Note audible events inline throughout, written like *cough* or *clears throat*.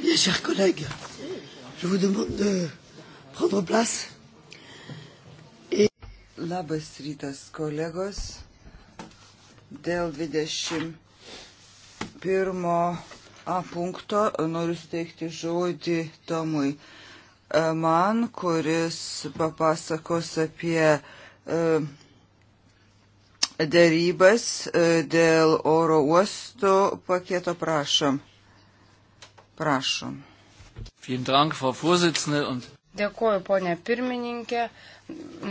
Bien, chers collègues, je vous demande de prendre place. Et... Labas rytas, kolegos. Dėl 21 A punkto noriu suteikti žodį Tomui e, Man, kuris papasakos apie uh, e, dėrybas e, dėl oro uosto paketo prašom. Prašom. Dėkuoju, ponė pirmininkė.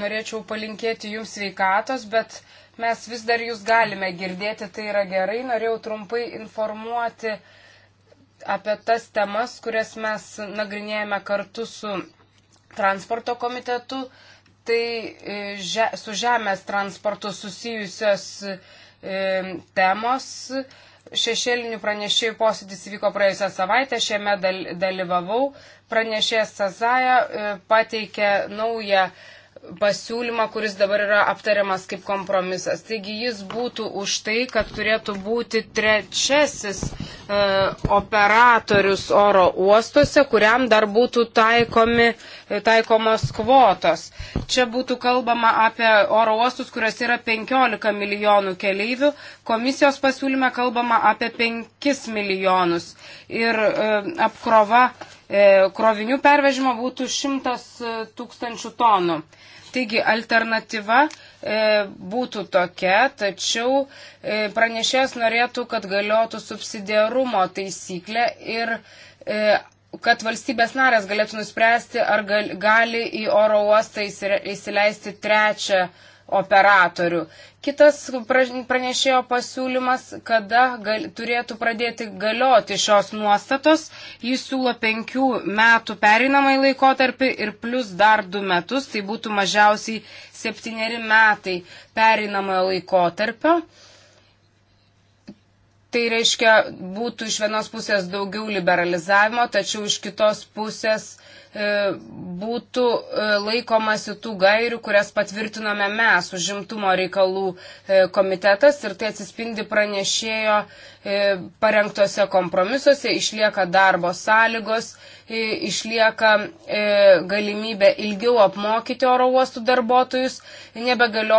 Norėčiau palinkėti jums sveikatos, bet mes vis dar jūs galime girdėti, tai yra gerai. Norėjau trumpai informuoti apie tas temas, kurias mes nagrinėjame kartu su transporto komitetu. Tai e, su žemės transportu susijusios e, temos Šešėlinių pranešėjų posėdis vyko praėjusią savaitę, šiame dalyvavau. Pranešėjas Sazaja e, pateikė naują pasiūlymą, kuris dabar yra aptariamas kaip kompromisas. Taigi jis būtų už tai, kad turėtų būti trečiasis e, operatorius oro uostuose, kuriam dar būtų taikomi, e, taikomos kvotos. Čia būtų kalbama apie oro uostus, kuriuose yra 15 milijonų keleivių. Komisijos pasiūlyme kalbama apie 5 milijonus. Ir e, apkrova e, krovinių pervežimo būtų 100 e, tūkstančių tonų. E, Taigi alternatyva e, būtų tokia, tačiau e, pranešėjas norėtų, kad galiotų subsidiarumo taisyklė ir e, kad valstybės narės galėtų nuspręsti, ar gal, gali į oro uostą įsileisti trečią operatorių. Kitas pranešėjo pasiūlymas, kada gal, turėtų pradėti galioti šios nuostatos. Jis siūlo penkių metų pereinamai laikotarpį ir plus dar du metus, tai būtų mažiausiai septyneri metai pereinamojo laikotarpio. Tai reiškia, būtų iš vienos pusės daugiau liberalizavimo, tačiau iš kitos pusės uh, E, būtų e, laikomasi tų gairių, kurias patvirtinome mes, užimtumo reikalų e, komitetas ir tai atsispindi pranešėjo E, parengtose kompromisuose išlieka darbo sąlygos, e, išlieka e, galimybė ilgiau apmokyti oro uostų darbuotojus. Nebegalio,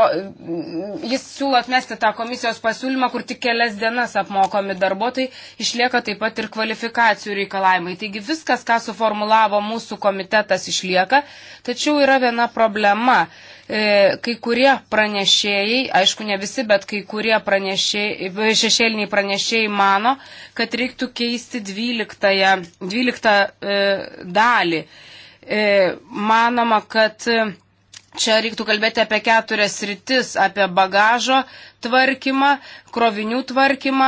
jis siūlo atmesti tą komisijos pasiūlymą, kur tik kelias dienas apmokomi darbuotojai, išlieka taip pat ir kvalifikacijų reikalavimai. Taigi viskas, ką suformulavo mūsų komitetas, išlieka, tačiau yra viena problema. E, kai kurie pranešėjai, aišku, ne visi, bet kai kurie pranešėjai, e, šešėliniai pranešėjai mano, kad reiktų keisti 12, 12 e, dalį. Manoma, kad Čia reiktų kalbėti apie keturias rytis - apie bagažo tvarkymą, krovinių tvarkymą,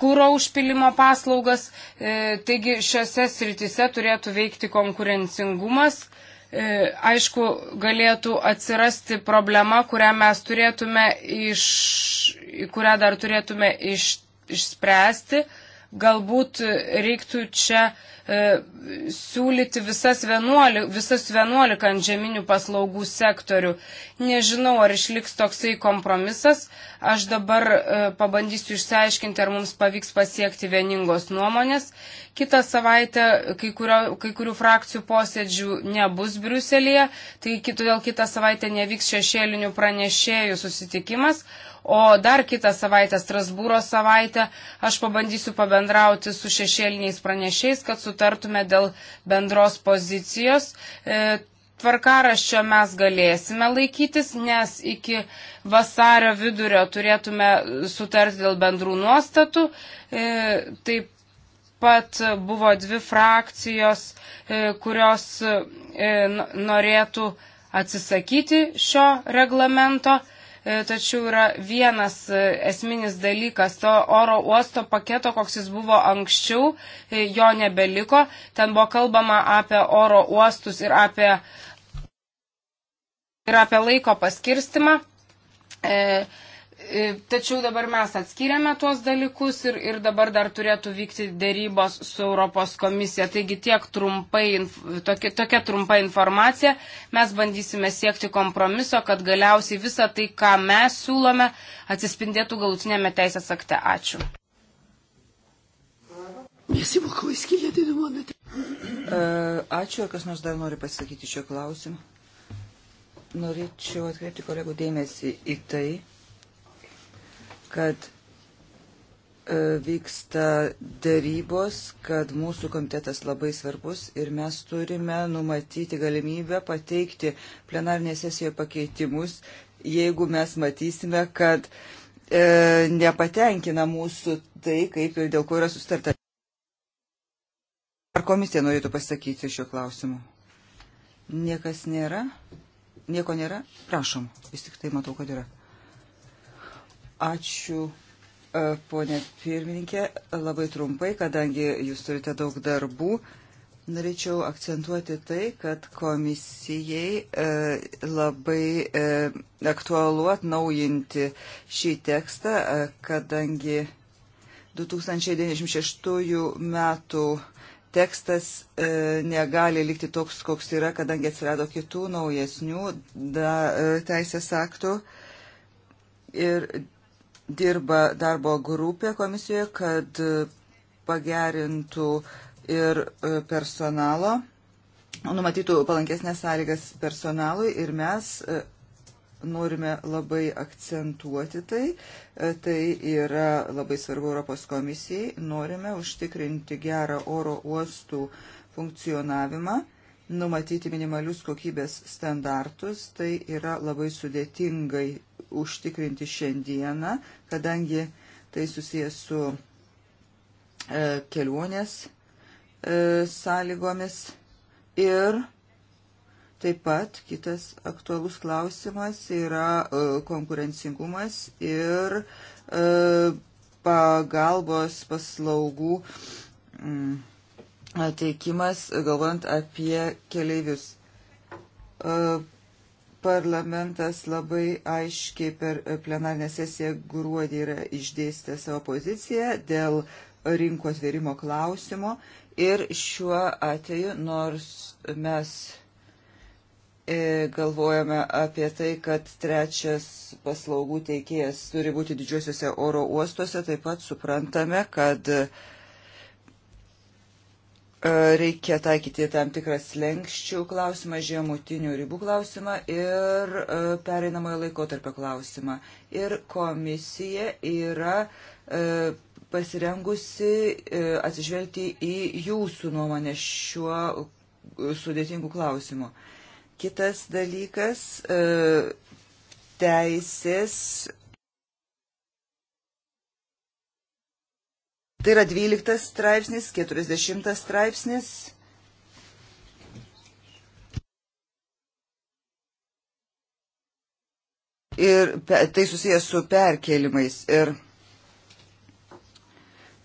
kūro užpilimo paslaugas. E, taigi šiose sritise turėtų veikti konkurencingumas. E, aišku, galėtų atsirasti problema, kurią mes turėtume iš, kurią dar turėtume iš, išspręsti. E, Galbūt reiktų čia e, siūlyti visas 11, visas 11 ant žeminių paslaugų sektorių. Nežinau, ar išliks toksai kompromisas. Aš dabar e, pabandysiu išsiaiškinti, ar mums pavyks pasiekti vieningos nuomonės. Kitą savaitę kai, kurio, kai kurių frakcijų posėdžių nebus Briuselėje, tai todėl kitą savaitę nevyks šešėlinių pranešėjų susitikimas o dar kitą savaitę, Strasbūro savaitę, aš pabandysiu pabendrauti su šešėliniais pranešiais, kad sutartume dėl bendros pozicijos. E, Tvarkaraščio mes galėsime laikytis, nes iki vasario vidurio turėtume sutarti dėl bendrų nuostatų. E, taip pat buvo dvi frakcijos, e, kurios e, norėtų atsisakyti šio reglamento. E, E, tačiau yra vienas e, esminis dalykas to oro uosto paketo, koks jis buvo anksčiau, e, jo nebeliko. Ten buvo kalbama apie oro uostus ir apie, ir apie laiko paskirstimą. E, E, tačiau dabar mes atskiriame tuos dalykus ir, ir dabar dar turėtų vykti dėrybos su Europos komisija. Taigi tiek trumpai, tokia, tokia trumpa informacija. Mes bandysime siekti kompromiso, kad galiausiai visa tai, ką mes siūlome, atsispindėtų galutinėme teisės akte. Ačiū. E, ačiū, ar kas nors dar nori pasakyti šio klausimu. Norėčiau atkreipti kolegų dėmesį į tai kad e, vyksta darybos, kad mūsų komitetas labai svarbus ir mes turime numatyti galimybę pateikti plenarnėje sesijoje pakeitimus, jeigu mes matysime, kad e, nepatenkina mūsų tai, kaip ir dėl ko yra sustarta. Ar komisija norėtų pasakyti šiuo klausimu? Niekas nėra? Nieko nėra? Prašom, vis tik tai matau, kad yra. Ačiū, e, ponė pirmininkė. Labai trumpai, kadangi jūs turite daug darbų, norėčiau akcentuoti tai, kad komisijai e, labai e, aktualu atnaujinti šį tekstą, kadangi 2096 metų tekstas e, negali likti toks, koks yra, kadangi atsirado kitų naujesnių da, e, teisės aktų. Ir dirba darbo grupė komisijoje, kad pagerintų ir e, personalo, numatytų palankesnės sąlygas personalui ir mes e, norime labai akcentuoti tai. E, tai yra labai svarbu Europos komisijai. Norime užtikrinti gerą oro uostų funkcionavimą, numatyti minimalius kokybės standartus. Tai yra labai sudėtingai užtikrinti šiandieną, kadangi tai susijęs su e, kelionės e, sąlygomis ir Taip pat kitas aktualus klausimas yra e, konkurencingumas ir e, pagalbos paslaugų mm, teikimas, galvant apie keleivius. E, parlamentas labai aiškiai per plenarinę sesiją gruodį yra išdėstę savo poziciją dėl rinko atvėrimo klausimo ir šiuo atveju, nors mes e, galvojame apie tai, kad trečias paslaugų teikėjas turi būti didžiuosiuose oro uostuose, taip pat suprantame, kad uh, E, reikia taikyti tam tikras lenkščių klausimą, žemutinių ribų klausimą ir e, pereinamojo laikotarpio klausimą. Ir komisija yra e, pasirengusi atsižvelgti į jūsų nuomonę šiuo sudėtingu klausimu. Kitas dalykas - teisės Tai yra 12 straipsnis, 40 straipsnis. Ir tai susijęs su perkelimais. Ir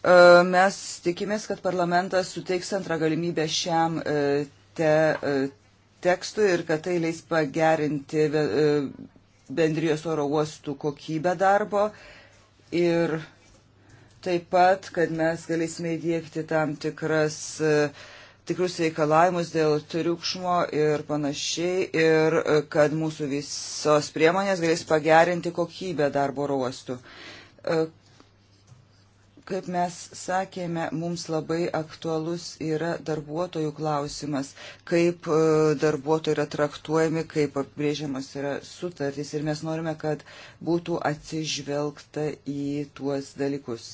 e, mes tikimės, kad parlamentas suteiks antrą galimybę šiam e, te, e, tekstui ir kad tai leis pagerinti bendrijos oro uostų kokybę darbo. Ir Taip pat, kad mes galėsime įdėkti tam tikras, e, tikrus reikalavimus dėl triukšmo ir panašiai, ir e, kad mūsų visos priemonės galės pagerinti kokybę darbo ruostų. E, kaip mes sakėme, mums labai aktualus yra darbuotojų klausimas, kaip darbuotojai yra traktuojami, kaip apibrėžiamas yra sutartys ir mes norime, kad būtų atsižvelgta į tuos dalykus.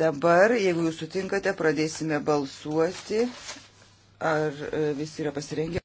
Dabar, jeigu jūs sutinkate, pradėsime balsuoti. Ar e, visi yra pasirengę?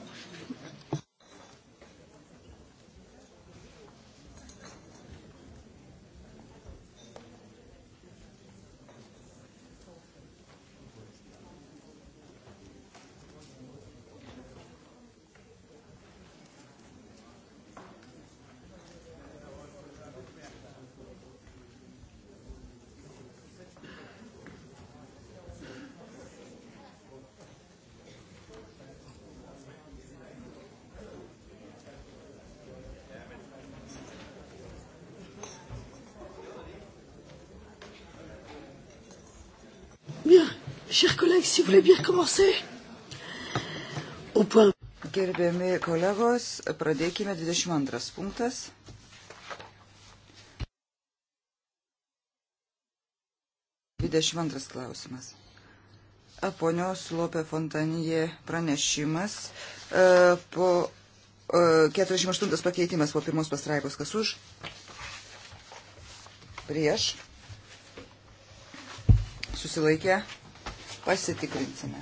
Chers collègues, si vous voulez bien commencer, au point. Gerbiami kolegos, pradėkime 22 punktas. Dvidešimt antras klausimas. Ponios Lopė Fontanije pranešimas. E, po 48 e, pakeitimas po pirmos pastraipos. Kas už? Prieš. Susilaikė. Pasitikrinsime.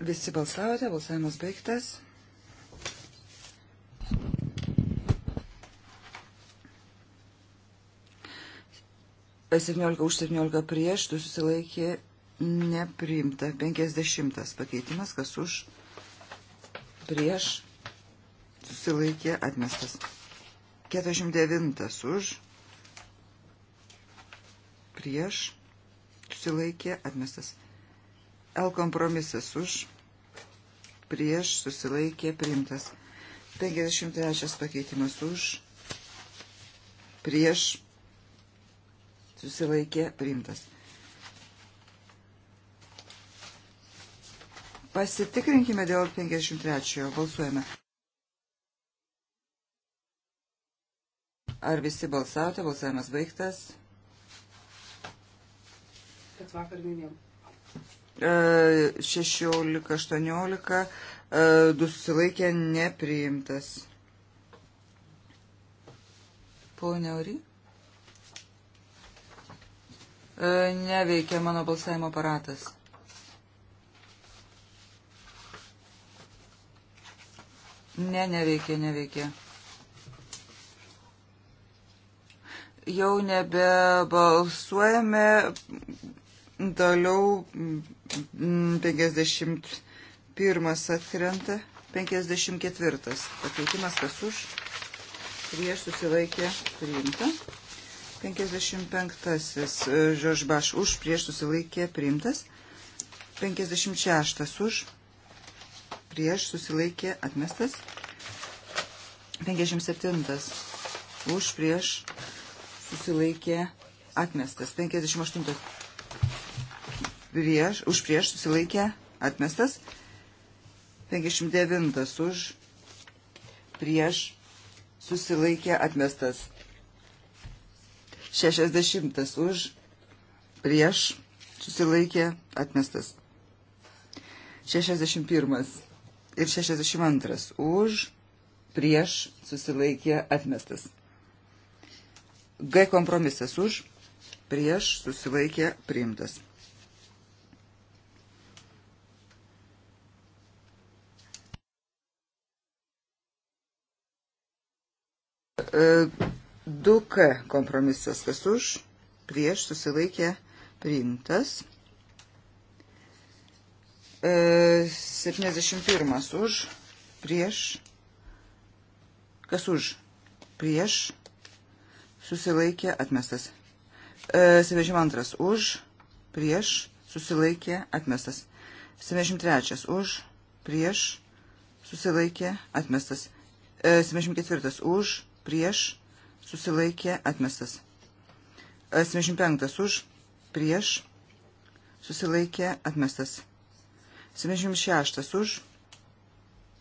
Visi balsavote, balsavimas baigtas. 17 už 17 prieš, tu susilaikė nepriimta. 50 pakeitimas, kas už prieš susilaikė atmestas. 49 už prieš susilaikė atmestas. L kompromisas už prieš susilaikė priimtas. 53 pakeitimas už prieš susilaikė priimtas. Pasitikrinkime dėl 53-ojo. Balsuojame. Ar visi balsavote? Balsavimas baigtas. Bet vakar minėjom. 16-18 e, e, du susilaikė nepriimtas. Pone Ori? E, neveikia mano balsavimo aparatas. Ne, neveikia, neveikia. Jau nebebalsuojame toliau 51 mm, atkrenta, 54 pakeitimas kas už, prieš susilaikė priimta. 55-asis Žožbaš už prieš susilaikė priimtas. 56-as už prieš susilaikė atmestas. 57-as už prieš susilaikė atmestas. 58-as prieš, už prieš susilaikė atmestas. 59 už prieš susilaikė atmestas. 60 už, prieš, susilaikė, atmestas. 61 ir 62 už, prieš, susilaikė, atmestas. G kompromisas už, prieš, susilaikė, priimtas. E, 2K kompromisas, kas už, prieš susilaikė priimtas. 71 e, už, prieš, kas už, prieš, susilaikė atmestas. 72 e, už, prieš, susilaikė atmestas. 73 už, prieš, susilaikė atmestas. 74 e, už, prieš, susilaikė atmestas. 75 e, už, prieš, susilaikė atmestas. 76 už,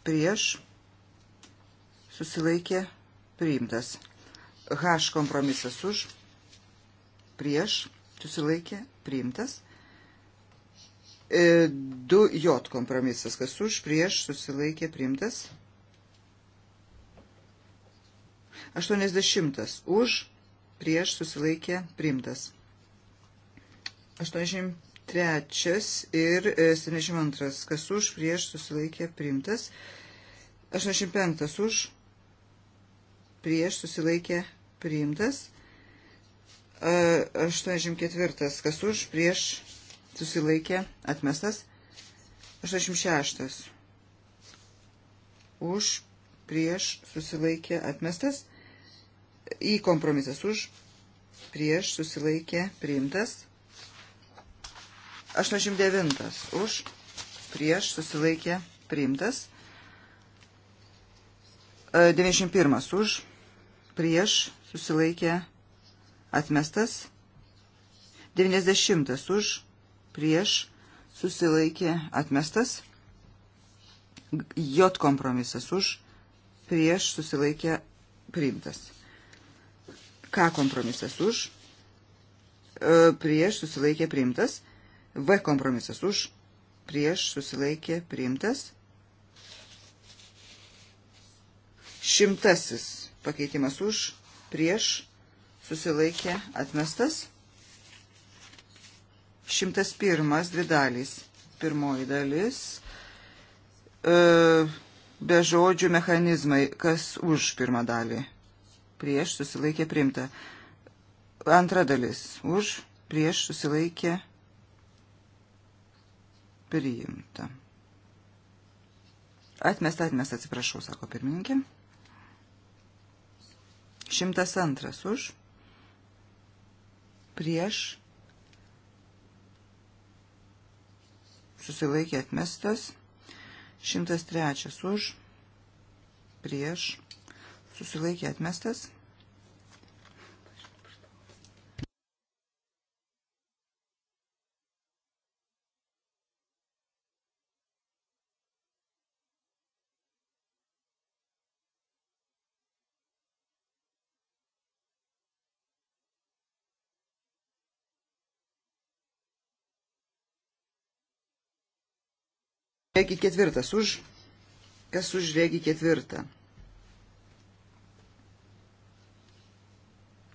prieš, susilaikė priimtas. H kompromisas už, prieš, susilaikė priimtas. 2J e, kompromisas, kas už, prieš, susilaikė priimtas. 80 už, prieš susilaikė priimtas. 83 ir 72, e, kas už, prieš susilaikė priimtas. 85 už, prieš susilaikė priimtas. 84, e, kas už, prieš susilaikė atmestas. 86. Už, prieš, susilaikė, atmestas į kompromisas už, prieš, susilaikė, priimtas. 89 už, prieš, susilaikė, priimtas. 91 e, už, prieš, susilaikė, atmestas. 90 už, prieš, susilaikė, atmestas. J kompromisas už, prieš, susilaikė, priimtas. K kompromisas už, e, prieš susilaikė priimtas. V kompromisas už, prieš susilaikė priimtas. Šimtasis pakeitimas už, prieš susilaikė atmestas. Šimtas pirmas, dvi dalys. Pirmoji dalis. E, be žodžių mechanizmai, kas už pirmą dalį prieš susilaikė primta. Antra dalis už, prieš susilaikė priimta. Atmesta, atmesta, atsiprašau, sako pirmininkė. Šimtas antras už, prieš susilaikė atmestas. Šimtas trečias už, prieš susilaikė atmestas. Regi ketvirtas už, kas už regi ketvirtą.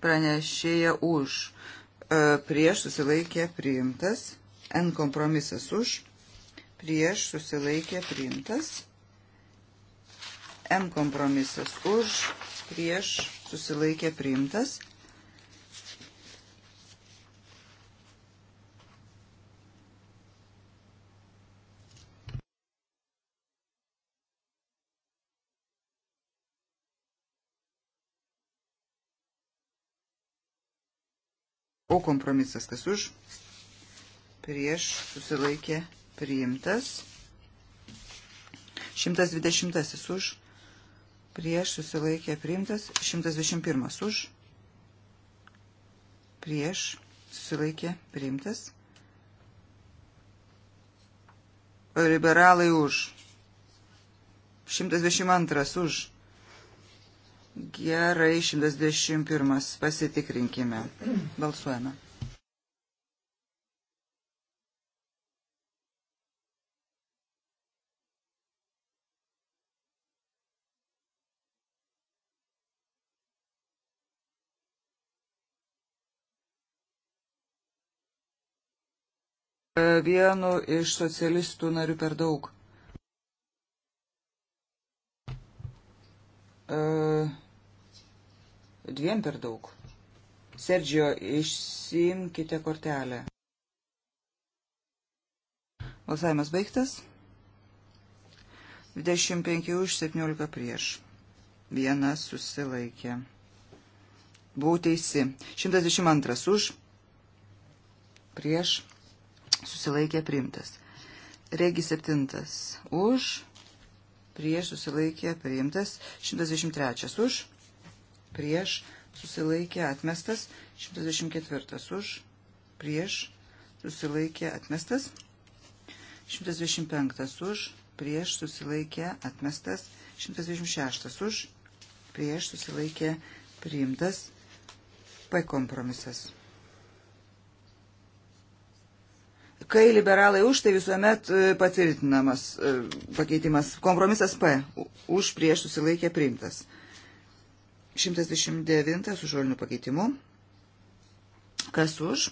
pranešėja už, e, prieš susilaikė priimtas, N kompromisas už, prieš susilaikė priimtas, M kompromisas už, prieš susilaikė priimtas, O kompromisas kas už? Prieš susilaikė priimtas. 120 už. Prieš susilaikė priimtas. 121 už. Prieš susilaikė priimtas. Liberalai už. 122 už Gerai, 121. Pasitikrinkime. Balsuojame. Vienu iš socialistų narių per daug. Uh. Dviem per daug. Sergio, išsimkite kortelę. Balsavimas baigtas. 25 už 17 prieš. Vienas susilaikė. Buvau teisi. 122 už. Prieš. Susilaikė priimtas. Regi 7 už. Prieš susilaikė priimtas. 123 už prieš, susilaikė atmestas, 124 už, prieš, susilaikė atmestas, 125 už, prieš, susilaikė atmestas, 126 už, prieš, susilaikė priimtas, P kompromisas. Kai liberalai už, tai visuomet e, patvirtinamas e, pakeitimas. Kompromisas P. Už prieš susilaikė priimtas. 129 su žoliniu pakeitimu. Kas už?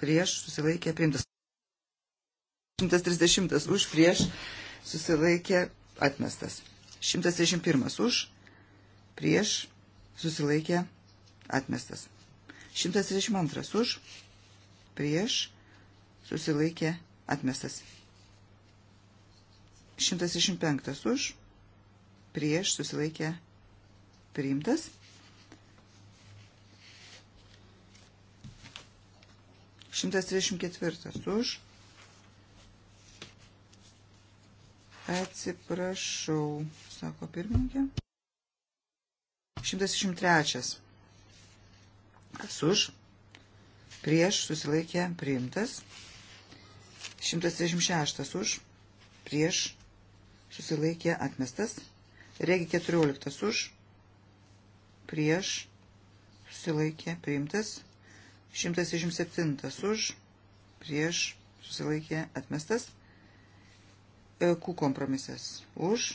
Prieš susilaikė priimtas. 130 už prieš susilaikė atmestas. 131 už prieš susilaikė atmestas. 132 už prieš susilaikė atmestas. 165 už prieš susilaikė atmestas priimtas. Šimtas trisdešimt ketvirtas už. Atsiprašau, sako pirmininkė. Šimtas trisdešimt trečias. Kas už? Prieš susilaikė priimtas. 136 už. Prieš susilaikė atmestas. Regi 14 už prieš, susilaikė, priimtas. 127 už, prieš, susilaikė, atmestas. E, Q kompromisas už,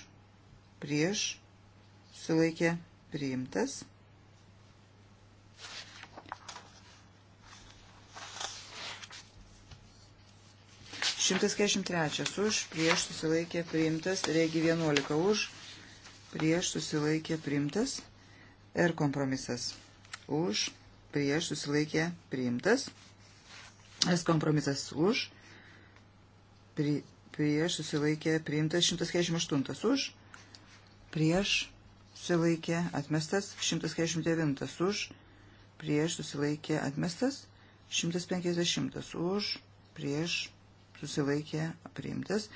prieš, susilaikė, priimtas. Šimtas kešim trečias už, prieš susilaikė priimtas, regi vienuolika už, prieš susilaikė priimtas. R kompromisas už, prieš susilaikė priimtas. S kompromisas už, pri, prieš susilaikė priimtas 148 už, prieš susilaikė atmestas 149 už, prieš susilaikė atmestas 150 už, prieš susilaikė priimtas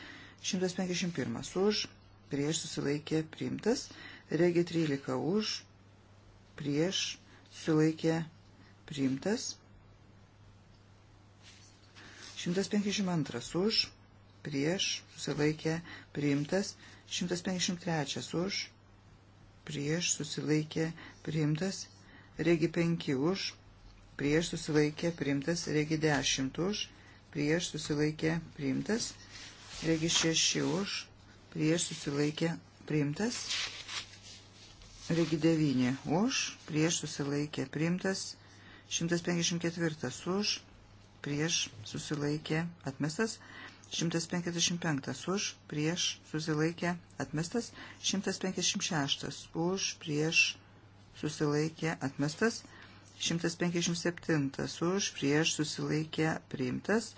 151 už, prieš susilaikė priimtas, regi 13 už, prieš sulaikė priimtas. 152 už prieš susilaikė priimtas. 153 už prieš susilaikė priimtas. Regi 5 už prieš susilaikė priimtas. Regi 10 už prieš susilaikė priimtas. Regi 6 už prieš susilaikė priimtas. Regi 9 už, prieš susilaikė priimtas, 154 už, prieš susilaikė atmestas, 155 už, prieš susilaikė atmestas, 156 už, prieš susilaikė atmestas, 157 už, prieš susilaikė priimtas,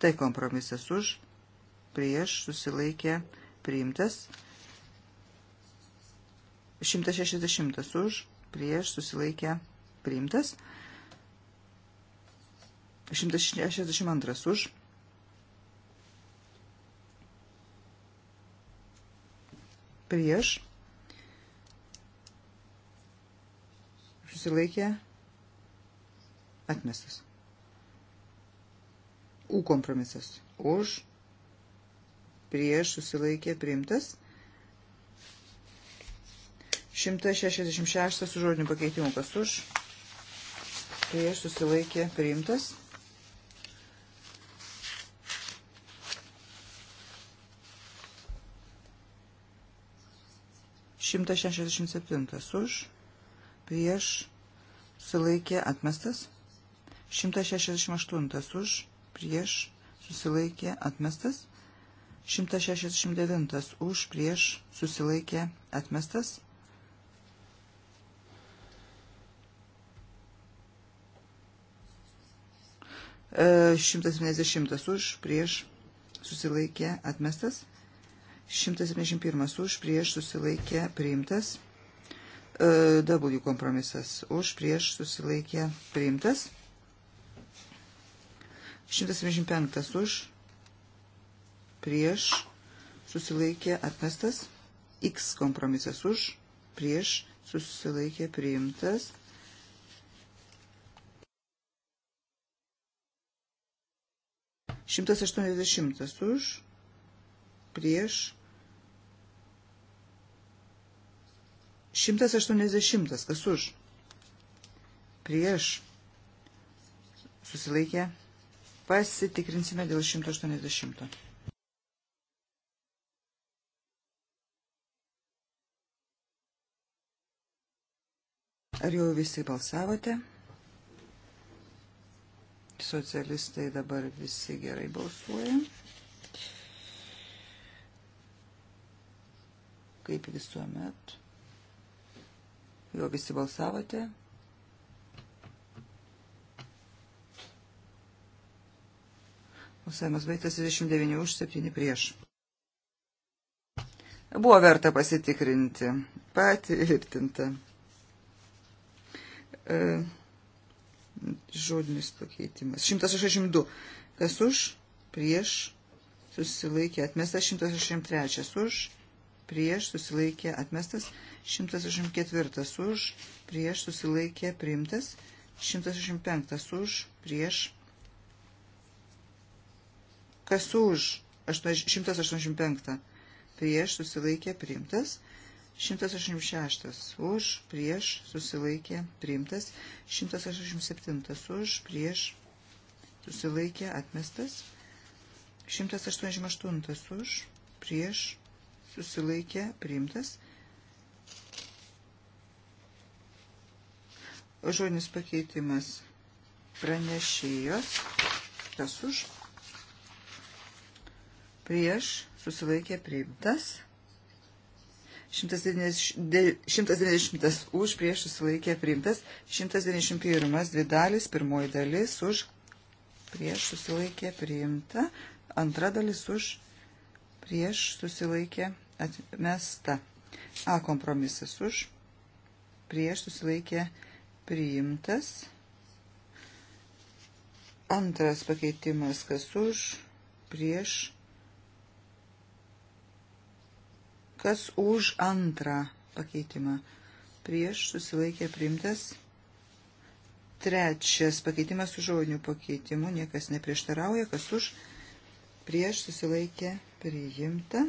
tai kompromisas už, prieš susilaikė priimtas, 160 už, prieš susilaikė priimtas. 162 už. Prieš susilaikė atmestas. U kompromisas. Už prieš susilaikė priimtas. 166 su žodiniu pakeitimu kas už, prieš susilaikė priimtas. Šimtas šešiasdešimt septintas už, prieš susilaikė atmestas. Šimtas šešiasdešimt aštuntas už, prieš susilaikė atmestas. 169 už prieš susilaikė atmestas, 170 e, už, prieš, susilaikė, atmestas. 171 už, prieš, susilaikė, priimtas. E, w kompromisas už, prieš, susilaikė, priimtas. 175 už, prieš, susilaikė, atmestas. X kompromisas už, prieš, susilaikė, priimtas. 180 už, prieš, 180, kas už, prieš, susilaikė, pasitikrinsime dėl 180. Ar jau visi balsavote? Socialistai dabar visi gerai balsuoja. Kaip visuomet. Jo visi balsavote. Balsavimas baigtas 29 už 7 prieš. Buvo verta pasitikrinti. Patvirtinta. E, žodinis pakeitimas. 162. Kas už, prieš, susilaikė atmestas. 163. Už, prieš, susilaikė atmestas. 164. Už, prieš, susilaikė priimtas. 165. Už, prieš. Kas už? 185. Prieš, susilaikė priimtas. 165. 186 už, prieš, susilaikė, priimtas. 187 už, prieš, susilaikė, atmestas. 188 už, prieš, susilaikė, priimtas. Žodinis pakeitimas pranešėjos, kas už, prieš, susilaikė, priimtas. 190 už prieš susilaikė priimtas, 191 dvi dalis, pirmoji dalis už prieš susilaikė priimta, antra dalis už prieš susilaikė atmesta. A kompromisas už prieš susilaikė priimtas. Antras pakeitimas, kas už prieš Kas už antrą pakeitimą? Prieš susilaikė priimtas. Trečias pakeitimas su žodiniu pakeitimu. Niekas neprieštarauja. Kas už? Prieš susilaikė priimta.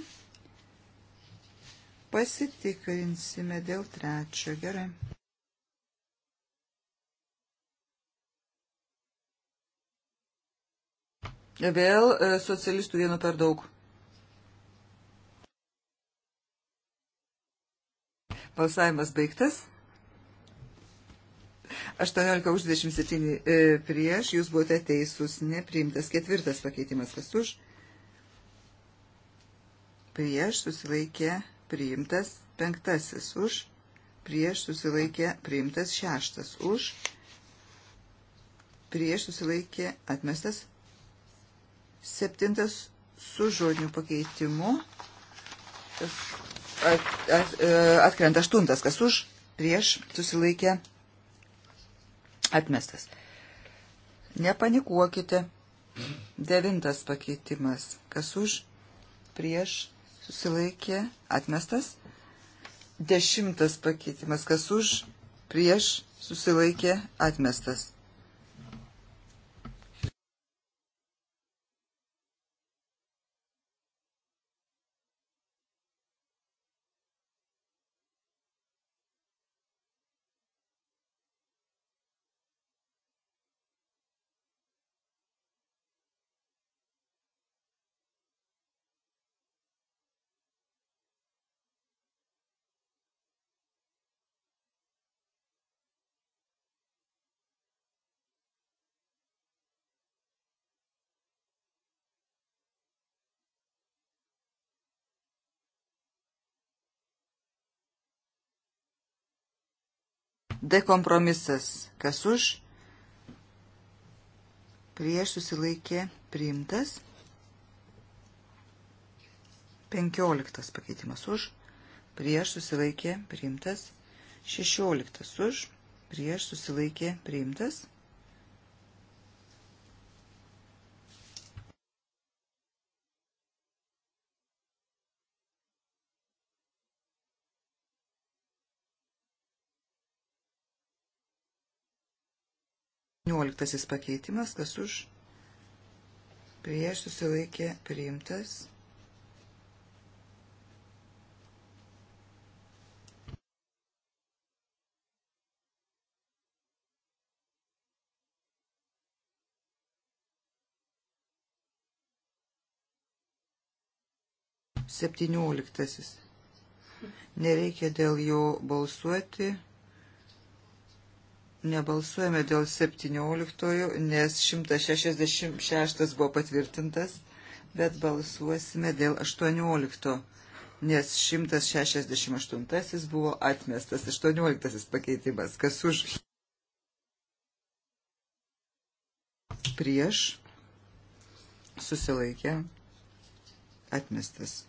Pasitikrinsime dėl trečio. Gerai. Vėl e, socialistų vienu per daug. Balsavimas baigtas. 18 už 27 e, prieš, jūs buvote teisūs, nepriimtas ketvirtas pakeitimas, kas už. Prieš susilaikė priimtas penktasis už, prieš susilaikė priimtas šeštas už, prieš susilaikė atmestas septintas su žodiniu pakeitimu, kas at, at, e, atkrenta aštuntas, kas už, prieš, susilaikė, atmestas. Nepanikuokite. Devintas pakeitimas, kas už, prieš, susilaikė, atmestas. Dešimtas pakeitimas, kas už, prieš, susilaikė, atmestas. D kompromisas. Kas už? Prieš susilaikė priimtas. 15 pakeitimas už. Prieš susilaikė priimtas. 16 už. Prieš susilaikė priimtas. 19 pakeitimas, kas už, prieš susilaikė priimtas. Septynioliktasis. Nereikia dėl jo balsuoti nebalsuojame dėl 17, nes 166 buvo patvirtintas, bet balsuosime dėl 18, nes 168 buvo atmestas, 18 pakeitimas. Kas už? Prieš susilaikė atmestas.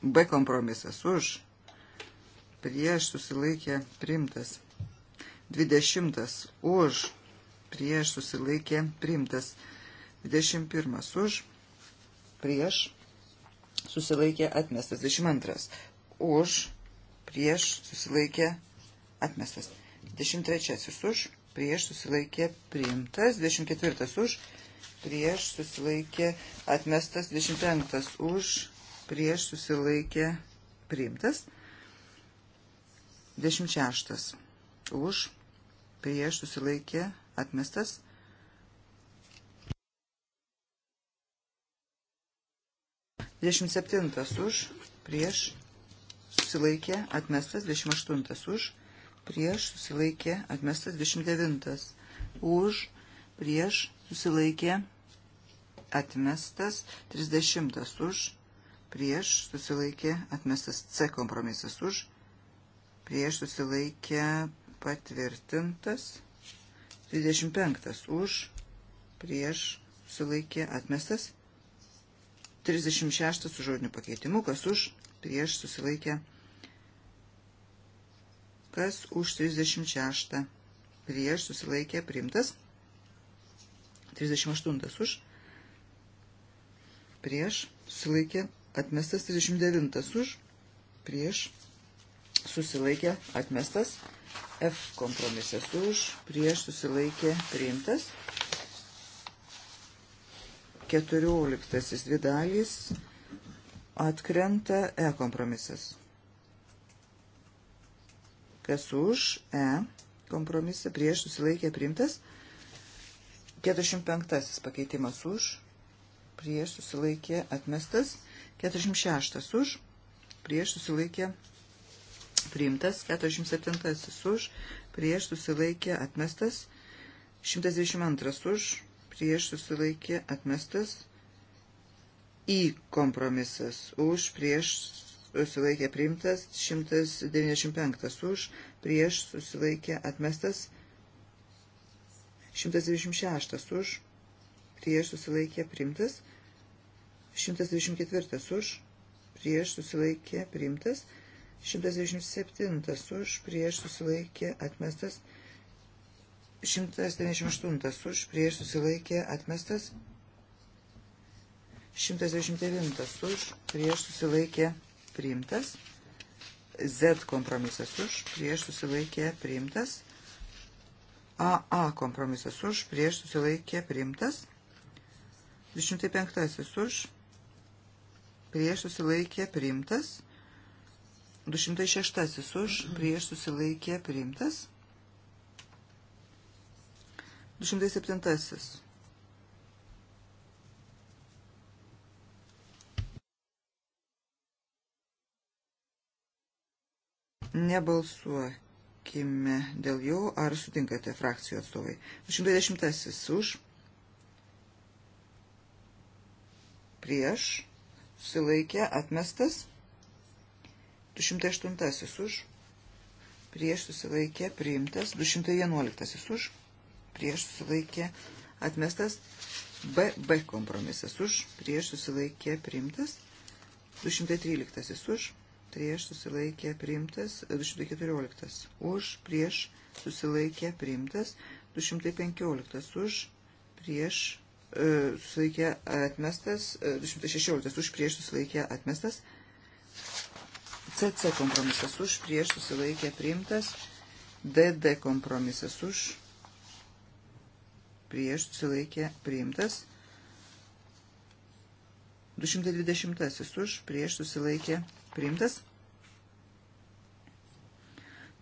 B kompromisas už, prieš susilaikė primtas. 20 už, prieš susilaikė priimtas. 21 už, prieš susilaikė atmestas. 22 už, prieš susilaikė atmestas. 23 už, prieš susilaikė priimtas. 24 už, prieš susilaikė atmestas. 25 už, prieš susilaikė priimtas. 26 už, prieš susilaikė atmestas. Dvidešimt septintas už, prieš susilaikė atmestas, dvidešimt aštuntas už, prieš susilaikė atmestas, dvidešimt devintas už, prieš susilaikė atmestas, trisdešimtas už, prieš susilaikė atmestas C kompromisas už, prieš susilaikė patvirtintas. 25 už, prieš, sulaikė, atmestas. 36 su žodiniu pakeitimu, kas už, prieš, susilaikė. Kas už 36, prieš, susilaikė, priimtas. 38 už, prieš, susilaikė, atmestas. 39 už, prieš, susilaikė, atmestas. F kompromisas už, prieš susilaikė priimtas. 14 dvi dalys atkrenta E kompromisas. Kas už E kompromisą prieš susilaikė priimtas. 45 pakeitimas už, prieš susilaikė atmestas. 46 už, prieš susilaikė atmestas priimtas, 47 už, prieš susilaikė atmestas, 122 už, prieš susilaikė atmestas, į kompromisas už, prieš susilaikė priimtas, 195 už, prieš susilaikė atmestas, 126 už, prieš susilaikė priimtas, 124 už, prieš susilaikė priimtas, 125 127 už prieš susilaikė atmestas. 198 už prieš susilaikė atmestas. 129 už prieš susilaikė priimtas. Z kompromisas už prieš susilaikė priimtas. AA kompromisas už prieš susilaikė priimtas. 205 už prieš susilaikė priimtas. 206 už, prieš susilaikė priimtas. 207. Nebalsuokime dėl jo, ar sutinkate frakcijų atstovai. 210 už, prieš, susilaikė, atmestas. 211. 208 už, prieš susilaikė priimtas, 211 už, prieš susilaikė atmestas, BB kompromisas už, prieš susilaikė priimtas, 213 už, prieš susilaikė priimtas, 214 už, prieš susilaikė priimtas, 215 už, prieš e, susilaikė atmestas, 216 už, prieš susilaikė atmestas, 216 CC kompromisas už, prieš susilaikė priimtas, DD kompromisas už, prieš susilaikė priimtas, 220 už, prieš susilaikė priimtas,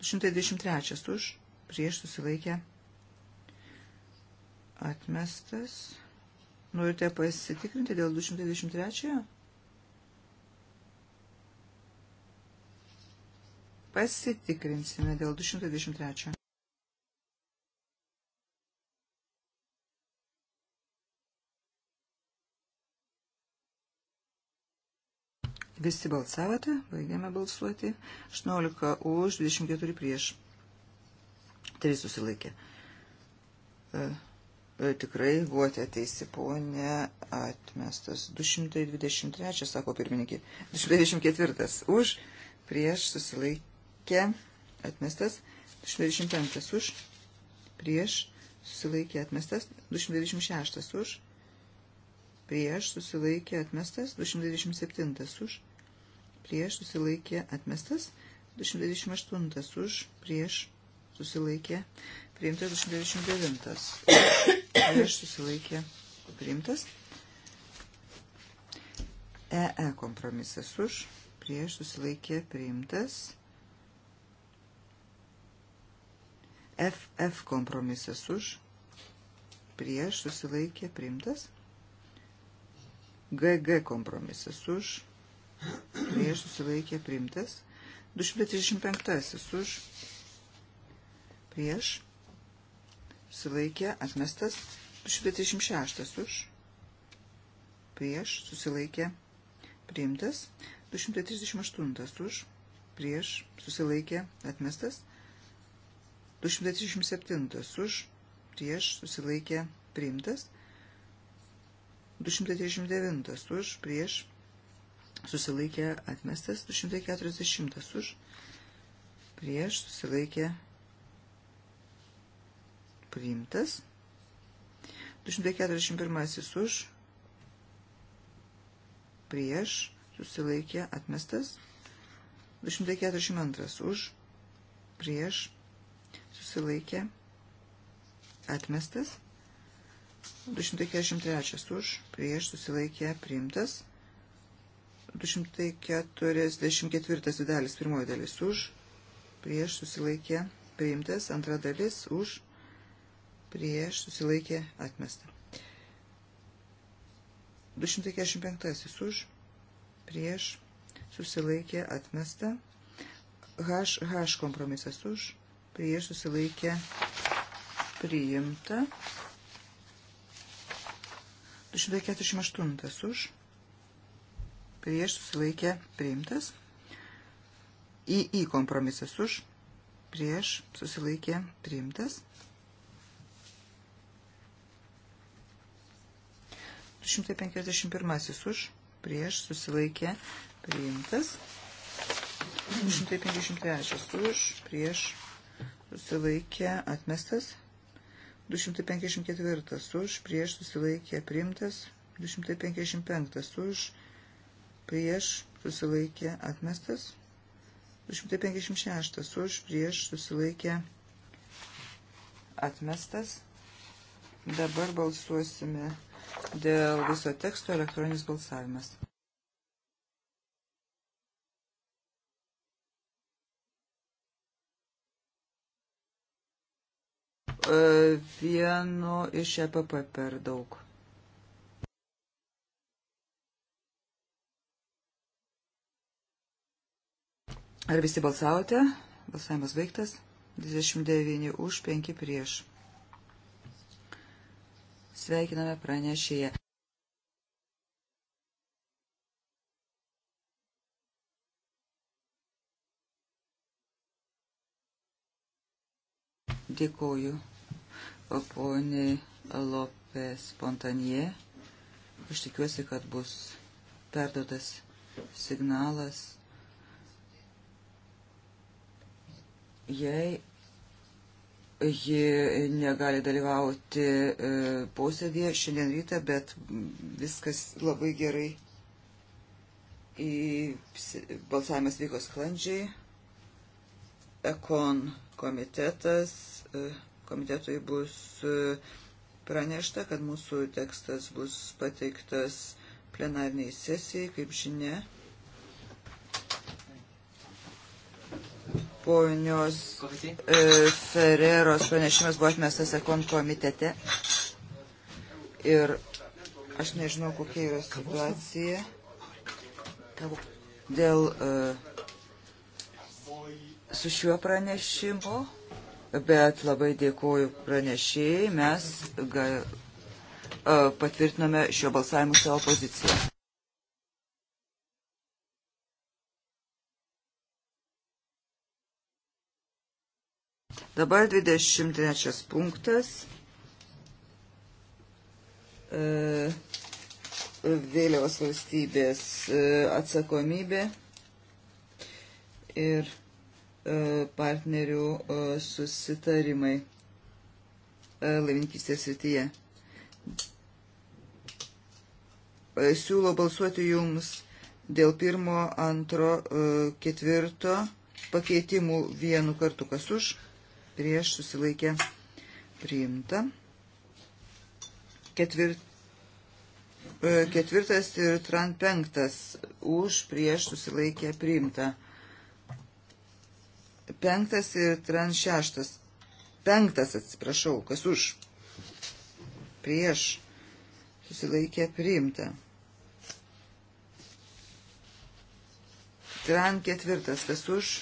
223 už, prieš susilaikė atmestas. Norite pasitikrinti dėl 223? Pasitikrinsime dėl 223. Visi balsavote, baigiame balsuoti. 18 už, 24 prieš. 3 susilaikė. E, e, tikrai buvote teisi, ponė, atmestas. 223, sako pirmininkė. 224 už, prieš susilaikė susilaikė atmestas, 225 už, prieš susilaikė atmestas, 226 už, prieš susilaikė atmestas, 227 už, prieš susilaikė atmestas, 228 už, prieš susilaikė, priimtas 229, prieš susilaikė, priimtas. EE e kompromisas už, prieš susilaikė, priimtas. FF kompromisas už, prieš susilaikė priimtas. GG kompromisas už, prieš susilaikė priimtas. 235 už, prieš susilaikė atmestas. 236 už, prieš susilaikė priimtas. 238 už, prieš susilaikė atmestas. 237 už, prieš, susilaikė, priimtas. 239 už, prieš, susilaikė, atmestas. 240 už, prieš, susilaikė, priimtas. 241 už, prieš, susilaikė, atmestas. 242 už, prieš, susilaikė, atmestas. 243 už, prieš susilaikė, priimtas. 244 dalis, pirmoji dalis už, prieš susilaikė, priimtas. Antra dalis už, prieš susilaikė, atmestas. 245 už, prieš, susilaikė, atmesta, HH kompromisas už, prieš susilaikė priimta. 248 už, prieš susilaikė priimtas. Į į kompromisas už, prieš susilaikė priimtas. 251 už, prieš susilaikė priimtas. 253 už, prieš susilaikė atmestas, 254 už, prieš susilaikė priimtas, 255 už, prieš susilaikė atmestas, 256 už, prieš susilaikė atmestas. Dabar balsuosime dėl viso teksto elektroninis balsavimas. E, vieno iš EPP per daug. Ar visi balsavote? Balsavimas baigtas. 29 už, 5 prieš. Sveikiname pranešėje. Dėkoju poniai Lopė Spontanie. Aš tikiuosi, kad bus perduotas signalas. Jei ji negali dalyvauti e, posėdėje šiandien rytą, bet viskas labai gerai. Į balsavimas vyko sklandžiai. Ekon komitetas. Uh, komitetui bus e, pranešta, kad mūsų tekstas bus pateiktas plenarniai sesijai, kaip žinia. Ponios e, Ferreros pranešimas buvo atmestas Ekon komitete. Ir aš nežinau, kokia yra situacija dėl e, su šiuo pranešimu bet labai dėkuoju pranešėjai, mes ga, patvirtiname šio balsavimu savo poziciją. Dabar 23 punktas. E, vėliavos valstybės e, atsakomybė ir E, partnerių e, susitarimai e, laivininkystės srityje. Siūlau balsuoti jums dėl pirmo, antro, ketvirto pakeitimų vienu kartu, kas už, prieš susilaikę priimta. Ketvirt, ketvirtas ir tran penktas už, prieš susilaikę priimta penktas ir trans šeštas. Penktas, atsiprašau, kas už. Prieš. Susilaikė priimta. Tran ketvirtas, kas už.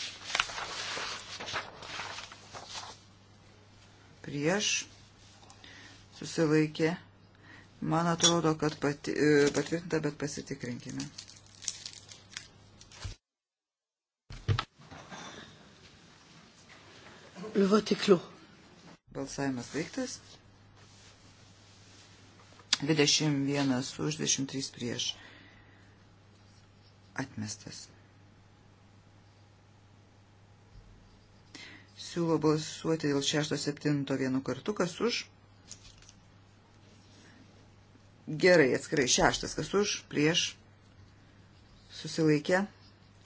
Prieš. Susilaikė. Man atrodo, kad pati, e, patvirtinta, bet pasitikrinkime. Le vote est clos. Balsavimas baigtas. 21 už 23 prieš. Atmestas. Siūlo balsuoti dėl 6-7 vienu kartu, kas už. Gerai, atskirai, šeštas, kas už, prieš, susilaikė,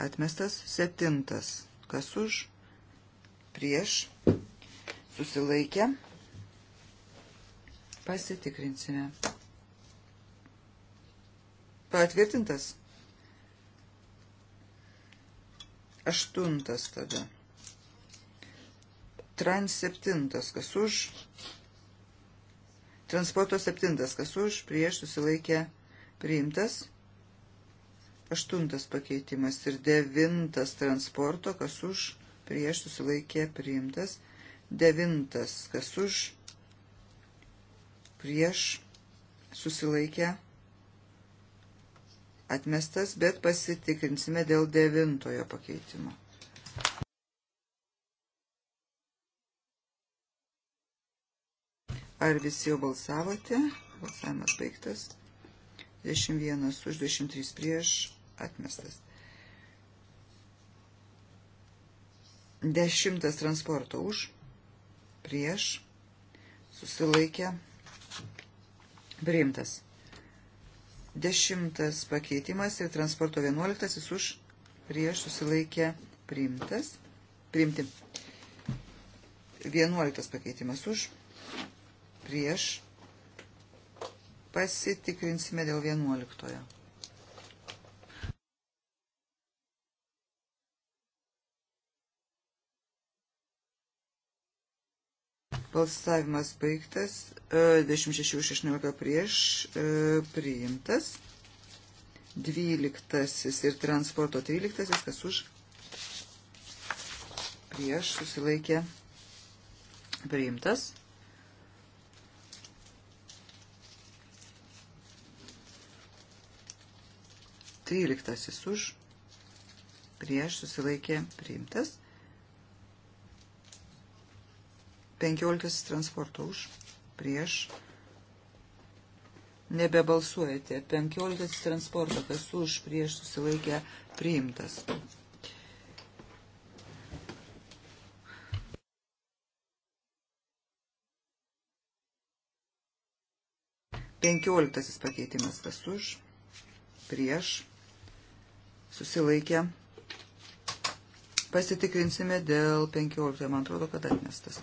atmestas, septintas, kas už, prieš prieš, susilaikę, pasitikrinsime. Patvirtintas? Aštuntas tada. Trans septintas, kas už? Transporto septintas, kas už, prieš susilaikė priimtas. Aštuntas pakeitimas ir devintas transporto, kas už, prieš susilaikė priimtas. Devintas, kas už, prieš susilaikė atmestas, bet pasitikrinsime dėl devintojo pakeitimo. Ar visi jau balsavote? Balsavimas baigtas. 21 už 23 prieš atmestas. Dešimtas transporto už, prieš, susilaikė, priimtas. Dešimtas pakeitimas ir transporto vienuoliktasis už, prieš, susilaikė, priimtas. Priimti. Vienuoliktas pakeitimas už, prieš, pasitikrinsime dėl vienuoliktojo. Balsavimas baigtas. 26 e, už 16 prieš e, priimtas. 12 ir transporto 13, kas už prieš susilaikė priimtas. Tryliktasis už prieš susilaikė priimtas. 15 transporto už, prieš. Nebebalsuojate. 15 transporto, kas už, prieš susilaikė priimtas. Penkioliktasis pakeitimas kas už, prieš, susilaikė. Pasitikrinsime dėl penkioliktą, man atrodo, kad atmestas.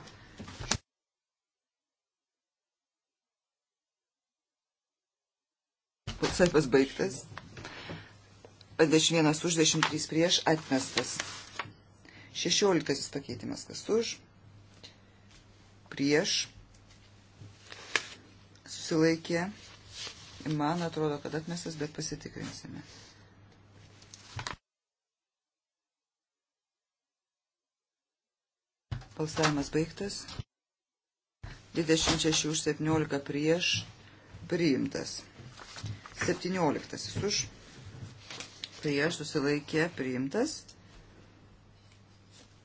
Balsavimas baigtas. 21 už 23 prieš atmestas. 16 pakeitimas kas už. Prieš. Susilaikė. Man atrodo, kad atmestas, bet pasitikrinsime. Balsavimas baigtas. 26 už 17 prieš priimtas. 17 už prieš susilaikė priimtas.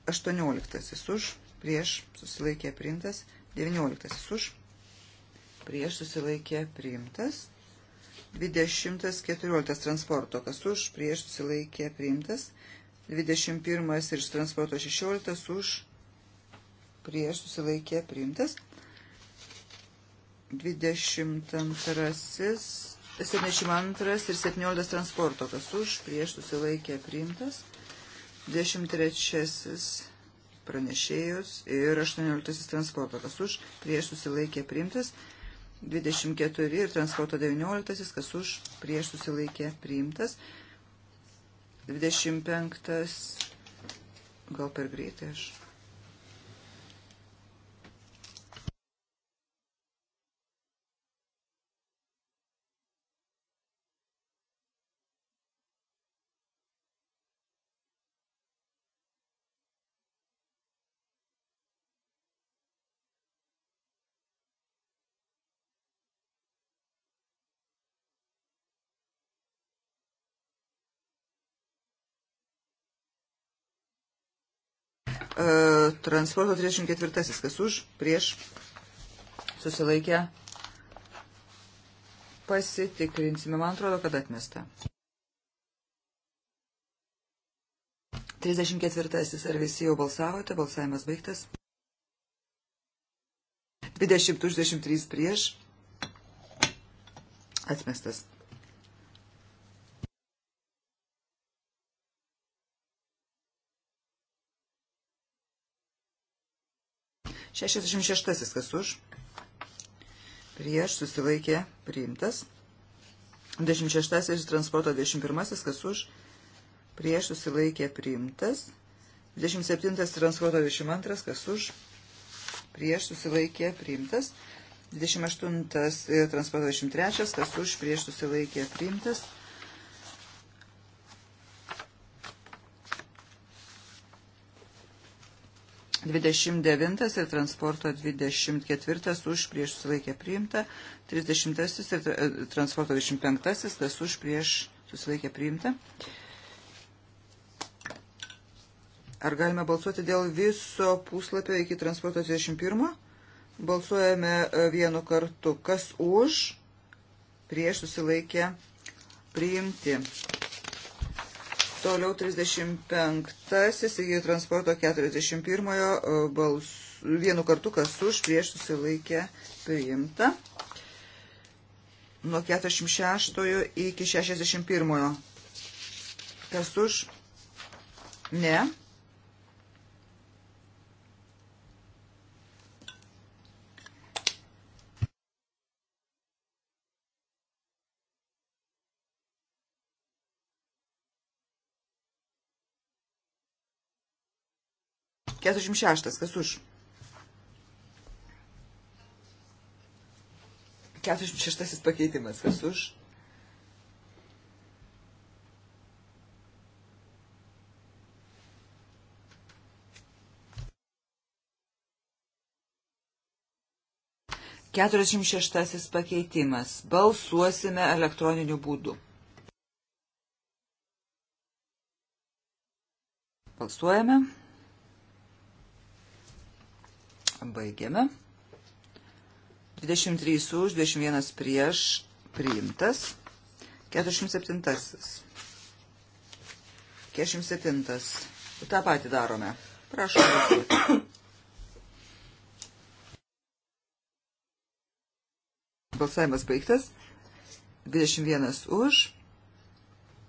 18 už prieš susilaikė priimtas. 19 už prieš susilaikė priimtas. 20.14 transporto, kas už, prieš susilaikė priimtas. 21 ir transporto 16 už, prieš susilaikė priimtas. 22 72 ir 17 transporto, kas už, prieš susilaikė priimtas, 23 pranešėjus ir 18 transporto, kas už, prieš susilaikė priimtas, 24 ir transporto 19, kas už, prieš susilaikė priimtas, 25, gal per greitai aš transporto 34. Kas už, prieš, susilaikę. Pasitikrinsime. Man atrodo, kad atmesta. 34. Ar visi jau balsavote? Balsavimas baigtas. 20 už 23 prieš. Atmestas. 66 kas už, prieš susilaikė priimtas. 26 transporto 21 kas už, prieš susilaikė priimtas. 27 transporto 22 kas už, prieš susilaikė priimtas. 28 transporto 23 kas už, prieš susilaikė priimtas. 29 ir transporto 24 už prieš susilaikė priimta, 30 ir e, transporto 25 tas už prieš susilaikė priimta. Ar galime balsuoti dėl viso puslapio iki transporto 21? Balsuojame e, vienu kartu. Kas už prieš susilaikė priimti. Toliau 35-asis iki transporto 41-ojo e, balsų vienu kartu, kas už prieš susilaikė priimta. Nuo 46-ojo iki 61-ojo. Kas už? Ne. 46. Kas už? 46 pakeitimas. Kas už? Keturiasdešimt šeštasis pakeitimas. Balsuosime elektroniniu būdu. Balsuojame. Baigiame. 23 už, 21 prieš, priimtas. 47. 47. Ta patį darome. Prašau. Balsavimas baigtas. 21 už,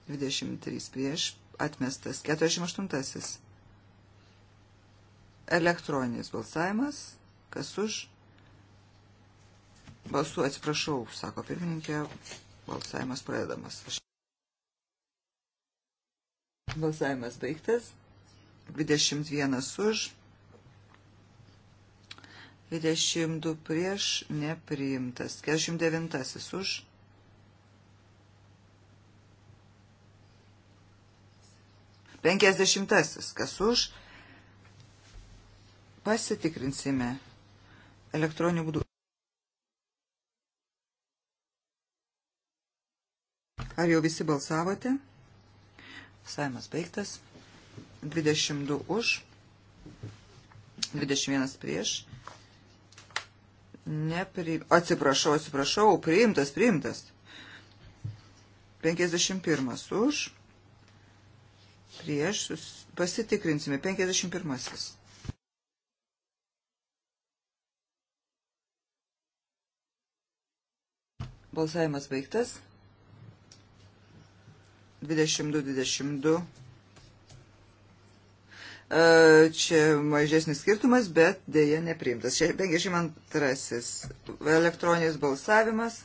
23 prieš, atmestas. 48. Elektroninis balsavimas. Kas už? Balsu, atsiprašau, sako pirmininkė. Balsavimas pradedamas. Balsavimas baigtas. 21 už. 22 prieš nepriimtas. 49 už. Penkiasdešimtasis, kas už, Pasitikrinsime elektroniniu būdu. Ar jau visi balsavote? Saimas baigtas. 22 už, 21 prieš. Nepri... Atsiprašau, atsiprašau, priimtas, priimtas. 51 už, prieš, sus... pasitikrinsime, 51. Balsavimas baigtas. 22-22. E, čia mažesnis skirtumas, bet dėja nepriimtas. Čia 52. Elektroninis balsavimas.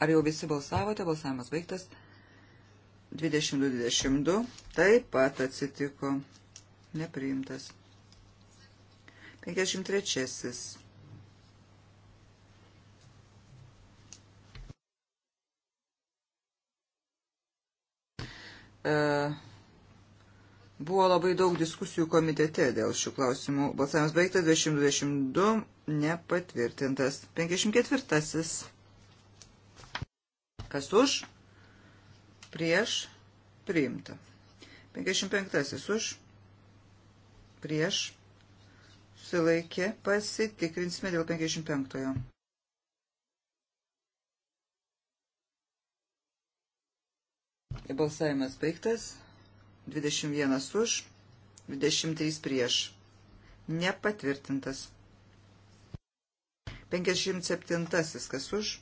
Ar jau visi balsavote? Balsavimas baigtas. 22-22. 22-22 taip pat atsitiko nepriimtas. 53. E, buvo labai daug diskusijų komitete dėl šių klausimų. Balsavimas baigtas 2022, nepatvirtintas. 54. Kas už? prieš, priimta. 55 už, prieš, susilaikė, pasitikrinsime dėl 55-ojo. Balsavimas baigtas, 21 už, 23 prieš, nepatvirtintas. 57 kas už,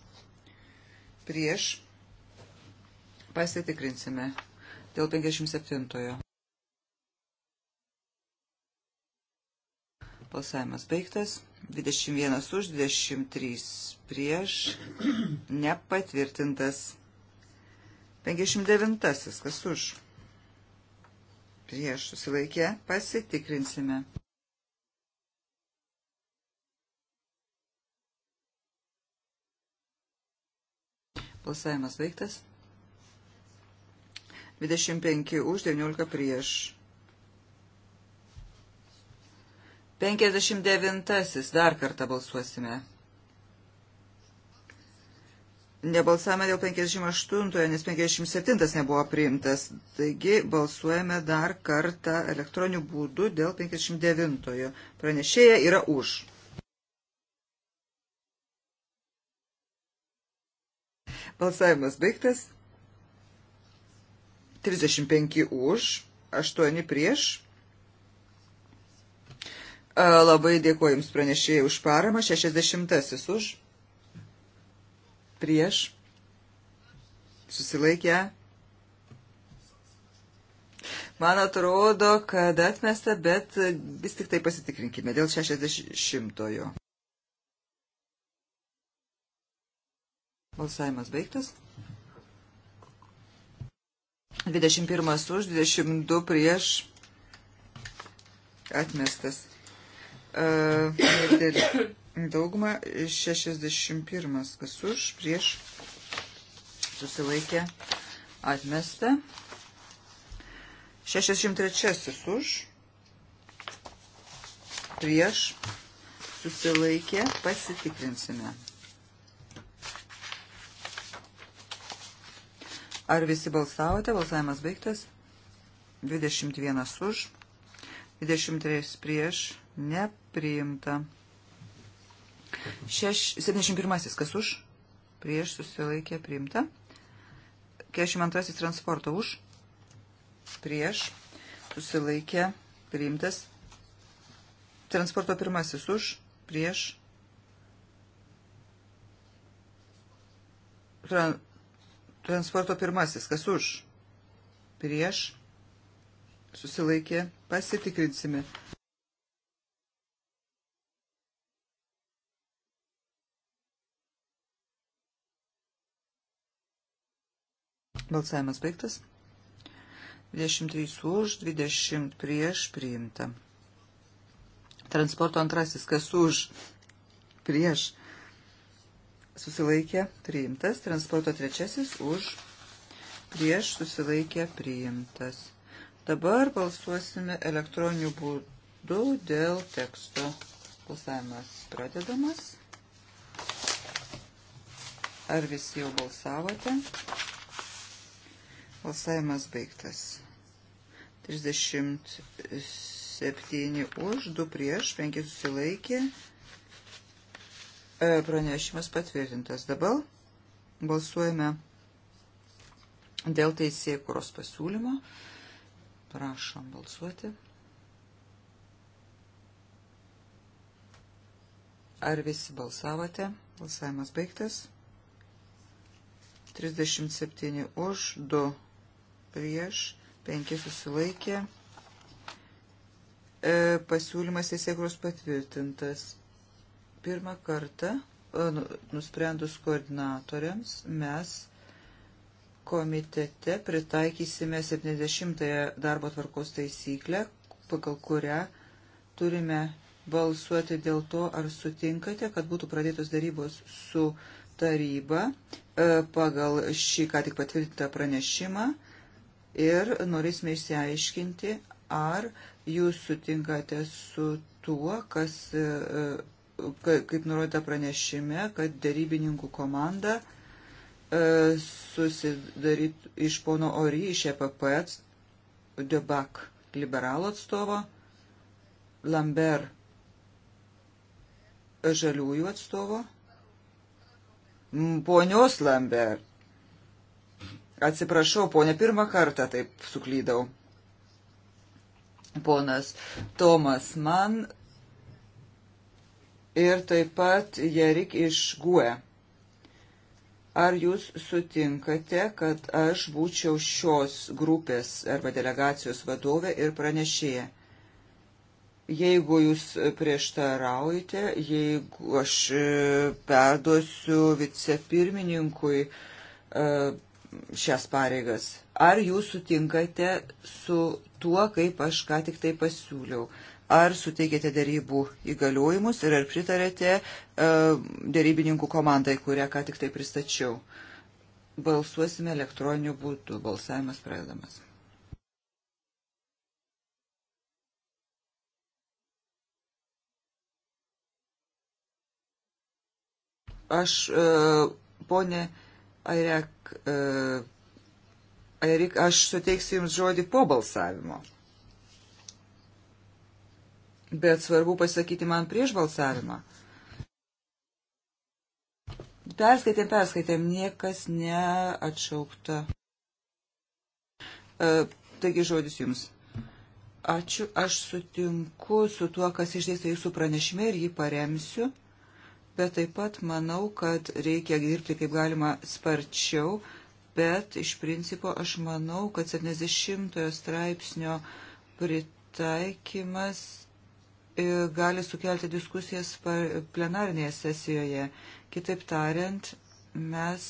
prieš, prieš, Pasitikrinsime dėl 57-ojo. Balsavimas baigtas. 21 už, 23 prieš. *clears throat* Nepatvirtintas. 59-asis. Kas už? Prieš susilaikė. Pasitikrinsime. Balsavimas baigtas. 25 už, 19 prieš. 59. Dar kartą balsuosime. Nebalsavome dėl 58, nes 57 nebuvo priimtas. Taigi balsuojame dar kartą elektroniniu būdu dėl 59. Pranešėja yra už. Balsavimas baigtas. 35 už, 8 prieš. Labai dėkuoju Jums pranešėjai už paramą. 60 už. Prieš. Susilaikę. Man atrodo, kad atmesta, bet vis tik tai pasitikrinkime dėl 60-ojo. Balsavimas baigtas. 21 už, 22 prieš atmestas. Uh, daugumą 61 kas už, prieš susilaikė atmestą. 63 už, prieš susilaikė pasitikrinsime. Ar visi balsavote? Balsavimas baigtas. 21 už, 23 prieš, nepriimta. Šeš, 71 kas už, prieš susilaikė priimta. 42 transporto už, prieš susilaikė priimtas. Transporto pirmasis už, prieš. Tran Transporto pirmasis, kas už? Prieš susilaikė, pasitikrinsime. Balsavimas baigtas. 23 už, 20 prieš priimta. Transporto antrasis, kas už, prieš susilaikė priimtas, transporto trečiasis už prieš susilaikė priimtas. Dabar balsuosime elektroniniu būdu dėl teksto. Balsavimas pradedamas. Ar visi jau balsavote? Balsavimas baigtas. 37 už, 2 prieš, 5 susilaikė. E, pranešimas patvirtintas. Dabar balsuojame dėl teisėjų kuros pasiūlymo. Prašom balsuoti. Ar visi balsavote? Balsavimas baigtas. 37 už, 2 prieš, 5 susilaikė. E, pasiūlymas teisėkros patvirtintas. Pirmą kartą, e, nu, nusprendus koordinatoriams, mes komitete pritaikysime 70-ąją darbo tvarkos taisyklę, pagal kurią turime balsuoti dėl to, ar sutinkate, kad būtų pradėtos darybos su taryba e, pagal šį ką tik patvirtintą pranešimą ir norėsime išsiaiškinti, ar jūs sutinkate su tuo, kas e, kaip nurodyta pranešime, kad darybininkų komanda e, susidaryt iš pono Ory, iš EPP, Debak liberalų atstovo, Lambert žaliųjų atstovo, ponios Lambert. Atsiprašau, ponė, pirmą kartą taip suklydau. Ponas Tomas man, ir taip pat Jerik iš Gue. Ar jūs sutinkate, kad aš būčiau šios grupės arba delegacijos vadovė ir pranešėja? Jeigu jūs prieštaraujate, jeigu aš e, perduosiu vicepirmininkui e, šias pareigas, ar jūs sutinkate su tuo, kaip aš ką tik tai pasiūliau? ar suteikėte dėrybų įgaliojimus ir ar pritarėte e, dėrybininkų komandai, kurią ką tik tai pristačiau. Balsuosime elektroniniu būdu. Balsavimas pradedamas. Aš, e, ponė Airek, e, Airik, aš suteiksiu Jums žodį po balsavimo bet svarbu pasakyti man prieš balsavimą. Perskaitėm, perskaitėm, niekas neatšaukta. E, taigi žodis jums. Ačiū, aš sutinku su tuo, kas išdėstė jūsų pranešime ir jį paremsiu, bet taip pat manau, kad reikia dirbti kaip galima sparčiau, bet iš principo aš manau, kad 70 straipsnio pritaikymas gali sukelti diskusijas plenarinėje sesijoje. Kitaip tariant, mes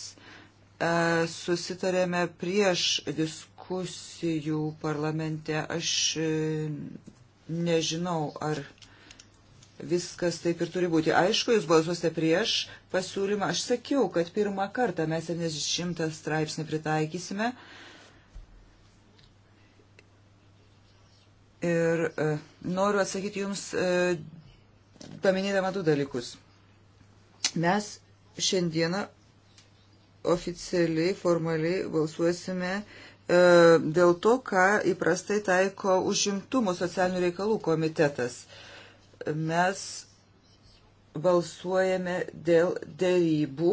e, susitarėme prieš diskusijų parlamente. Aš e, nežinau, ar viskas taip ir turi būti. Aišku, jūs balsuosite prieš pasiūlymą. Aš sakiau, kad pirmą kartą mes 70 straipsnį pritaikysime. Uh, Ir e, noriu atsakyti Jums e, paminėdama du dalykus. Mes šiandieną oficialiai, formaliai balsuosime e, dėl to, ką įprastai taiko užimtumo socialinių reikalų komitetas. Mes balsuojame dėl dėrybų,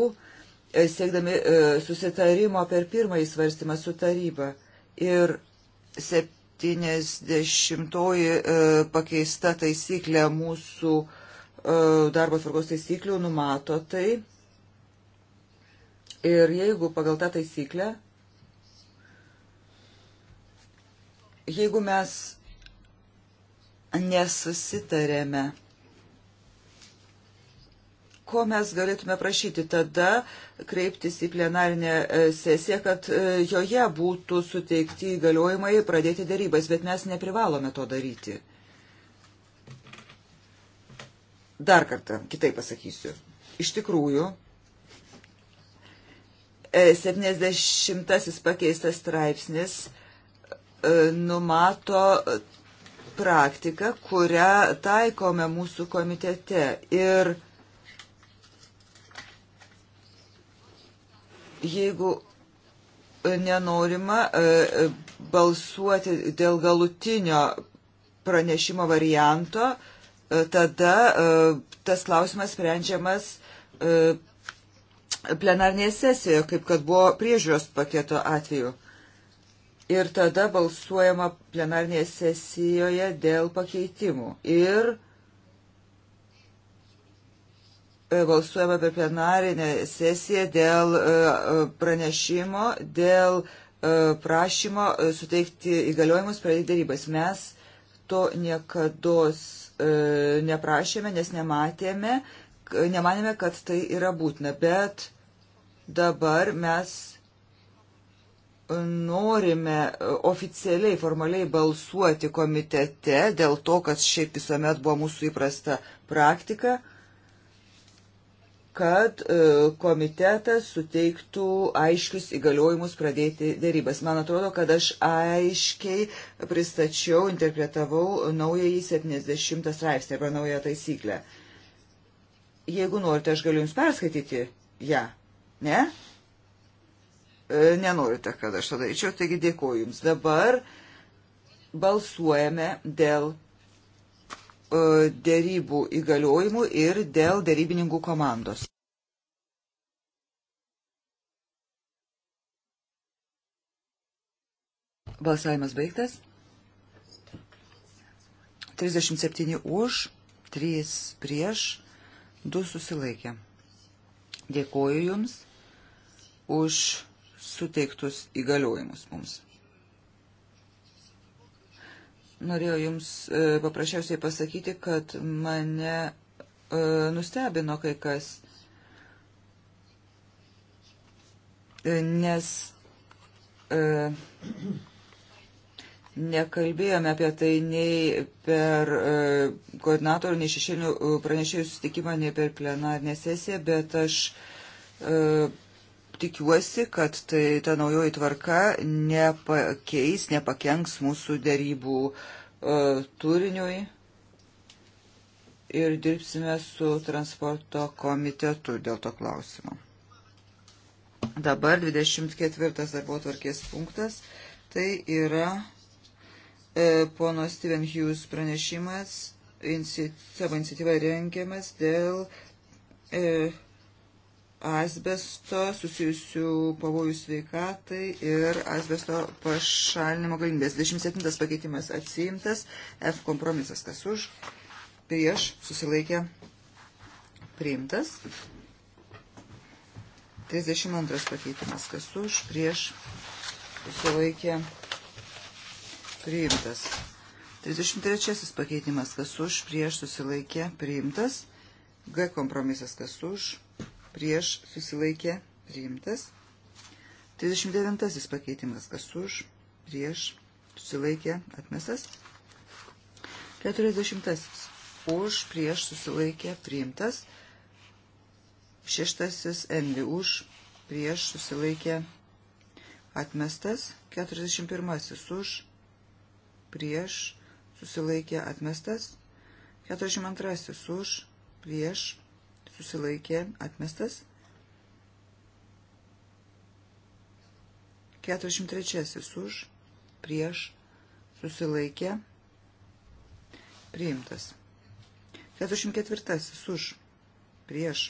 e, siekdami e, susitarimo per pirmąjį svarstymą su taryba. Ir sep, 70 e, pakeista taisyklė mūsų e, darbo tvarkos taisyklių numato tai. Ir jeigu pagal tą taisyklę, jeigu mes nesusitarėme ko mes galėtume prašyti tada kreiptis į plenarinę e, sesiją, kad e, joje būtų suteikti įgaliojimai pradėti darybas, bet mes neprivalome to daryti. Dar kartą, kitaip pasakysiu. Iš tikrųjų, 70 e, pakeistas straipsnis numato praktiką, kurią taikome mūsų komitete. Ir jeigu e, nenorima e, e, balsuoti dėl galutinio pranešimo varianto, tada tas klausimas sprendžiamas plenarnėje sesijoje, kaip kad buvo priežiūros paketo atveju. Ir tada balsuojama plenarnėje sesijoje dėl pakeitimų. Ir E, balsuojama per plenarinę sesiją dėl e, pranešimo, dėl e, prašymo suteikti įgaliojimus pradėti darybas. Mes to niekada neprašėme, nes nematėme, nemanėme, kad tai yra būtina, bet dabar mes norime oficialiai, formaliai balsuoti komitete dėl to, kas šiaip visuomet buvo mūsų įprasta praktika kad e, komitetas suteiktų aiškius įgaliojimus pradėti dėrybas. Man atrodo, kad aš aiškiai pristačiau, interpretavau naująjį 70 straipsnį arba naują taisyklę. Jeigu norite, aš galiu Jums perskaityti ją. Ja. Ne? E, nenorite, kad aš tą daryčiau, taigi dėkoju Jums. Dabar balsuojame dėl E, dėrybų įgaliojimų ir dėl dėrybininkų komandos. Balsavimas baigtas. 37 už, 3 prieš, 2 susilaikė. Dėkoju Jums už suteiktus įgaliojimus mums norėjau Jums e, paprasčiausiai pasakyti, kad mane e, nustebino kai kas. E, nes nekalbėjome apie tai nei per koordinatorių, nei šešėlių pranešėjų sustikimą, nei per plenarinę sesiją, bet aš tikiuosi, kad tai, ta naujoji tvarka nepakeis, nepakenks mūsų dėrybų uh, turiniui ir dirbsime su transporto komitetu dėl to klausimo. Dabar 24 darbo tvarkės punktas. Tai yra e, pono Steven Hughes pranešimas, inci, savo iniciatyvą rengiamas dėl e, asbesto susijusių pavojų sveikatai ir asbesto pašalinimo galimybės. 27 pakeitimas atsiimtas, F kompromisas kas už, prieš susilaikė priimtas. 32 pakeitimas kas už, prieš susilaikė priimtas. 33 pakeitimas kas už, prieš susilaikė priimtas. G kompromisas kas už, prieš susilaikė priimtas. 39 pakeitimas, kas už, prieš susilaikė atmestas. 40 už, prieš susilaikė priimtas. 6 envi už, prieš susilaikė atmestas. 41 už, prieš susilaikė atmestas. 42 už, prieš susilaikė atmestas. 43 už, prieš, susilaikė, priimtas. 44 už, prieš,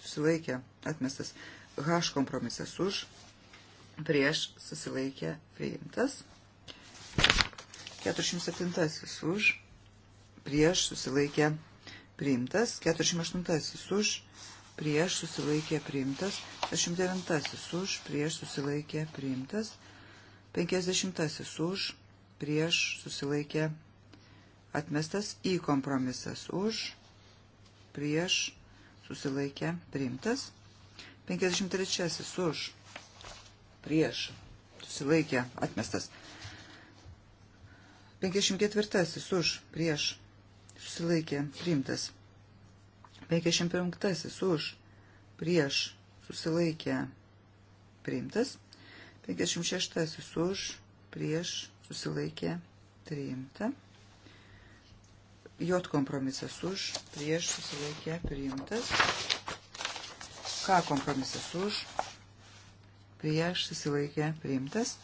susilaikė, atmestas. H kompromisas už, prieš, susilaikė, priimtas. 47 už, prieš, susilaikė, atmestas priimtas, 48 už, prieš susilaikė priimtas, 49 už, prieš susilaikė priimtas, 50 už, prieš susilaikė atmestas į kompromisas už, prieš susilaikė priimtas, 53 už, prieš susilaikė atmestas, 54 už, prieš susilaikė priimtas. 55 už prieš susilaikė priimtas. 56 už prieš susilaikė priimta. J kompromisas už prieš susilaikė priimtas. K kompromisas už prieš susilaikė priimtas.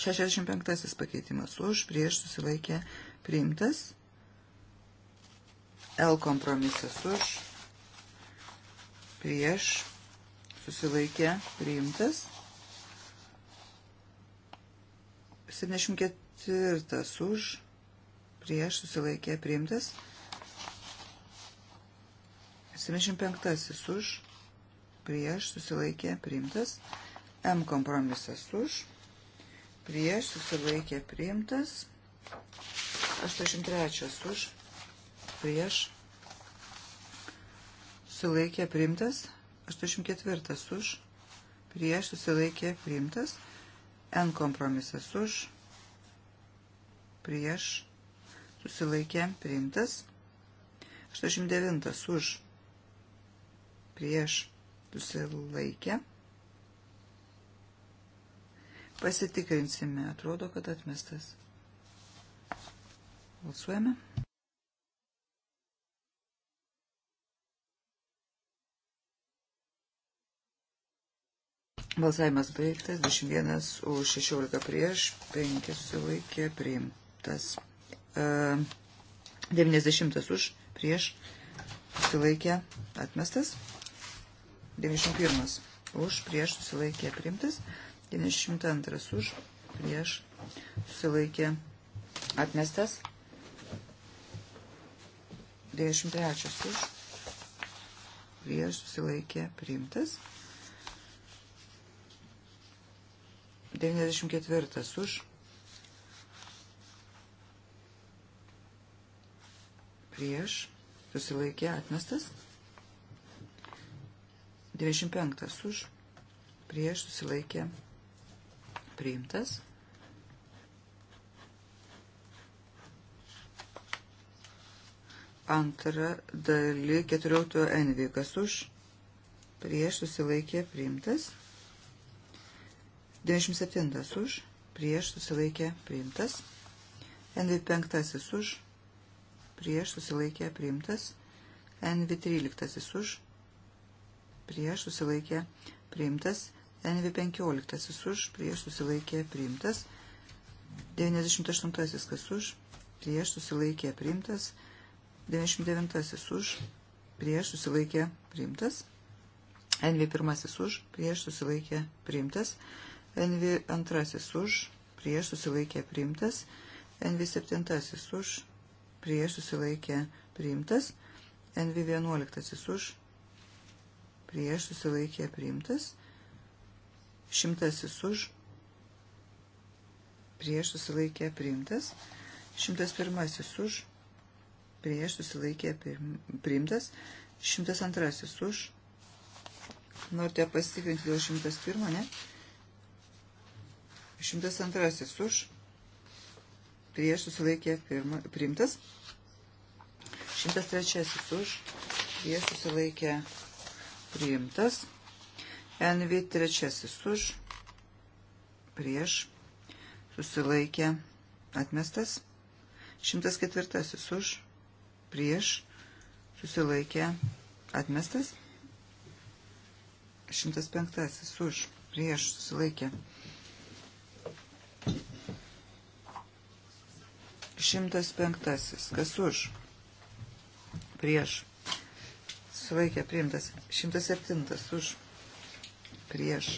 65 pakeitimas už prieš susilaikė priimtas priimtas. L kompromisas už, prieš, susilaikė, priimtas. 74 už, prieš, susilaikė, priimtas. 75 už, prieš, susilaikė, priimtas. M kompromisas už, prieš, susilaikė, priimtas. 83 už, prieš, susilaikė priimtas, 84 už, prieš, susilaikė priimtas, N kompromisas už, prieš, susilaikė priimtas, 89 už, prieš, susilaikė. Pasitikrinsime, atrodo, kad atmestas. Głosujemy. Balsavimas baigtas, 21 už 16 prieš, 5 sulaikė priimtas. E, 90 už prieš, sulaikė atmestas. 91 už prieš, sulaikė priimtas. 92 už prieš, sulaikė atmestas. 93 už, prieš susilaikė priimtas. 94 už, prieš susilaikė atmestas. 95 už, prieš susilaikė priimtas. Antra dali 14 envy. Kas už? Prieš susilaikė priimtas. 97 už. Prieš susilaikė priimtas. Envy 5 už. Prieš susilaikė priimtas. Envy 13 už. Prieš susilaikė priimtas. Envy 15 už. Prieš susilaikė priimtas. 98 kas už. Prieš susilaikė priimtas. 99 už, prieš susilaikė priimtas. NV1 už, prieš susilaikė priimtas. NV2 už, prieš susilaikė priimtas. NV7 už, prieš susilaikė priimtas. NV11 už, prieš susilaikė priimtas. Šimtasis už, prieš susilaikė priimtas. Šimtas pirmasis už, prieš susilaikė priimtas. 102 už. Norite pasitikrinti dėl 101, ne? 102 už. Prieš susilaikė pirma, priimtas. 103 už. Prieš susilaikė priimtas. NV 3 už. Prieš susilaikė atmestas. 104 už prieš susilaikė atmestas. 105 už prieš susilaikė. 105 kas už prieš susilaikė priimtas. 107 už prieš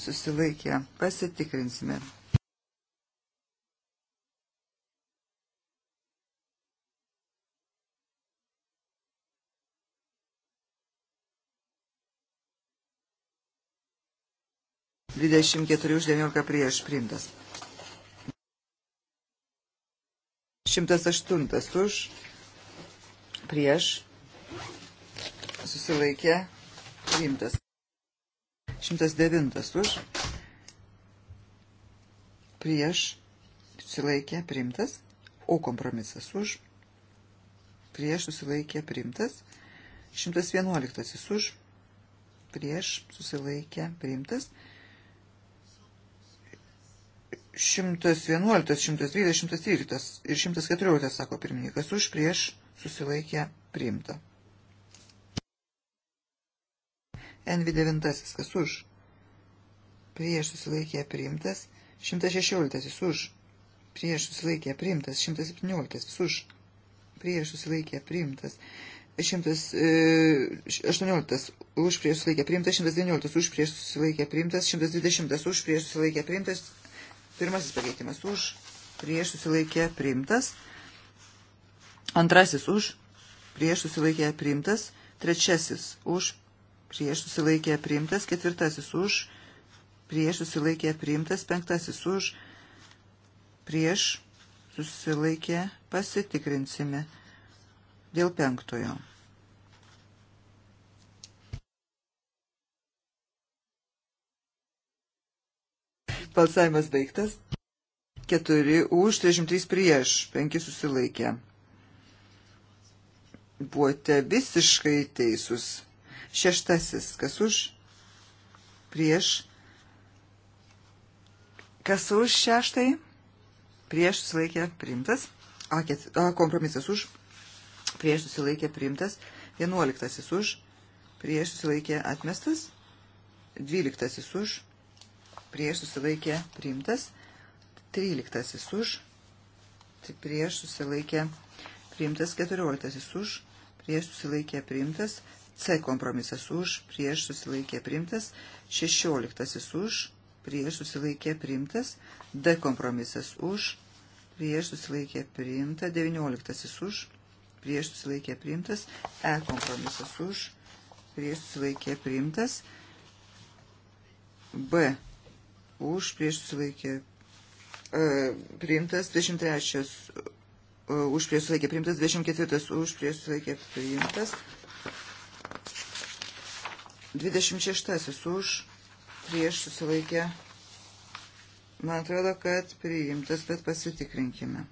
susilaikė. Pasitikrinsime. 24 už 19 prieš priimtas. 108 už prieš susilaikė priimtas. 109 už prieš susilaikė priimtas. O kompromisas už prieš susilaikė priimtas. 111 už prieš susilaikė priimtas. 111, 120, 113 ir 114, sako pirmininkas, už prieš susilaikę priimta. NV9, kas už? Prieš susilaikė priimtas. 116, už. Prieš susilaikė priimtas. 117, už. Prieš susilaikė priimtas. 118 e, už prieš susilaikę priimtas, 119 už prieš susilaikę priimtas, 120 už prieš susilaikę priimtas, Pirmasis pakeitimas už, prieš susilaikė priimtas. Antrasis už, prieš susilaikė priimtas. Trečiasis už, prieš susilaikė priimtas. Ketvirtasis už, prieš susilaikė priimtas. Penktasis už, prieš susilaikė pasitikrinsime dėl penktojo. Balsavimas baigtas. 4 už, 33 prieš, 5 susilaikė. Buvote visiškai teisūs. Šeštasis, kas už, prieš, kas už šeštai, prieš susilaikė priimtas, a, ket, a kompromisas už, prieš susilaikė priimtas, vienuoliktasis už, prieš susilaikė atmestas, dvyliktasis už, prieš susilaikė priimtas, 13 už, prieš susilaikė priimtas, 14 už, prieš susilaikė priimtas, C kompromisas už, prieš susilaikė priimtas, 16 už, prieš susilaikė priimtas, D kompromisas už, prieš susilaikė priimta, 19 už, prieš susilaikė priimtas, E kompromisas už, prieš susilaikė priimtas, B E, e, už, prieš susilaikė priimtas, 23 už, prieš susilaikė priimtas, 24 už, prieš susilaikė priimtas, 26 už, prieš susilaikė. Man atrodo, kad priimtas, bet pasitikrinkime.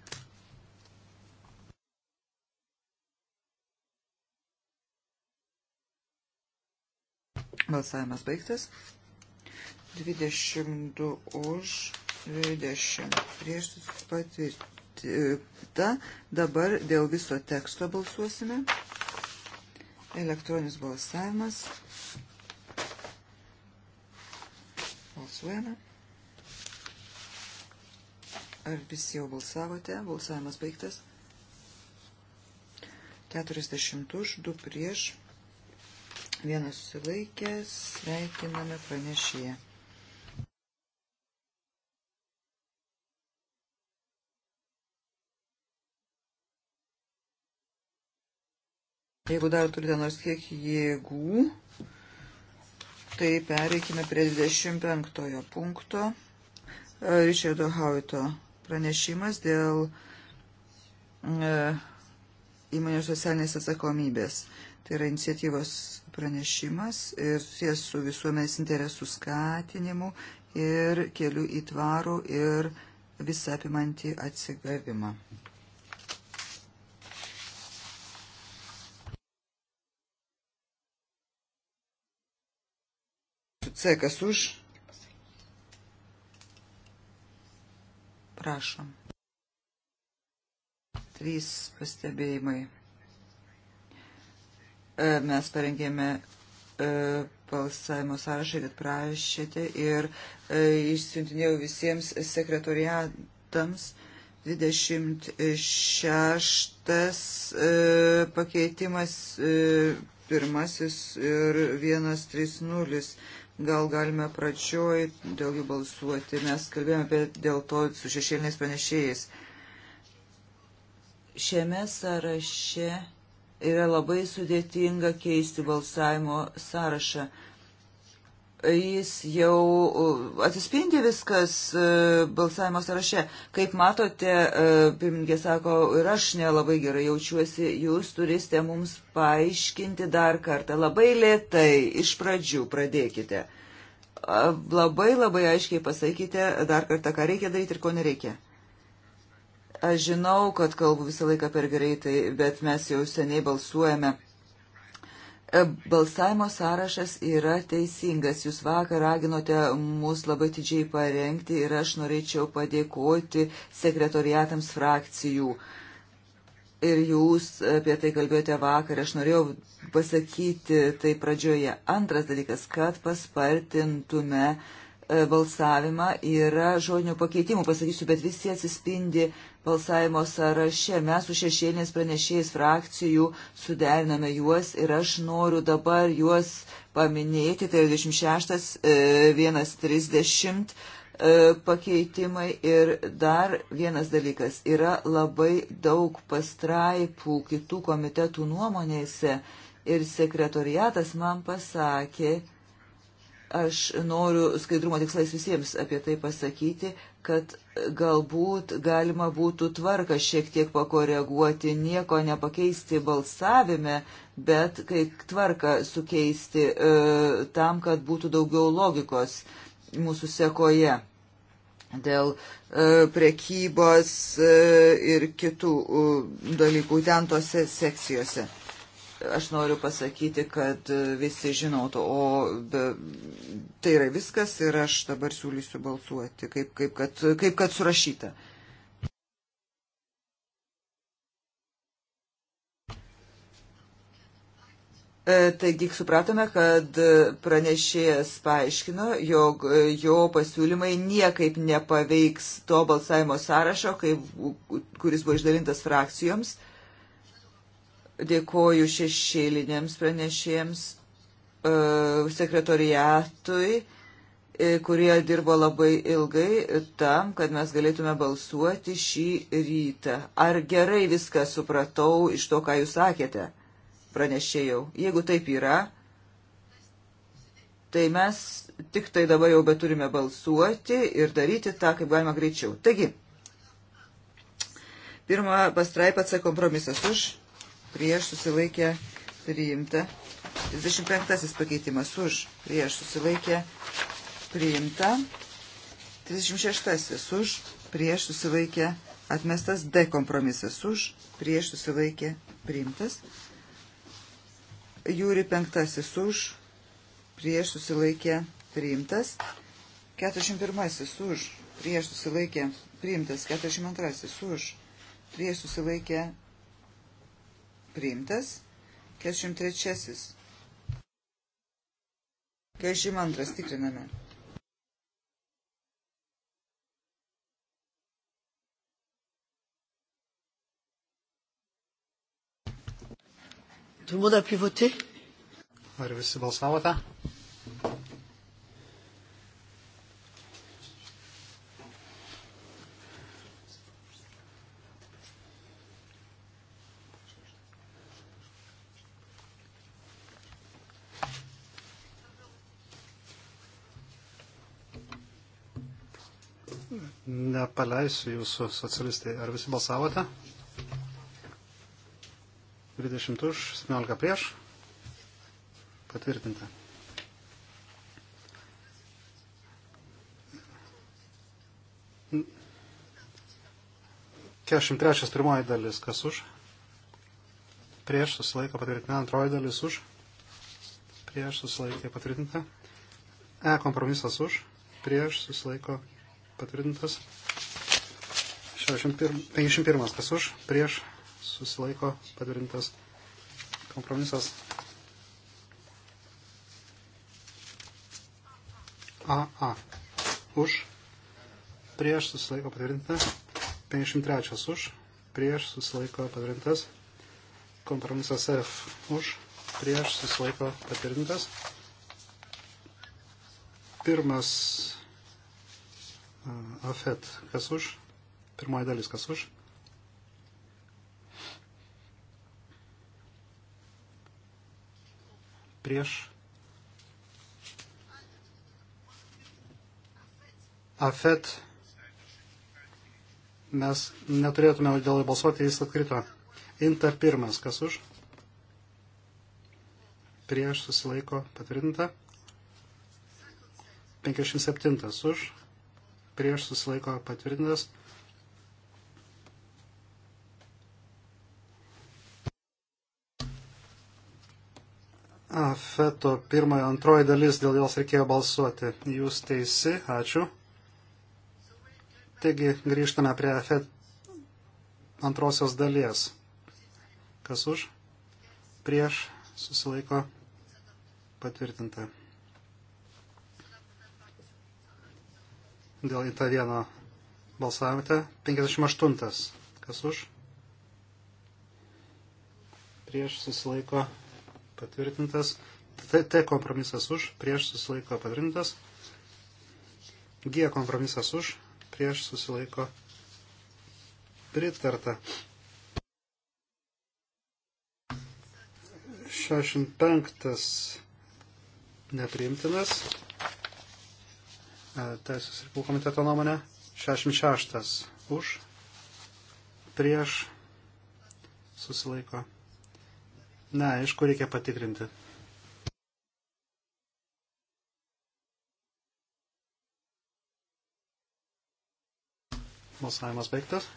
Balsavimas baigtas. 22 už, 20 prieš patvirtinta. Dabar dėl viso teksto balsuosime. Elektroninis balsavimas. Balsuojame. Ar visi jau balsavote? Balsavimas baigtas. 40 už, 2 prieš, vienas susilaikęs, sveikiname pranešėje. Jeigu dar turite nors kiek jėgų, tai pereikime prie 25 punkto. E, Richardo Hauito pranešimas dėl e, įmonių socialinės atsakomybės. Tai yra iniciatyvos pranešimas ir susijęs su visuomenės interesų skatinimu ir keliu į tvarų ir visą apimantį atsigavimą. C, kas už? Prašom. Trys pastebėjimai. E, mes parengėme e, balsavimo sąrašą, kad prašėte ir e, išsiuntinėjau visiems sekretoriatams 26 pakeitimas pirmasis ir 130 Gal galime pradžioj dėl jų balsuoti. Mes kalbėjome apie dėl to su šešėliniais panešėjais. Šiame sąraše yra labai sudėtinga keisti balsavimo sąrašą jis jau uh, atsispindi viskas uh, balsavimo sąraše. Kaip matote, uh, pirmininkė sako, ir aš nelabai gerai jaučiuosi, jūs turite mums paaiškinti dar kartą. Labai lėtai, iš pradžių pradėkite. Labai labai aiškiai pasakykite dar kartą, ką reikia daryti ir ko nereikia. Aš žinau, kad kalbu visą laiką per greitai, bet mes jau seniai balsuojame Balsavimo sąrašas yra teisingas. Jūs vakar raginote mus labai didžiai parengti ir aš norėčiau padėkoti sekretoriatams frakcijų. Ir jūs apie tai kalbėjote vakar, aš norėjau pasakyti tai pradžioje. Antras dalykas, kad paspartintume e, balsavimą yra žodinių pakeitimų, pasakysiu, bet visi atsispindi balsavimo sąraše. Mes su šešėlinės pranešėjais frakcijų suderiname juos ir aš noriu dabar juos paminėti. Tai 26, 130 e, e, pakeitimai ir dar vienas dalykas. Yra labai daug pastraipų kitų komitetų nuomonėse ir sekretoriatas man pasakė, aš noriu skaidrumo tikslais visiems apie tai pasakyti, kad galbūt galima būtų tvarką šiek tiek pakoreguoti, nieko nepakeisti balsavime, bet kai tvarką sukeisti e, tam, kad būtų daugiau logikos mūsų sekoje dėl e, prekybos e, ir kitų e, dalykų ten tose sekcijose aš noriu pasakyti, kad visi žinotų, o be, tai yra viskas ir aš dabar siūlysiu balsuoti, kaip, kaip, kad, kaip kad surašyta. E, taigi supratome, kad pranešėjas paaiškino, jog jo pasiūlymai niekaip nepaveiks to balsavimo sąrašo, kaip, kuris buvo išdalintas frakcijoms. Dėkoju šešėlinėms pranešėjams, e, sekretoriatui, e, kurie dirbo labai ilgai tam, kad mes galėtume balsuoti šį rytą. Ar gerai viską supratau iš to, ką jūs sakėte, pranešėjau. Jeigu taip yra, tai mes tik tai dabar jau bet turime balsuoti ir daryti tą, kaip galima greičiau. Taigi, pirmą pastraipą C kompromisas už prieš susilaikę priimta. 35 pakeitimas už prieš susilaikę priimta. 36 už prieš susilaikę atmestas. D kompromisas už prieš susilaikę priimtas. Jūri penktasis už prieš susilaikę priimtas. 41 už prieš susilaikę priimtas. 42 už prieš susilaikę priimtas. 43. 42 tikriname. Tout le monde a pu voter? Ar visi balsavote? paleisiu jūsų socialistai. Ar visi balsavote? 20 už, 17 prieš. Patvirtinta. Kešim trečias pirmoji dalis, kas už? Prieš susilaiko patvirtinta, antroji dalis už. Prieš susilaikė patvirtinta. E kompromisas už, prieš susilaiko patvirtintas. 51 kas už, prieš, susilaiko, patvirtintas kompromisas. AA. Už, prieš, susilaiko, patvirtintas. 53 už, prieš, susilaiko, patvirtintas. Kompromisas F. Už, prieš, susilaiko, patvirtintas. Pirmas AFET. Kas už? Pirmoji dalis kas už? Prieš. AFET mes neturėtume dėl balsuoti, jis atkrito. Inta pirmas, kas už? Prieš susilaiko patvirtinta. 57 už, prieš susilaiko patvirtintas. Feto pirmojo, antroji dalis, dėl jos reikėjo balsuoti. Jūs teisi, ačiū. Taigi grįžtame prie Fet antrosios dalies. Kas už? Prieš susilaiko patvirtinta. dėl į tą vieną balsavote. 58. Kas už? Prieš susilaiko patvirtintas. T, T kompromisas už, prieš susilaiko patvirtintas. G kompromisas už, prieš susilaiko pritarta. 65 nepriimtinas. E, Teisės reikalų komiteto nuomonė. 66 už, prieš, susilaiko. Na, iš kur reikia patikrinti. Balsavimas baigtas.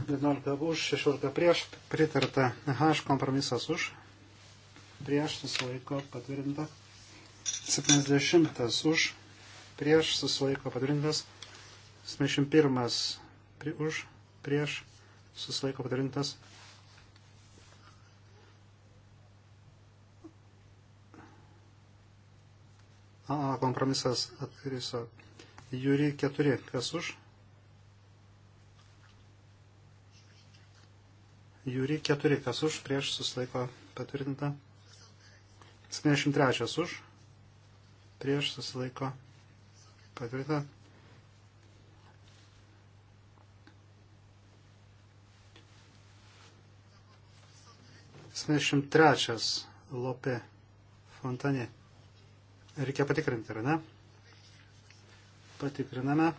11 už, 16 prieš, pritarta H kompromisas už, prieš susilaiko patvirtinta. 70 už, prieš susilaiko patvirtintas, 71 pri, už, prieš susilaiko patvirtintas. AA kompromisas atkriso. Jūri 4, kas už? Jūri 4, kas už, prieš susilaiko patvirtinta. 73 už, prieš susilaiko patvirtinta. Smešim trečias Lopė Fontanė. Reikia patikrinti, ar ne? Patikriname.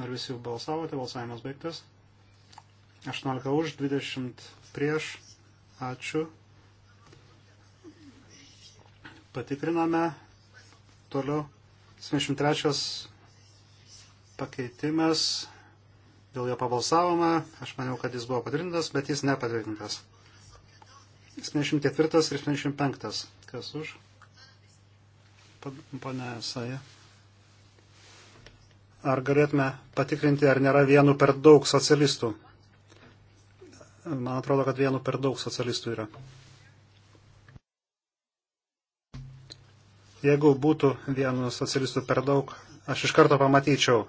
Ar visi jau balsavote? Balsavimas baigtas. 18 už, 20 prieš. Ačiū. Patikriname. Toliau. 73 pakeitimas. Dėl jo pabalsavome. Aš maniau, kad jis buvo patvirtintas, bet jis nepatvirtintas. 74 ir 75. Kas už? Pane Saja. Ar galėtume patikrinti, ar nėra vienu per daug socialistų? man atrodo, kad vienu per daug socialistų yra. Jeigu būtų vienu socialistų per daug, aš iš karto pamatyčiau.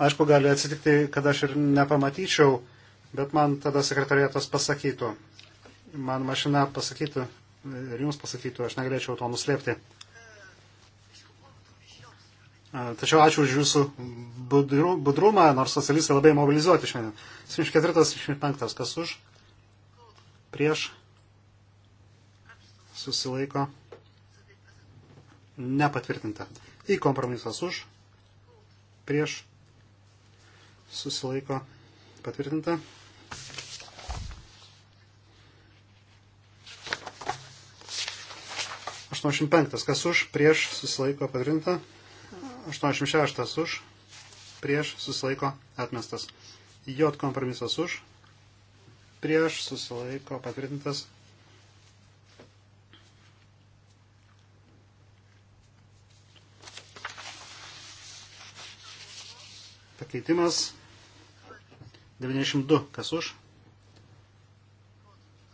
Aišku, gali atsitikti, kad aš ir nepamatyčiau, bet man tada sekretorietas pasakytų. Man mašina pasakytų ir jums pasakytų, aš negalėčiau to nuslėpti. Tačiau ačiū už jūsų budru, budrumą, nors socialistai labai mobilizuoti šiandien. 74-75, kas už? Prieš? Susilaiko? Nepatvirtinta. Į kompromisas už? Prieš? Susilaiko? Patvirtinta. Aštuoniasdešimt penktas, kas už, prieš, susilaiko, patvirtinta. 86 už, prieš susilaiko atmestas. J kompromisas už, prieš susilaiko patvirtintas. Pakeitimas 92, kas už,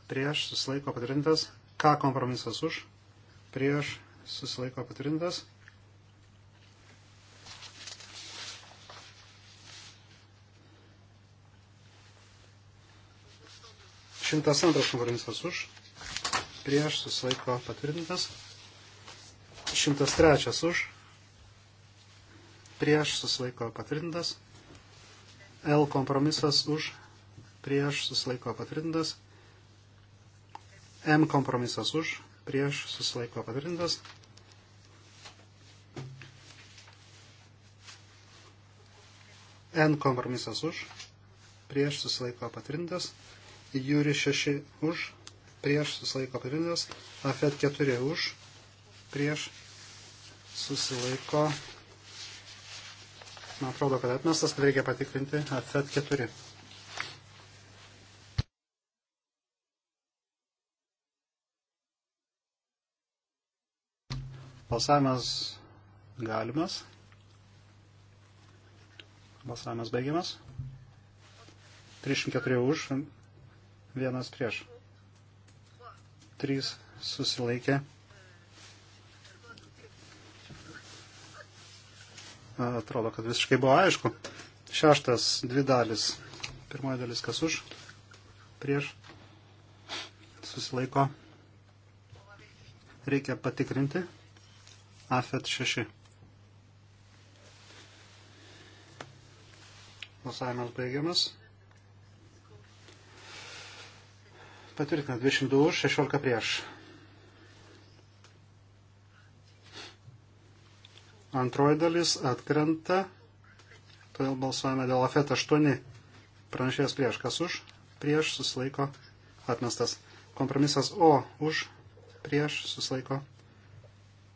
prieš susilaiko patvirtintas. K kompromisas už, prieš susilaiko patvirtintas. 102 kompromisas už, prieš susilaiko patvirtintas. 103 už, prieš susilaiko patvirtintas. L kompromisas už, prieš susilaiko patvirtintas. M kompromisas už, prieš susilaiko patvirtintas. N kompromisas už, prieš susilaiko patvirtintas. Jūri 6 už, prieš susilaiko patvirtintas, Afet 4 už, prieš susilaiko, man atrodo, kad atmestas, kad reikia patikrinti, Afet 4. Balsavimas galimas. Balsavimas baigiamas. 34 už, vienas prieš. Trys susilaikė. Atrodo, kad visiškai buvo aišku. Šeštas, dvi dalis. Pirmoji dalis kas už, prieš, susilaiko. Reikia patikrinti. AFET 6. Balsavimas baigiamas. Patvirtina 22 už, 16 prieš. Antroji dalis atkrenta. Todėl balsuojame dėl afet 8. Pranešėjas prieš. Kas už? Prieš susilaiko atmestas. Kompromisas O už. Prieš susilaiko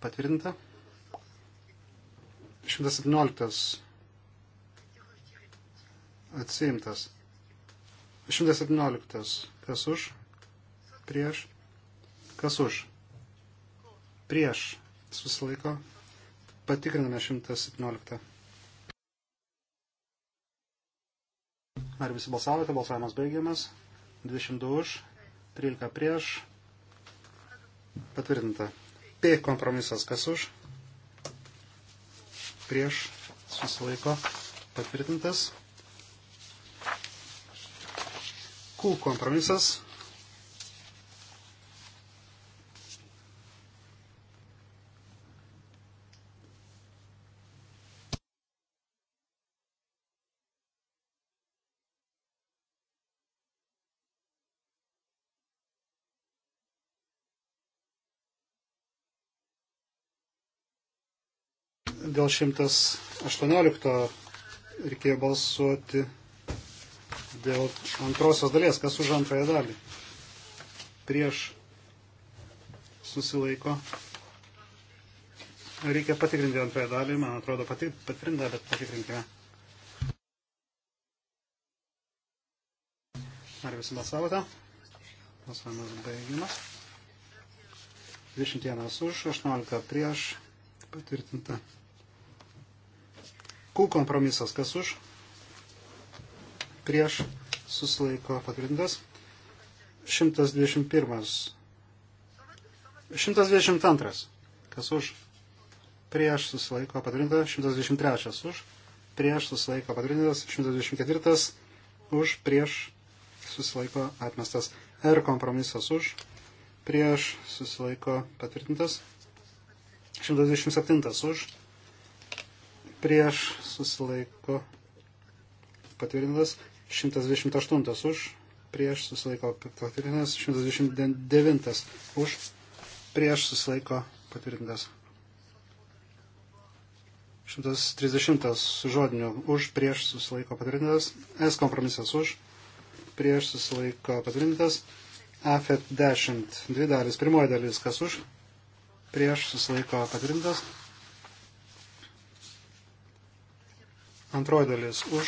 patvirtinta. 117 atsiimtas. 117. Kas už? prieš, kas už, prieš, susilaiko, patikriname 117. Ar visi balsavote, balsavimas baigiamas, 22 už, 13 prieš, patvirtinta. P kompromisas, kas už, prieš, susilaiko, patvirtintas. Q kompromisas, dėl 118 reikėjo balsuoti dėl antrosios dalies, kas už antrąją dalį. Prieš susilaiko. Reikia patikrinti antrąją dalį, man atrodo, pati, patvirtinta, bet patikrinkime. Ar visi balsavote? Balsavimas baigimas. 21 už, 18 prieš, patvirtinta. Q kompromisas kas už, prieš susilaiko patvirtintas. 121. 122. Kas už, prieš susilaiko patvirtintas. 123. Už, prieš susilaiko patvirtintas. 124. Už, prieš susilaiko atmestas. R kompromisas už, prieš susilaiko patvirtintas. 127 už, prieš susilaiko patvirtintas, 128 už, prieš susilaiko patvirtintas, 129 už, prieš susilaiko patvirtintas. 130 žodinių už, prieš susilaiko patvirtintas, S kompromisas už, prieš susilaiko patvirtintas, AFET 10, dvi dalis, pirmoji dalis, kas už, prieš susilaiko patvirtintas, Antroji dalis už,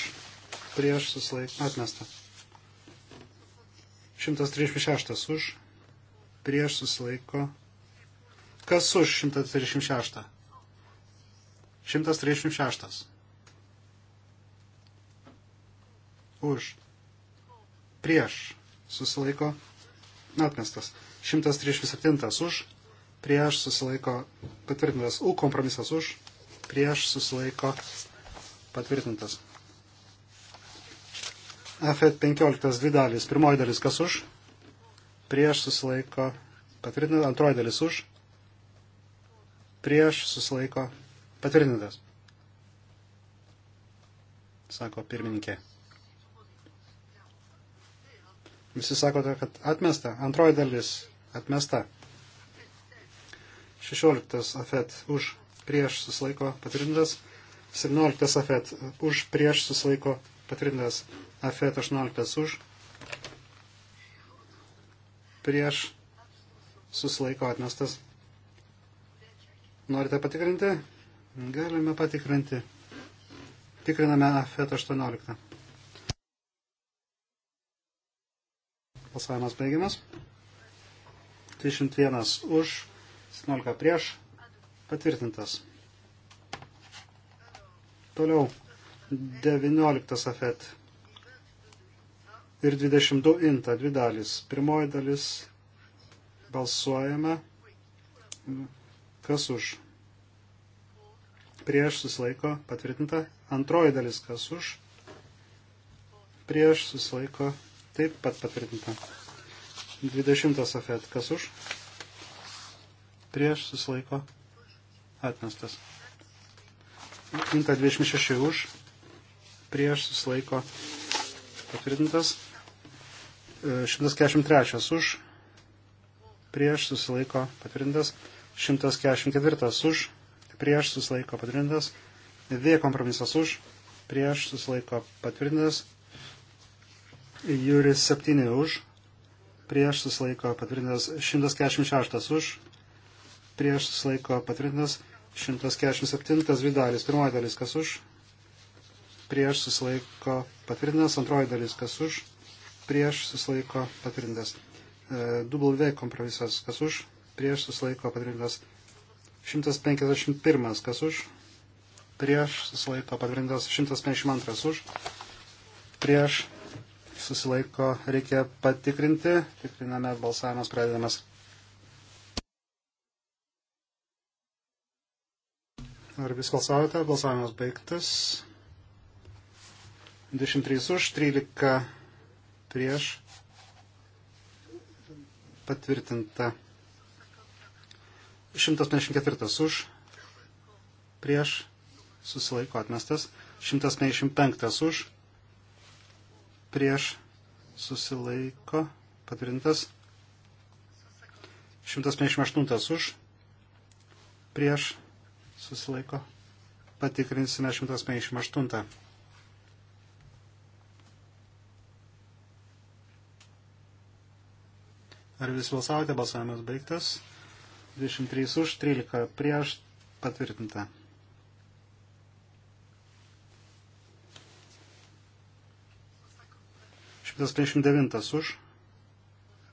prieš susilaikė atmesta. 136 už, prieš susilaiko. Kas už 136? 136. Už. Prieš susilaiko atmestas. 137 už, prieš susilaiko patvirtintas U kompromisas už, prieš susilaiko Patvirtintas. F15 dvi dalys. Pirmoji dalis kas už? Prieš susilaiko. Patvirtintas. Antroji dalis už? Prieš susilaiko. Patvirtintas. Sako pirmininkė. Visi sakote, kad atmesta. Antroji dalis atmesta. 16 afet už prieš susilaiko patvirtintas. 17 afet už, prieš susilaiko patvirtintas. Afet 18 už, prieš susilaiko atmestas. Norite patikrinti? Galime patikrinti. Tikriname afet 18. Balsavimas baigiamas. 31 už, 17 prieš, patvirtintas. Toliau 19 afet ir 22 inta, dvi dalis. Pirmoji dalis balsuojame, kas už, prieš susilaiko patvirtinta, antroji dalis kas už, prieš susilaiko taip pat patvirtinta. 20 afet kas už, prieš susilaiko atmestas. Inta 26 už, prieš susilaiko patvirtintas. 143 už, prieš susilaiko patvirtintas. 144 už, prieš susilaiko patvirtintas. V kompromisas už, prieš susilaiko patvirtintas. Juris 7 už, prieš susilaiko patvirtintas. 146 už, prieš susilaiko patvirtintas. 147 dvi dalis. Pirmoji dalis kas už, prieš susilaiko patvirtintas. Antroji dalis kas už, prieš susilaiko patvirtintas. E, w kompromisas kas už, prieš susilaiko patvirtintas. 151 kas už, prieš susilaiko patvirtintas. 152 už, prieš susilaiko reikia patikrinti. Tikriname balsavimas pradedamas. Ar vis balsavote? Balsavimas baigtas. 23 už, 13 prieš. Patvirtinta. 154 už, prieš, susilaiko atmestas. 155 už, prieš, susilaiko patvirtintas. 158 už, prieš, susilaiko. Patikrinsime 158. Ar visi balsavote? Balsavimas baigtas. 23 už, 13 prieš, patvirtinta. Šimtas penkiasdešimt devintas už,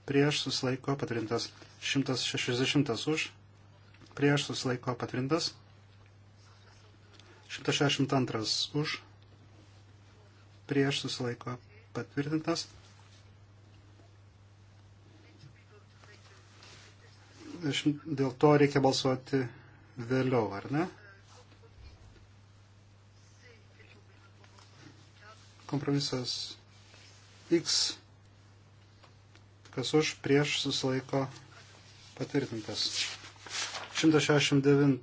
prieš susilaiko patvirtintas. Šimtas šešiasdešimtas už, prieš susilaiko patvirtintas. 162 už, prieš susilaiko patvirtintas. Dėl to reikia balsuoti vėliau, ar ne? Kompromisas X, kas už, prieš susilaiko patvirtintas. 169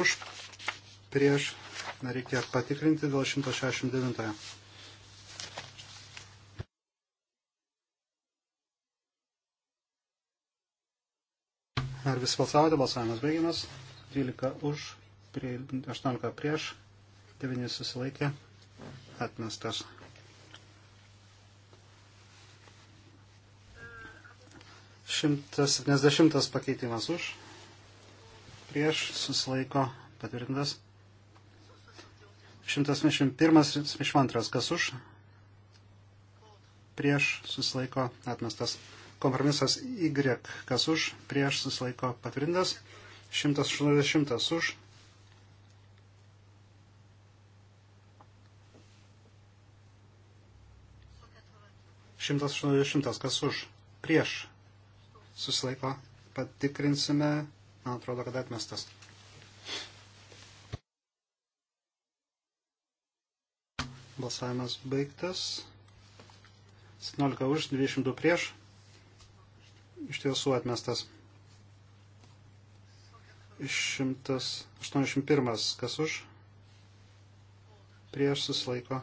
už, prieš, reikia patikrinti dėl 169. Ar visi balsavote? Balsavimas baigiamas. 12 už, prie, 18 prieš, 9 susilaikė, atmestas. Šimtas septyniasdešimtas pakeitimas už, prieš susilaiko patvirtintas. 171-72, kas už, prieš susilaiko atmestas. Kompromisas Y, kas už, prieš susilaiko patvirtintas. 180 už. Šimtas aštuoniasdešimtas, kas už, prieš, susilaiko, patikrinsime, man atrodo, kad atmestas. Balsavimas baigtas. 17 už, 22 prieš. Iš tiesų atmestas. 181 kas už. Prieš susilaiko.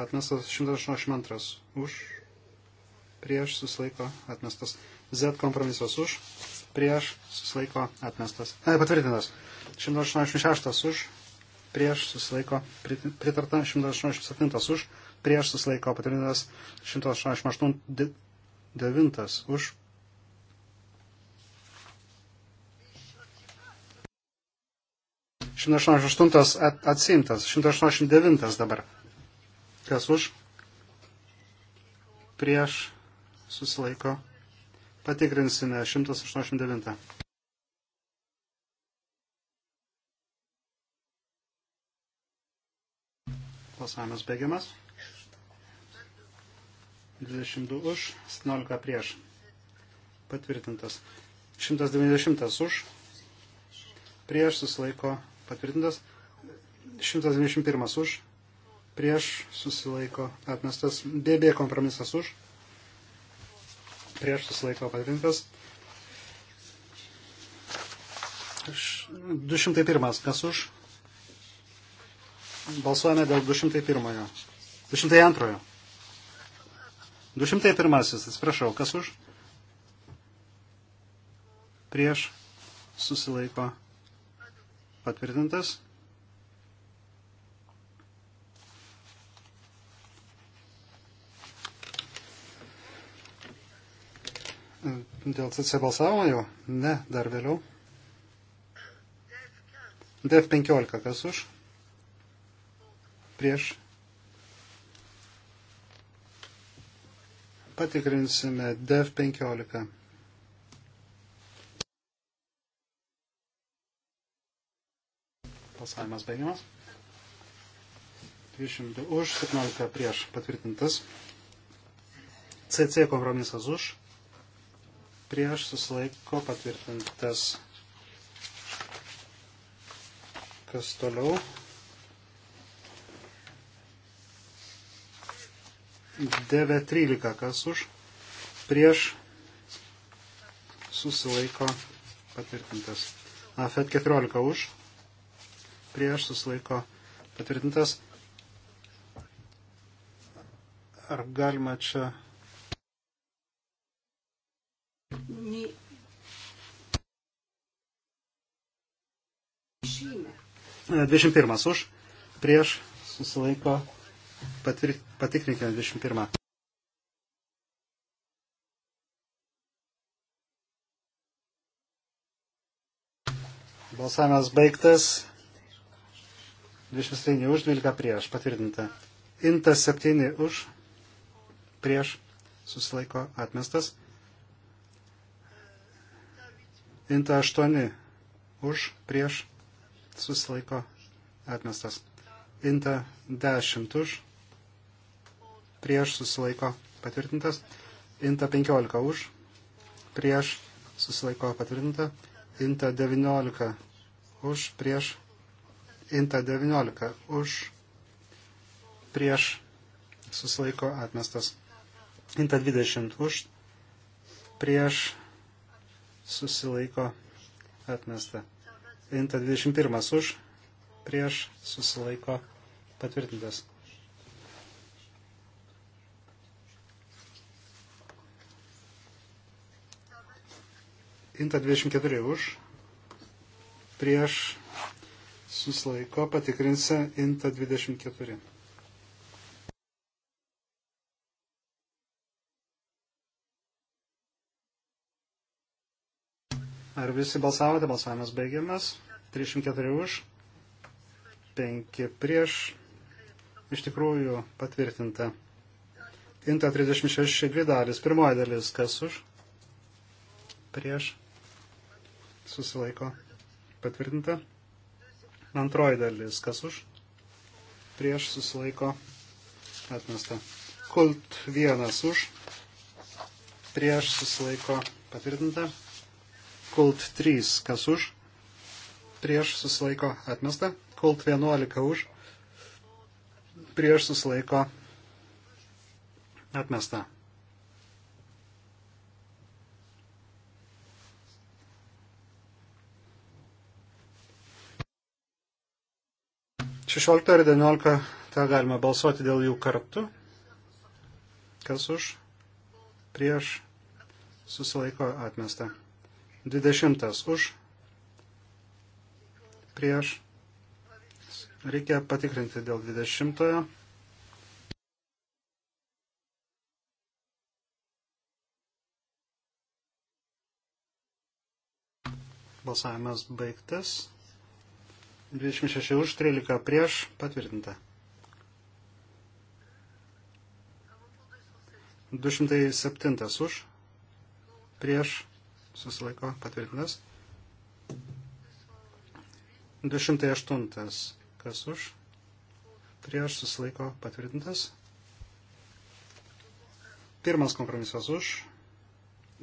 Atmestas 182 už. Prieš susilaiko. Atmestas. Z kompromisas už. Prieš susilaiko. Atmestas. Ne, patvirtintas. 186 už prieš susilaiko pritarta 187 už, prieš susilaiko patvirtintas 188 už. Šimtas aštuntas atsimtas, šimtas devintas dabar. Kas už? Prieš susilaiko. Patikrinsime 189. Balsavimas baigiamas. 22 už, 17 prieš. Patvirtintas. 190 už, prieš susilaiko patvirtintas. 191 už, prieš susilaiko atmestas. BB kompromisas už, prieš susilaiko patvirtintas. 201 kas už, Balsuojame dėl 201. 202. 201. Atsiprašau, kas už? Prieš susilaiko patvirtintas. Dėl CC balsavimo jau? Ne, dar vėliau. DF15, kas už? prieš. Patikrinsime DEV 15. Balsavimas baigiamas. 22 už, 17 prieš patvirtintas. CC kompromisas už, prieš susilaiko patvirtintas. Kas toliau? 9.13, kas už, prieš, susilaiko, patvirtintas. AFET 14 už, prieš, susilaiko, patvirtintas. Ar galima čia. Žymė. 21 už, prieš, susilaiko, patvirtintas Patvirt, patikrinkime 21. Balsavimas baigtas. 23 už, 12 prieš. Patvirtinta. Intas 7 už, prieš. Susilaiko atmestas. Inta 8 už, prieš. Susilaiko atmestas. Inta 10 už, prieš susilaiko patvirtintas, inta 15 už, prieš susilaiko patvirtinta, inta 19 už, prieš, inta 19 už, prieš susilaiko atmestas, inta 20 už, prieš susilaiko atmesta, inta 21 už, prieš susilaiko patvirtintas. Inta 24 už, prieš susilaiko patikrinsi Inta 24. Ar visi balsavote? Balsavimas baigiamas. 304 už, 5 prieš. Iš tikrųjų patvirtinta. Inta 36 dvi dalis. Pirmoji dalis kas už? Prieš susilaiko patvirtinta. Antroji dalis, kas už, prieš susilaiko atmesta. Kult vienas už, prieš susilaiko patvirtinta. Kult 3, kas už, prieš susilaiko atmesta. Kult 11 už, prieš susilaiko atmesta. 16 ir 19, tą galima balsuoti dėl jų kartu. Kas už? Prieš susilaiko atmesta. 20 už. Prieš. Reikia patikrinti dėl 20. Balsavimas baigtas. 26 už, 13 prieš, patvirtinta. 207 už, prieš, susilaiko, patvirtintas. 208 kas už, prieš, susilaiko, patvirtintas. Pirmas kompromisas už,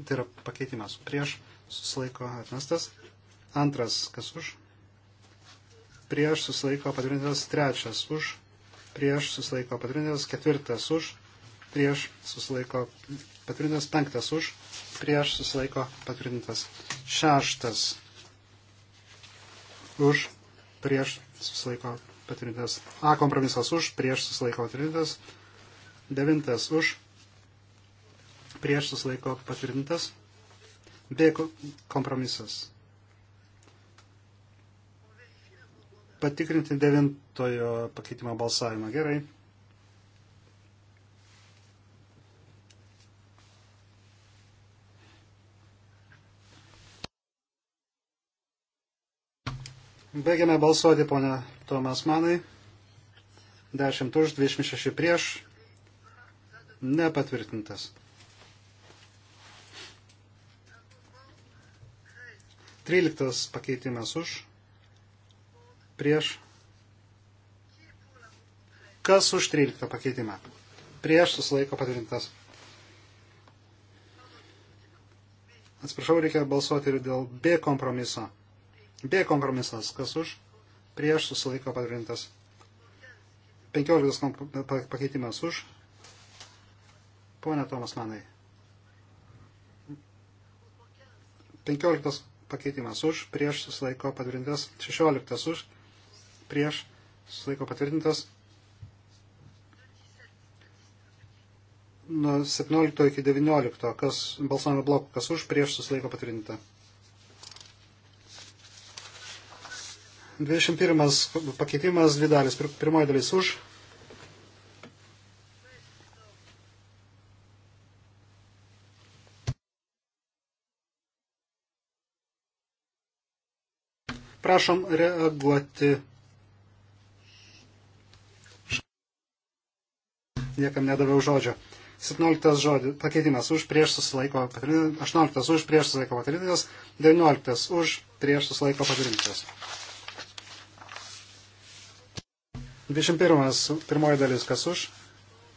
tai yra pakeitimas prieš, susilaiko, atmestas. Antras kas už prieš susilaiko patvirtintas trečias už, prieš susilaiko patvirtintas ketvirtas už, prieš susilaiko patvirtintas penktas už, prieš susilaiko patvirtintas šeštas už, prieš susilaiko patvirtintas A kompromisas už, prieš susilaiko patvirtintas devintas už, prieš susilaiko patvirtintas B kompromisas patikrinti devintojo pakeitimo balsavimą. Gerai. Baigiame balsuoti, ponia Tomas Manai. 10 už, 26 prieš. Nepatvirtintas. 13 pakeitimas už prieš. Kas už 13 pakeitimą? Prieš susilaiko patvirtintas. Atsiprašau, reikia balsuoti ir dėl B kompromiso. B kompromisas. Kas už? Prieš susilaiko patvirtintas. 15 pakeitimas už. Pone Tomas Manai. 15 pakeitimas už, prieš susilaiko patvirtintas, 16 už, prieš, susilaiko patvirtintas. Nuo 17 iki 19, kas balsuojame bloku, kas už, prieš, susilaiko patvirtinta. 21 pakeitimas, dvi dalis. Pirmoji dalis už, prašom reaguoti niekam nedaviau žodžio. 17 žodį, pakeitimas už prieš susilaiko patvirtintas, 18 už prieš susilaiko patvirtintas, 19 už prieš susilaiko patvirtintas. 21. Pirmoji dalis kas už,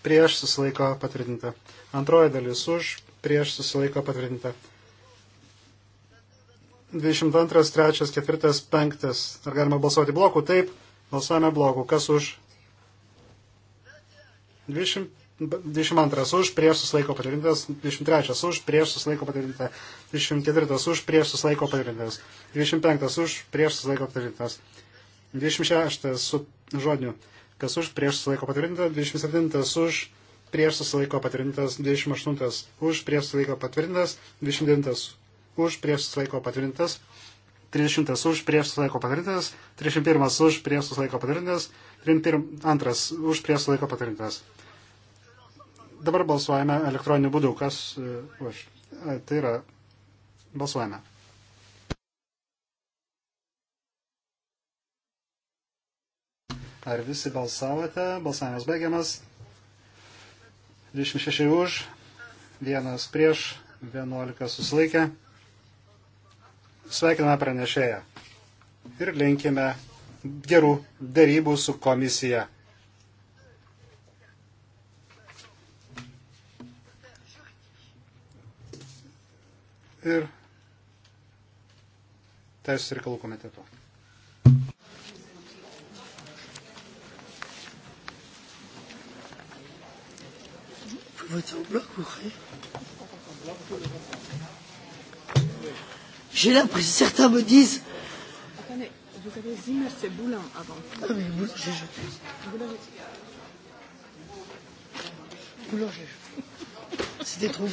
prieš susilaiko patvirtinta. Antroji dalis už, prieš susilaiko patvirtinta. 22, 3, 4, 5. Ar galima balsuoti blokų? Taip, balsuojame blokų. Kas už, 20, 22 už, prieš susilaiko patvirtintas, 23 už, prieš susilaiko patvirtintas, 24 už, prieš susilaiko patvirtintas, 25 už, prieš susilaiko patvirtintas, 26 su žodiniu, kas už, prieš susilaiko patvirtintas, 27 už, prieš susilaiko patvirtintas, 28 už, prieš susilaiko patvirtintas, 29 už, prieš susilaiko patvirtintas, 30 už, prieš susilaiko patvirtintas, 31 už, prieš susilaiko patvirtintas, 32 už, prieš susilaiko patvirtintas. Dabar balsuojame elektroniniu būdu. Kas e, už? Tai yra balsuojame. Ar visi balsavote? Balsavimas baigiamas. 26 už, 1 prieš, 11 susilaikė. Sveikiname pranešėją ir linkime gerų darybų su komisija. ir Teisės reikalų komiteto. J'ai l'impression, certains me disent. Attendez, vous avez Zimmer, c'est Boulin avant. Ah oui, Boulin, j'ai jeté. Boulin, j'ai jeté. Boulin, j'ai jeté. C'était trop.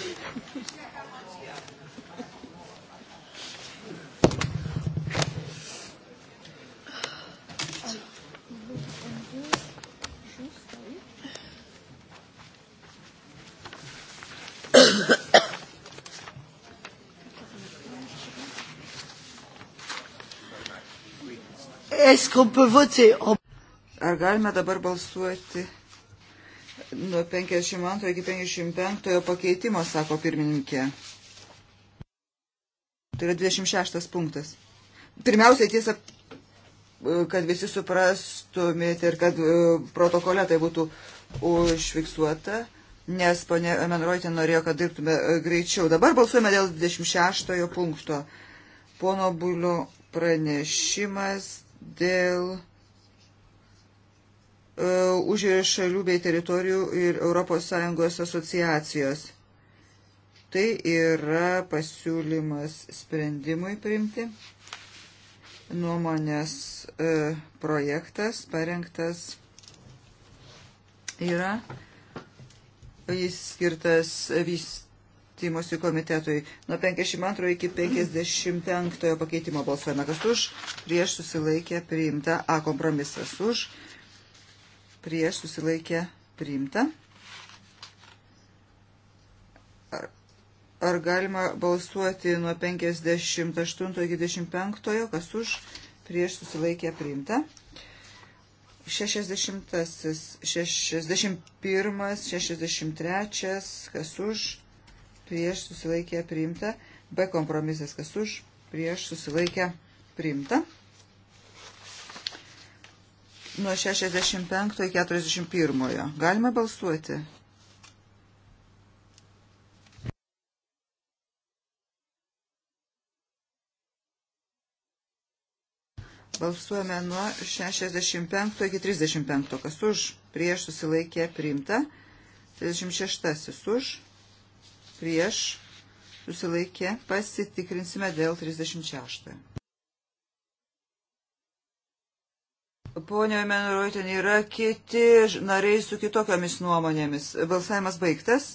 Ar galime dabar balsuoti nuo 52 iki 55 pakeitimo, sako pirmininkė. Tai yra 26 punktas. Pirmiausiai tiesa, kad visi suprastumėte ir kad e, protokole tai būtų užfiksuota, nes ponė Menroitė norėjo, kad dirbtume e, greičiau. Dabar balsuojame dėl 26 punkto. Pono Bulio pranešimas dėl e, užėjo šalių bei teritorijų ir ES asociacijos. Tai yra pasiūlymas sprendimui priimti. Nuomonės e, projektas parengtas yra. Jis skirtas vystyti vystimosi komitetui. Nuo 52 iki 55 pakeitimo balsuojame. Kas už? Prieš susilaikė priimta. A kompromisas už. Prieš susilaikė priimta. Ar, ar galima balsuoti nuo 58 iki 25, kas už prieš susilaikė priimta? 60, 61, 63, kas už, prieš susilaikę priimta, B kompromisas kas už, prieš susilaikę priimta. Nuo 65 iki 41. Galime balsuoti. Balsuojame nuo 65 iki 35, kas už, prieš susilaikė priimta, 36 už, prieš susilaikė, pasitikrinsime dėl 36. Pone Menuroitin, yra kiti nariai su kitokiomis nuomonėmis. Balsavimas baigtas.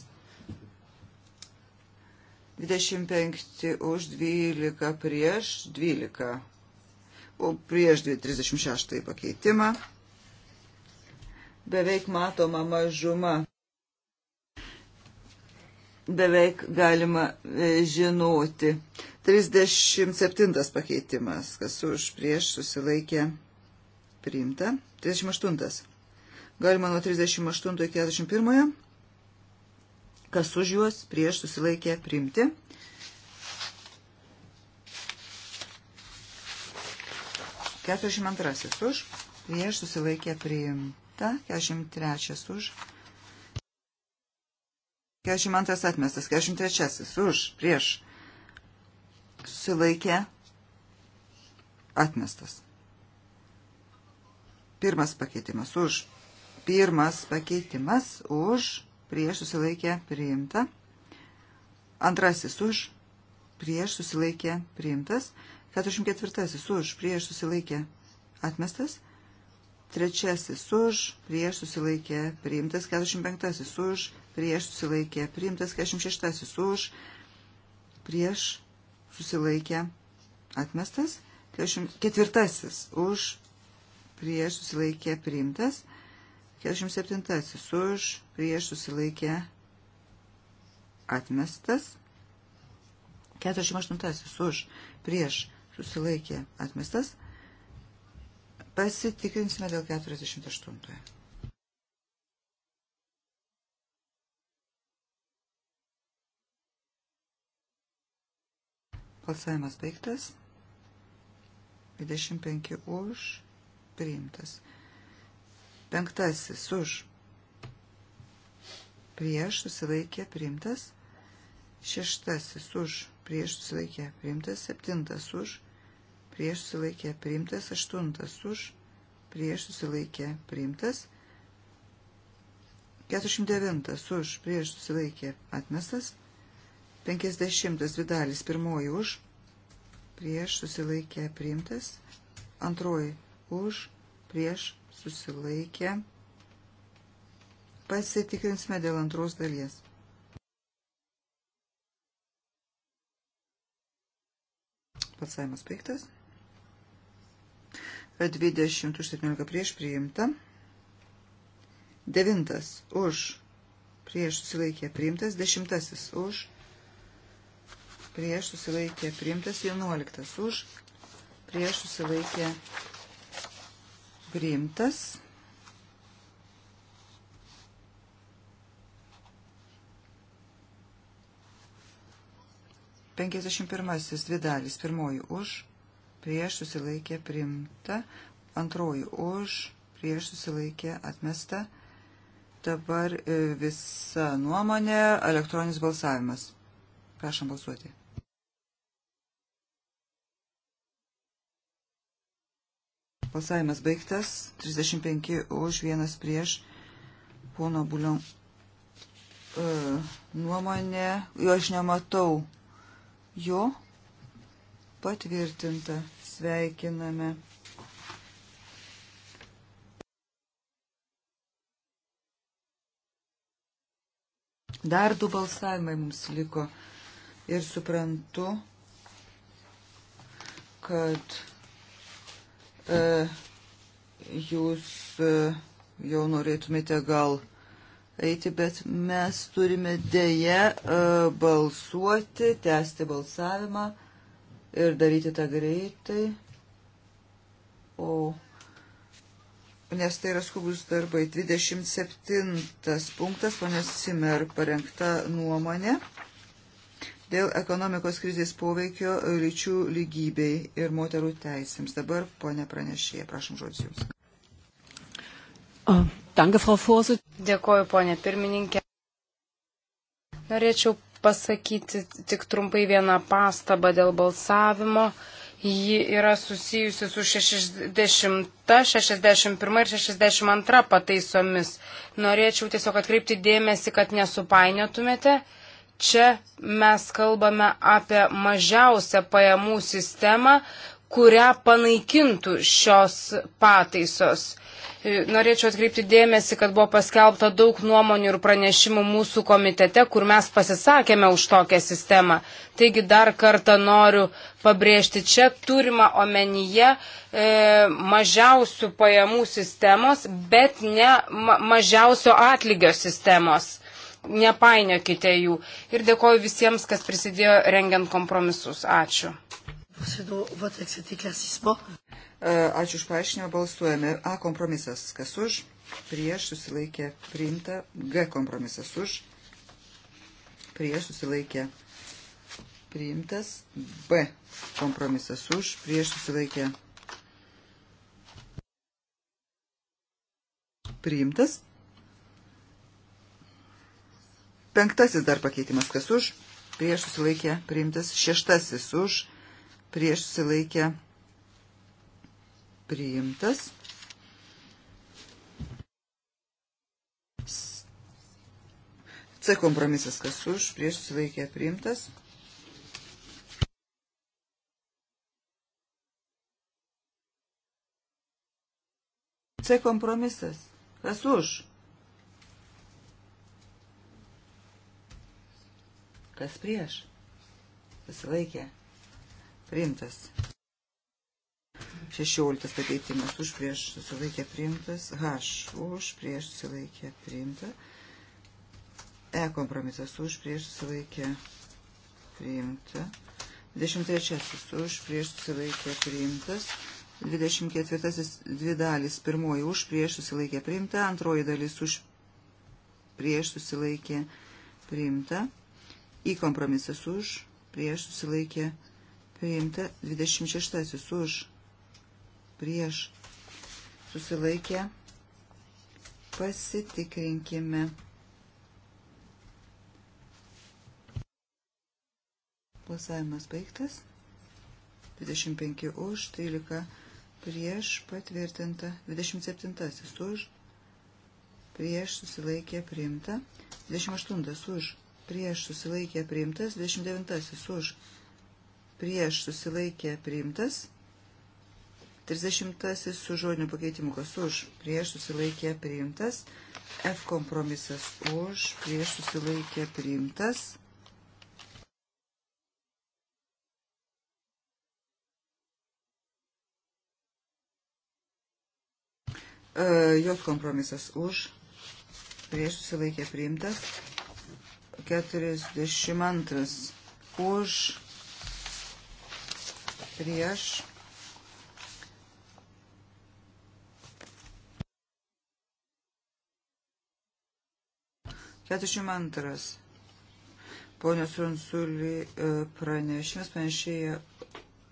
25 už 12 prieš 12. O prieš 36 pakeitimą. Beveik matoma mažuma beveik galima e, žinoti. 37 pakeitimas, kas už prieš susilaikė priimta. 38. Galima nuo 38 iki 41. Kas už juos prieš susilaikė priimti. Keturiasdešimt antrasis už, prieš susilaikė priimta, keturiasdešimt trečias už, 42 atmestas, 43 už, prieš, susilaikė, atmestas. Pirmas pakeitimas už, pirmas pakeitimas už, prieš, susilaikė, priimta. Antrasis už, prieš, susilaikė, priimtas. 44 už, prieš, susilaikė, atmestas. Trečiasis už, prieš susilaikė priimtas, 45-asis už, prieš susilaikė priimtas, 46-asis už, prieš susilaikė atmestas, 44-asis už, prieš susilaikė priimtas, 47-asis už, prieš susilaikė atmestas, 48-asis už, prieš susilaikė atmestas, Pasitikrinsime dėl 48. Balsavimas baigtas. 25 už. Priimtas. Penktasis už. Prieš susilaikė priimtas. Šeštasis už. Prieš susilaikė priimtas. Septintas už prieš susilaikė priimtas, aštuntas už, prieš susilaikė priimtas, 49 už, prieš susilaikė atmestas, 50 dvi dalis, pirmoji už, prieš susilaikė priimtas, antroji už, prieš susilaikė. Pasitikrinsime dėl antros dalies. Balsavimas baigtas. 20 už 17 prieš priimta. 9 už prieš susilaikė priimtas. 10 už prieš susilaikė priimtas. 11 už prieš susilaikė priimtas. Penkiasdešimt pirmasis dvi dalys. Pirmoji už prieš susilaikė priimta, antroji už, prieš susilaikė atmesta. Dabar e, visa nuomonė, elektroninis balsavimas. Prašom balsuoti. Balsavimas baigtas. 35 už, vienas prieš. Pono Bulion e, nuomonė. Jo aš nematau. Jo patvirtinta. Sveikiname. Dar du balsavimai mums liko ir suprantu, kad e, jūs e, jau norėtumėte gal eiti, bet mes turime dėje e, balsuoti, tęsti balsavimą ir daryti tą greitai. O nes tai yra skubus darbai. 27 punktas, ponios Simer, parengta nuomonė dėl ekonomikos krizės poveikio lyčių lygybei ir moterų teisėms. Dabar, ponė pranešėja, prašom žodžius jums. Danke, Frau Vorsitz. Dėkoju, ponė pirmininkė. Norėčiau pasakyti tik trumpai vieną pastabą dėl balsavimo. Ji yra susijusi su 60, 61 ir 62 pataisomis. Norėčiau tiesiog atkreipti dėmesį, kad nesupainiotumėte. Čia mes kalbame apie mažiausią pajamų sistemą, kurią panaikintų šios pataisos. E, norėčiau atkreipti dėmesį, kad buvo paskelbta daug nuomonių ir pranešimų mūsų komitete, kur mes pasisakėme už tokią sistemą. Taigi dar kartą noriu pabrėžti, čia turima omenyje e, mažiausių pajamų sistemos, bet ne ma mažiausio atlygio sistemos. Nepainiokite jų. Ir dėkoju visiems, kas prisidėjo rengiant kompromisus. Ačiū. E, ačiū už paaiškinimą, balsuojame. A kompromisas, kas už, prieš susilaikė priimta. G kompromisas už, prieš susilaikė priimtas. B kompromisas už, prieš susilaikė priimtas. Penktasis dar pakeitimas, kas už, prieš susilaikė priimtas. Šeštasis už, prieš susilaikę priimtas. C kompromisas kas už, prieš susilaikę priimtas. C kompromisas. Kas už? Kas prieš? Pasilaikė priimtas. 16 pakeitimas už prieš susilaikė priimtas. H už prieš susilaikė priimta. E kompromisas už prieš susilaikė priimta. 23 už prieš susilaikė priimtas. 24 dvi dalys. Pirmoji už prieš susilaikė priimta. Antroji dalis už prieš susilaikė priimta. Į kompromisas už prieš susilaikė priimta priimta 26 už prieš susilaikę pasitikrinkime. Balsavimas baigtas. 25 už, 13 prieš patvirtinta, 27 už, prieš susilaikė priimta, 28 už, prieš susilaikė priimtas, 29 už prieš susilaikė priimtas. 30 su žodiniu pakeitimu, kas už, prieš susilaikė priimtas. F kompromisas už, prieš susilaikė priimtas. E, J kompromisas už, prieš susilaikė priimtas. 42 už, prieš. Keturiasdešimt antras. Ponios Runsulį e, pranešimas pranešėja,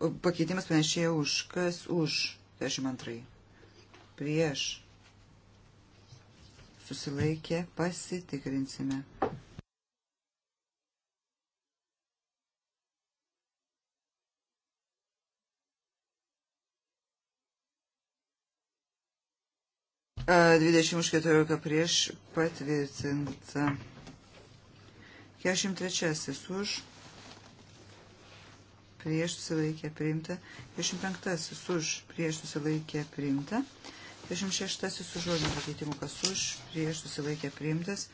e, pakeitimas pranešėja už. Kas už? 42. Prieš. Susilaikė, pasitikrinsime. 20 už 14 prieš patvirtinta. 43 už prieš susilaikė priimta. 45 už prieš susilaikė priimta. 46 su žodžiu pakeitimu kas už prieš susilaikė priimtas.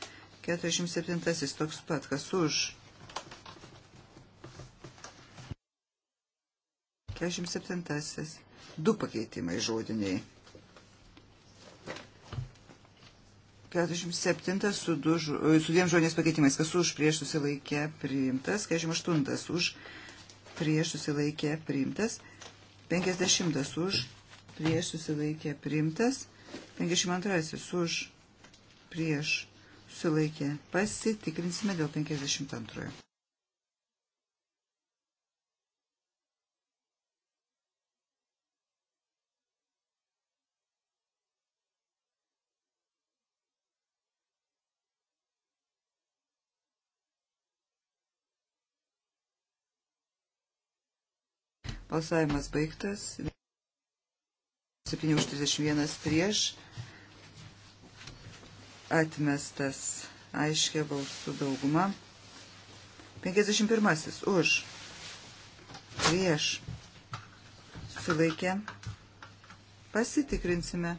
47 toks pat kas už 47. Du pakeitimai žodiniai. 47 su, du, e, su dviem žodiniais pakeitimais. Kas už prieš susilaikė priimtas. 48 už prieš susilaikė priimtas. 50 už prieš susilaikė priimtas. 52 už prieš susilaikė. Pasitikrinsime dėl 52. Balsavimas baigtas. 7 už 31 prieš. Atmestas aiškia balsų dauguma. 51 už. Prieš. Susilaikė. Pasitikrinsime.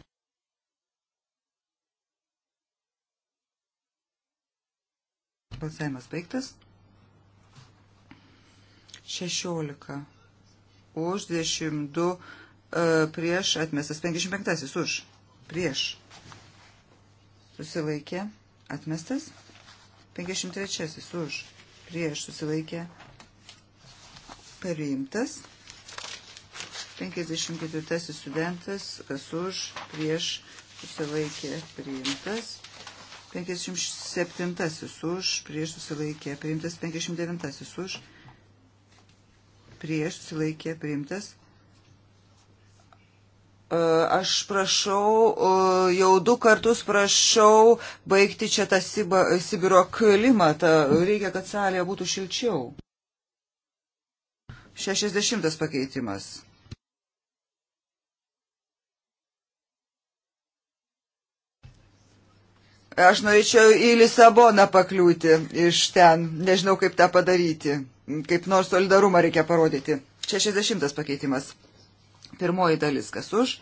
Balsavimas baigtas. 16 už, 22 e, prieš, atmestas 55 už, prieš, susilaikė, atmestas 53 už, prieš, susilaikė, parimtas 54 studentas, kas už, prieš, susilaikė, priimtas 57 už, prieš susilaikė, priimtas 59 už, prieš susilaikė priimtas. E, aš prašau, e, jau du kartus prašau baigti čia tą Sibiro klimatą. Reikia, kad salėje būtų šilčiau. 60 pakeitimas. Aš norėčiau į Lisaboną pakliūti iš ten. Nežinau, kaip tą padaryti kaip nors solidarumą reikia parodyti. 60 pakeitimas. Pirmoji dalis, kas už,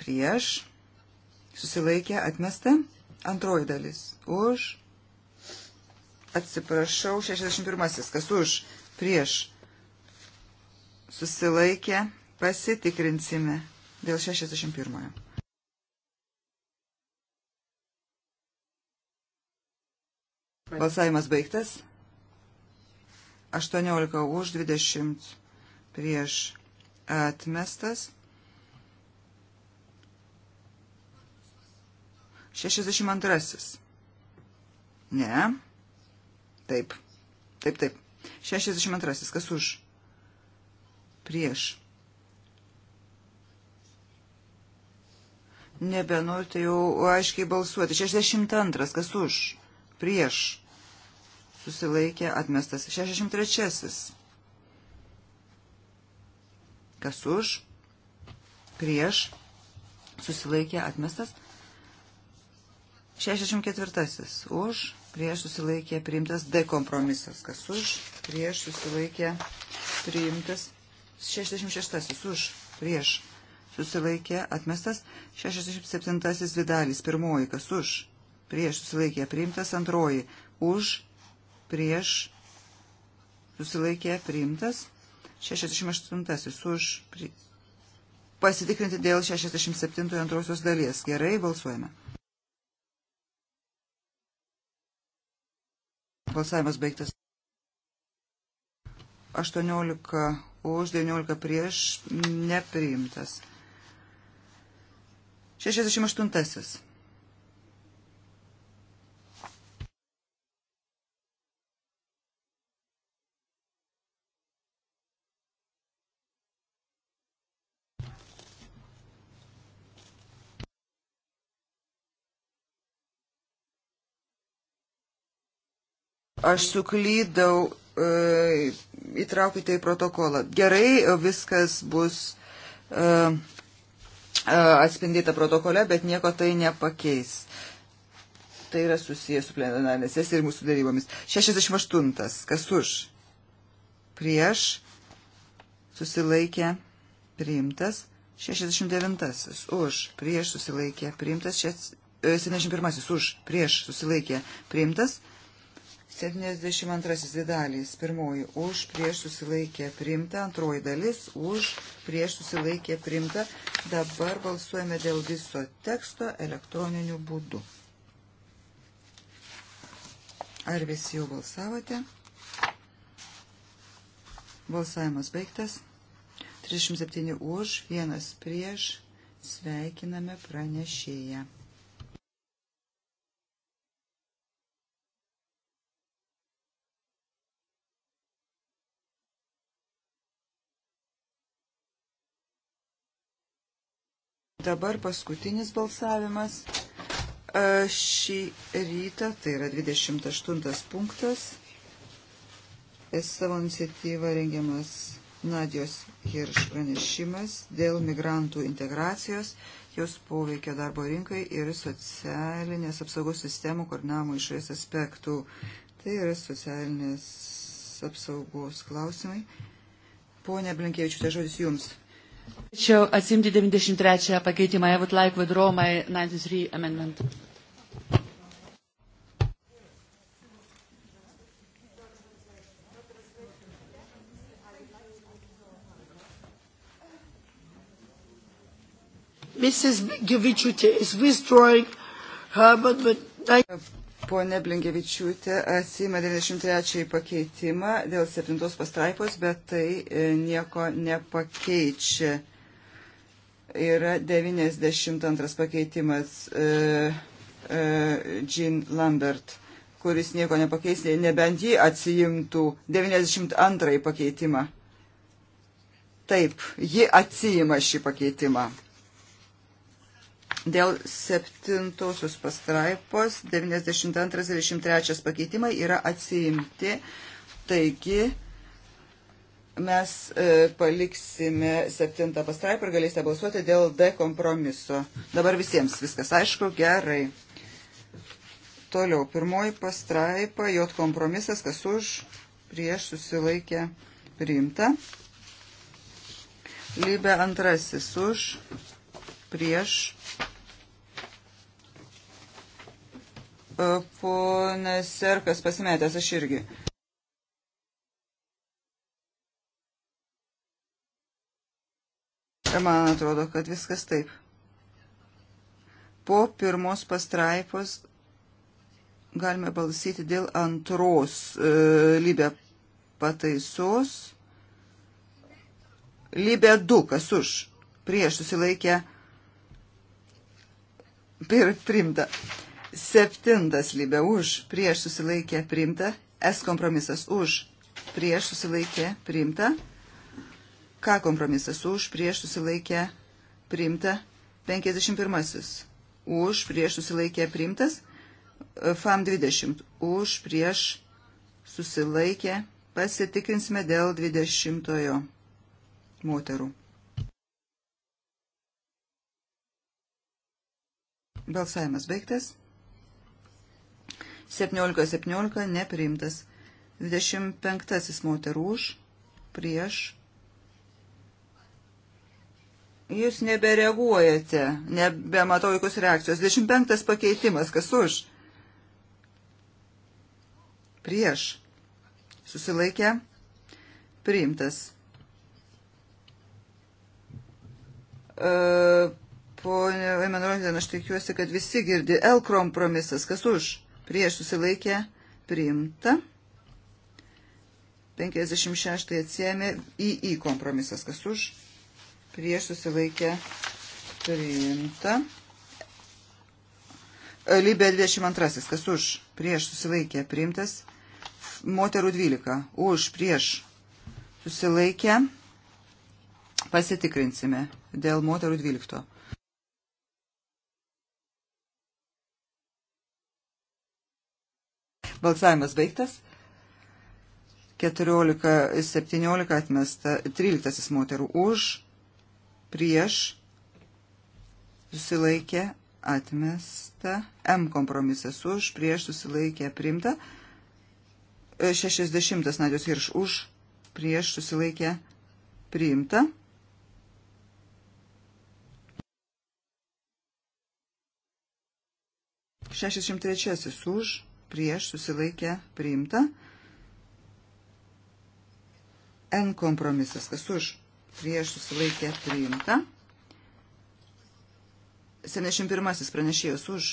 prieš, susilaikė, atmesta. Antroji dalis, už, atsiprašau, 61, kas už, prieš, susilaikė, pasitikrinsime dėl 61. Balsavimas baigtas. 18 už 20 prieš atmestas. 62. Ne. Taip. Taip, taip. 62. Kas už? Prieš. Nebenorite tai jau aiškiai balsuoti. 62. Kas už? Prieš susilaikė atmestas. 63. Kas už, prieš, susilaikė atmestas. 64. Už, prieš susilaikė priimtas D kompromisas. Kas už, prieš susilaikė priimtas. 66. Už, prieš susilaikė atmestas. 67. Vidalys, pirmoji. Kas už, prieš susilaikė priimtas. Antroji. Už, prieš susilaikė priimtas, 68 už pri... pasitikrinti dėl 67 antrosios dalies. Gerai, balsuojame. Balsavimas baigtas. 18 už, 19 prieš, nepriimtas. 68. Aš suklydau e, įtraukite tai į protokolą. Gerai, viskas bus e, e, atspindėta protokole, bet nieko tai nepakeis. Tai yra susijęs su plenarinė sesija ir mūsų darybomis. 68. Kas už? Prieš. Susilaikė. Priimtas. 69. Už. Prieš. Susilaikė. Priimtas. 71. E, už. Prieš. Susilaikė. Priimtas. 72 dvi dalys. Pirmoji už prieš susilaikė primta, antroji dalis už prieš susilaikė primta. Dabar balsuojame dėl viso teksto elektroniniu būdu. Ar visi jau balsavote? Balsavimas baigtas. 37 už, 1 prieš. Sveikiname pranešėją. Dabar paskutinis balsavimas e, šį rytą, tai yra 28 punktas, savo iniciatyvą rengiamas Nadijos Hirš pranešimas dėl migrantų integracijos, jos poveikio darbo rinkai ir socialinės apsaugos sistemų koordinavimo išorės aspektų. Tai yra socialinės apsaugos klausimai. Pone Blinkievičiu, tai žodis jums. Tačiau atsimti 93 pakeitimą, I would like withdraw my 93 amendment. Mrs. Givichute is withdrawing her amendment. Pone Blingevičiūtė atsima 93 pakeitimą dėl 7 pastraipos, bet tai e, nieko nepakeičia. Yra 92 pakeitimas Jean e, e, Lambert, kuris nieko nepakeis, nebent jį atsijimtų 92 pakeitimą. Taip, ji atsijima šį pakeitimą. Dėl septintosios pastraipos 92-93 pakeitimai yra atsiimti, taigi mes e, paliksime septintą pastraipą ir galėsite balsuoti dėl D kompromiso. Dabar visiems viskas aišku, gerai. Toliau, pirmoji pastraipa, J kompromisas, kas už, prieš susilaikė priimta. Lybė antrasis už, prieš E, ponas Serkas pasimetęs, aš irgi. E, man atrodo, kad viskas taip. Po pirmos pastraipos galime balsyti dėl antros e, lybė pataisos. Lybė 2, kas už, prieš susilaikę, pir, primta. E, Septintas lybė už, prieš susilaikė priimta. S kompromisas už, prieš susilaikė priimta. K kompromisas už, prieš susilaikė priimta. 51. Už, prieš susilaikė priimtas. FAM 20. Už, prieš susilaikė. Pasitikrinsime dėl 20 moterų. Balsavimas baigtas. 17-17 nepriimtas. 25 moterų už, prieš. Jūs nebereaguojate, nebematau jokios reakcijos. 25 pakeitimas, kas už? Prieš. Susilaikę. Priimtas. E, Pone Emanuelė, aš tikiuosi, kad visi girdi. L kompromisas, kas už? prieš susilaikę priimta. 56 atsiemė į į kompromisas, kas už, prieš susilaikę priimta. Libė 22, kas už, prieš susilaikė priimtas. Moterų 12, už, prieš susilaikę. Pasitikrinsime dėl moterų 12. Balsavimas baigtas. 14-17 atmesta. 13 moterų už, prieš, susilaikė, atmesta. M kompromisas už, prieš, susilaikė, primta. 60 e, Nadios Hirš už, prieš, susilaikė, priimta. Šešiasdešimt trečiasis už, prieš susilaikę priimta. N kompromisas, kas už prieš susilaikę priimta. 71 pranešėjas už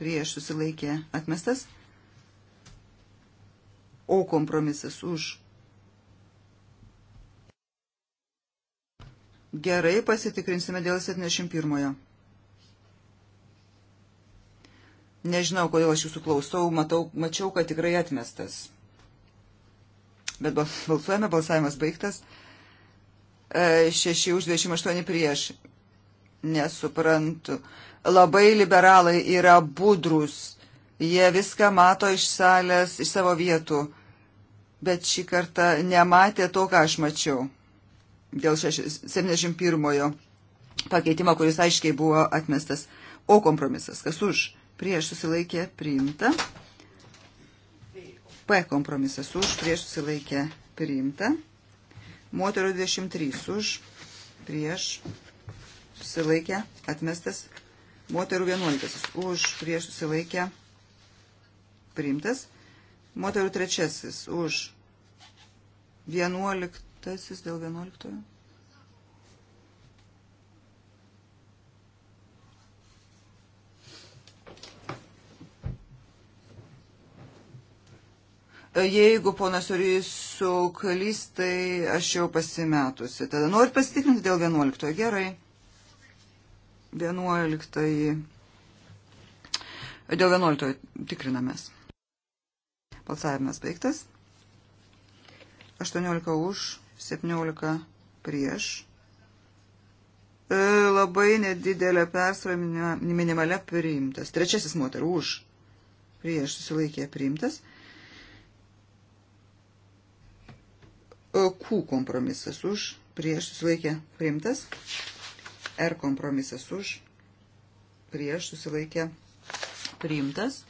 prieš susilaikė atmestas. O kompromisas už. Gerai, pasitikrinsime dėl 71. Nežinau, kodėl aš jūsų klausau, matau, mačiau, kad tikrai atmestas. Bet balsuojame, balsavimas baigtas. 6 e, už 28 prieš. Nesuprantu. Labai liberalai yra budrus. Jie viską mato iš salės, iš savo vietų. Bet šį kartą nematė to, ką aš mačiau. Dėl 71 pakeitimo, kuris aiškiai buvo atmestas. O kompromisas. Kas už? prieš susilaikė priimta. P kompromisas už, prieš susilaikė priimta. Moterų 23 už, prieš susilaikė atmestas. Moterų 11 už, prieš susilaikė priimtas. Moterų trečiasis už 11 dėl 11. Jeigu ponas Urys suklys, tai aš jau pasimetusi. Tada norit pasitikrinti dėl 11. Gerai. 11. Dėl 11. Tikrinamės. Balsavimas baigtas. 18 už, 17 prieš. E, labai nedidelė persvara minimalia priimtas. Trečiasis moterų už. Prieš susilaikė priimtas. Q kompromisas už, prieš susilaikė priimtas. R kompromisas už, prieš susilaikė priimtas.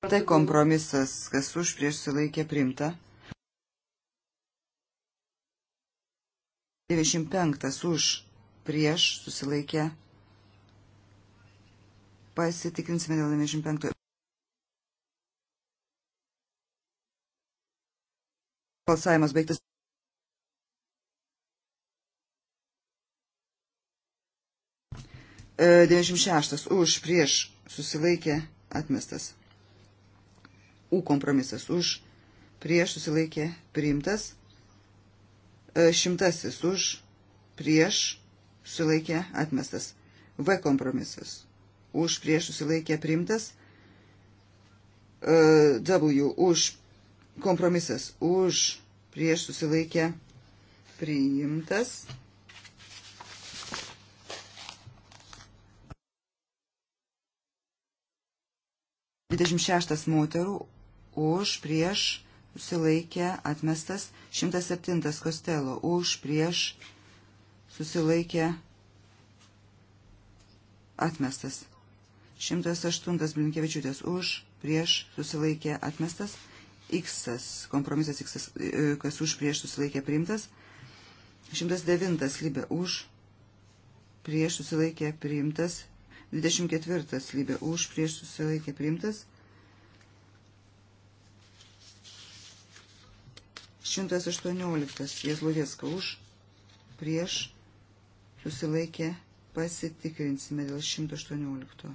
Tai kompromisas, kas už prieš sulaikė primta. 95 už prieš susilaikė. Pasitikrinsime dėl 95. Balsavimas baigtas. E, 96 už prieš susilaikė atmestas. U kompromisas už, prieš susilaikė priimtas, e, šimtasis už, prieš susilaikė atmestas, V kompromisas už, prieš susilaikė priimtas, e, W už kompromisas už, prieš susilaikė priimtas. Dvidešimt šeštas moterų už, prieš, susilaikė, atmestas. 107 Kostelo, už, prieš, susilaikė, atmestas. 108 Blinkevičiūtės, už, prieš, susilaikė, atmestas. X, kompromisas X, e, kas už, prieš, susilaikė, priimtas. 109 Lybė, už, prieš, susilaikė, priimtas. 24 Lybė, už, prieš, susilaikė, priimtas. 118 Jezlovieska už, prieš, susilaikė, pasitikrinsime dėl 118.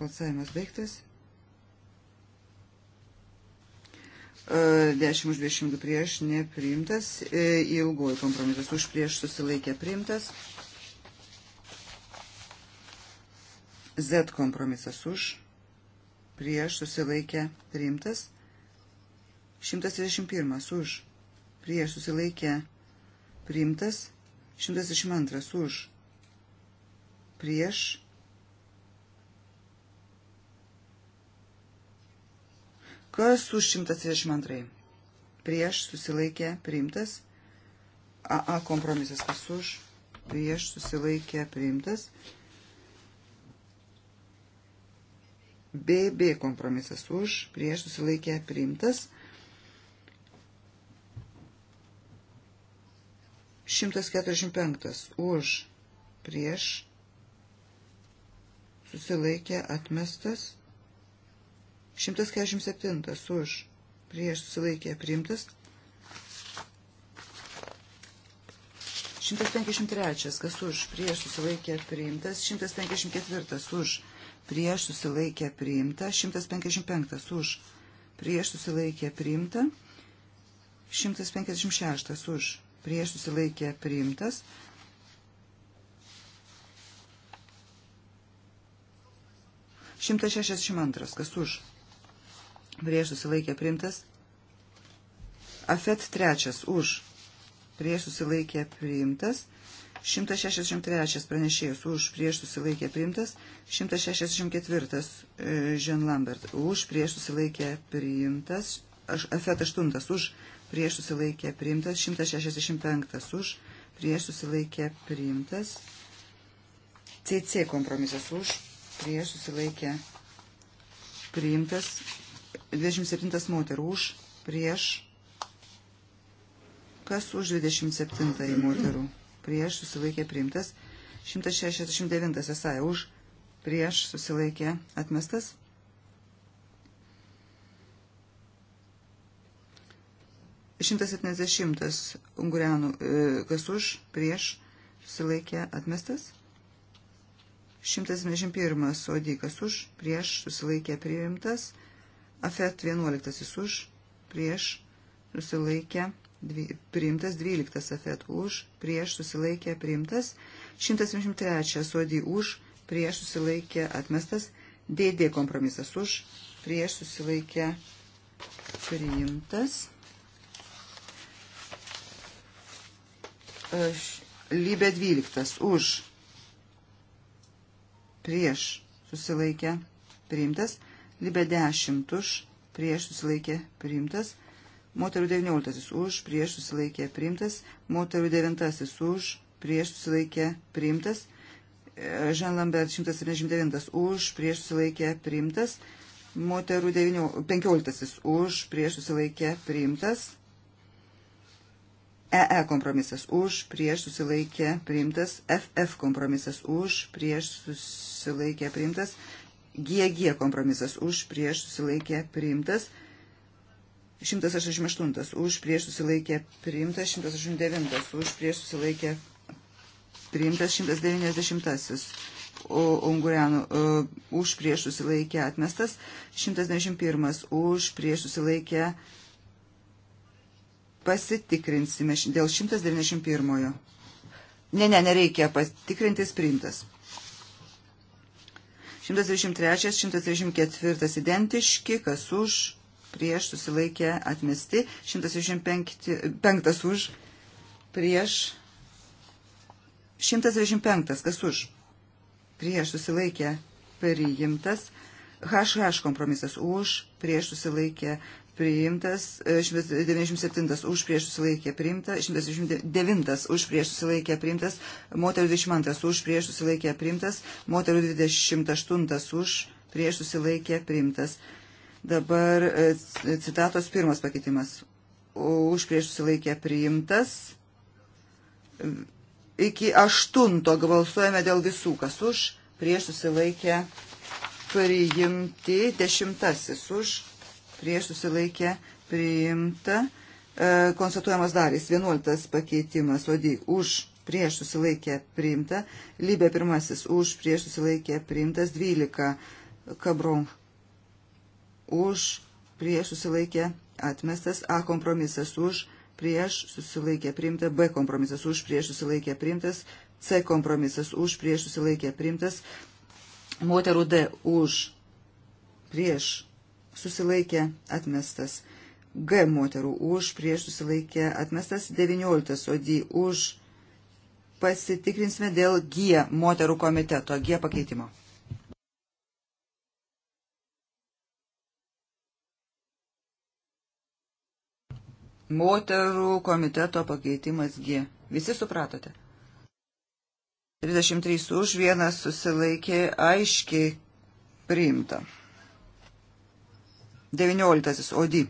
Balsavimas baigtas. 10 e, už 22 prieš nepriimtas, e, ilgoji kompromisas už prieš susilaikė priimtas, Z kompromisas už prieš susilaikę priimtas. 131 už prieš susilaikę priimtas. 122 už prieš. Kas už 132? Prieš susilaikė priimtas. AA kompromisas kas už? Prieš susilaikė priimtas. BB kompromisas už, prieš susilaikę priimtas. 145 už, prieš susilaikė atmestas. 147 už, prieš susilaikė priimtas. 153 kas už, prieš susilaikė priimtas. 154 už prieš susilaikę priimta, 155 už, prieš susilaikę priimta, 156 už, prieš susilaikę priimtas. Šimtas šešiasdešimt antras, kas už, prieš susilaikė priimtas, afet trečias už, prieš susilaikė priimtas, 156 163 pranešėjas už prieš susilaikė priimtas, 164 e, Žen Lambert už prieš susilaikė priimtas, Afet 8 už prieš susilaikė priimtas, 165 už prieš susilaikė priimtas, CC kompromisas už prieš susilaikė priimtas, 27 moterų už prieš, kas už 27 moterų prieš susilaikė priimtas, 169 esai už, prieš susilaikė atmestas. Šimtas septyniasdešimtas ungurianų e, kas už, prieš, susilaikė atmestas. Šimtas septyniasdešimt pirmas sodį kas už, prieš, susilaikė priimtas. Afet vienuoliktasis už, prieš, susilaikė atmestas dvi, priimtas 12 safet už, prieš susilaikė priimtas 173 sodį už, prieš susilaikė atmestas DD kompromisas už, prieš susilaikė priimtas. Lybė 12 už, prieš susilaikė priimtas. Lybė 10 už, prieš susilaikė priimtas. Moterų 19 už, prieš susilaikė priimtas. Moterų 9 už, prieš susilaikė priimtas. E, Žan Lambert 179 už, prieš susilaikė priimtas. Moterų 9, 15 už, prieš susilaikė priimtas. EE e kompromisas už, prieš susilaikė priimtas. FF kompromisas už, prieš susilaikė priimtas. GG kompromisas už, prieš susilaikė priimtas. 188 už prieš susilaikė priimtas, 189 už prieš susilaikė priimtas, 190 ungurianų už prieš susilaikė atmestas, 191 už prieš susilaikė pasitikrinsime dėl 191. Ne, ne, nereikia patikrintis priimtas. 123, 134 identiški, kas už prieš susilaikė atmesti, 125 už, prieš 125, kas už, prieš susilaikė priimtas, HH kompromisas už, prieš susilaikė priimtas, 197 už prieš susilaikė priimta, 129 už prieš susilaikė priimtas, moterų 22 už prieš susilaikė priimtas, moterų 28 už prieš susilaikė priimtas. Dabar e, citatos pirmas pakeitimas. Už prieš susilaikę priimtas. Iki aštunto balsuojame dėl visų, kas už prieš susilaikę priimti. Dešimtasis už prieš susilaikę priimta. E, konstatuojamas dalys. Vienuoltas pakeitimas. Odį už prieš susilaikę priimta. Lybė pirmasis už prieš susilaikę priimtas. Dvylika kabron už prieš susilaikę atmestas, A kompromisas už prieš susilaikę priimta, B kompromisas už prieš susilaikę priimtas, C kompromisas už prieš susilaikę priimtas, moterų D už prieš susilaikę atmestas, G moterų už prieš susilaikę atmestas, 19 odį už pasitikrinsime dėl G moterų komiteto, G pakeitimo. Moterų komiteto pakeitimas G. Visi supratote? 33 už, vienas susilaikė aiškiai priimta. 19. Odi.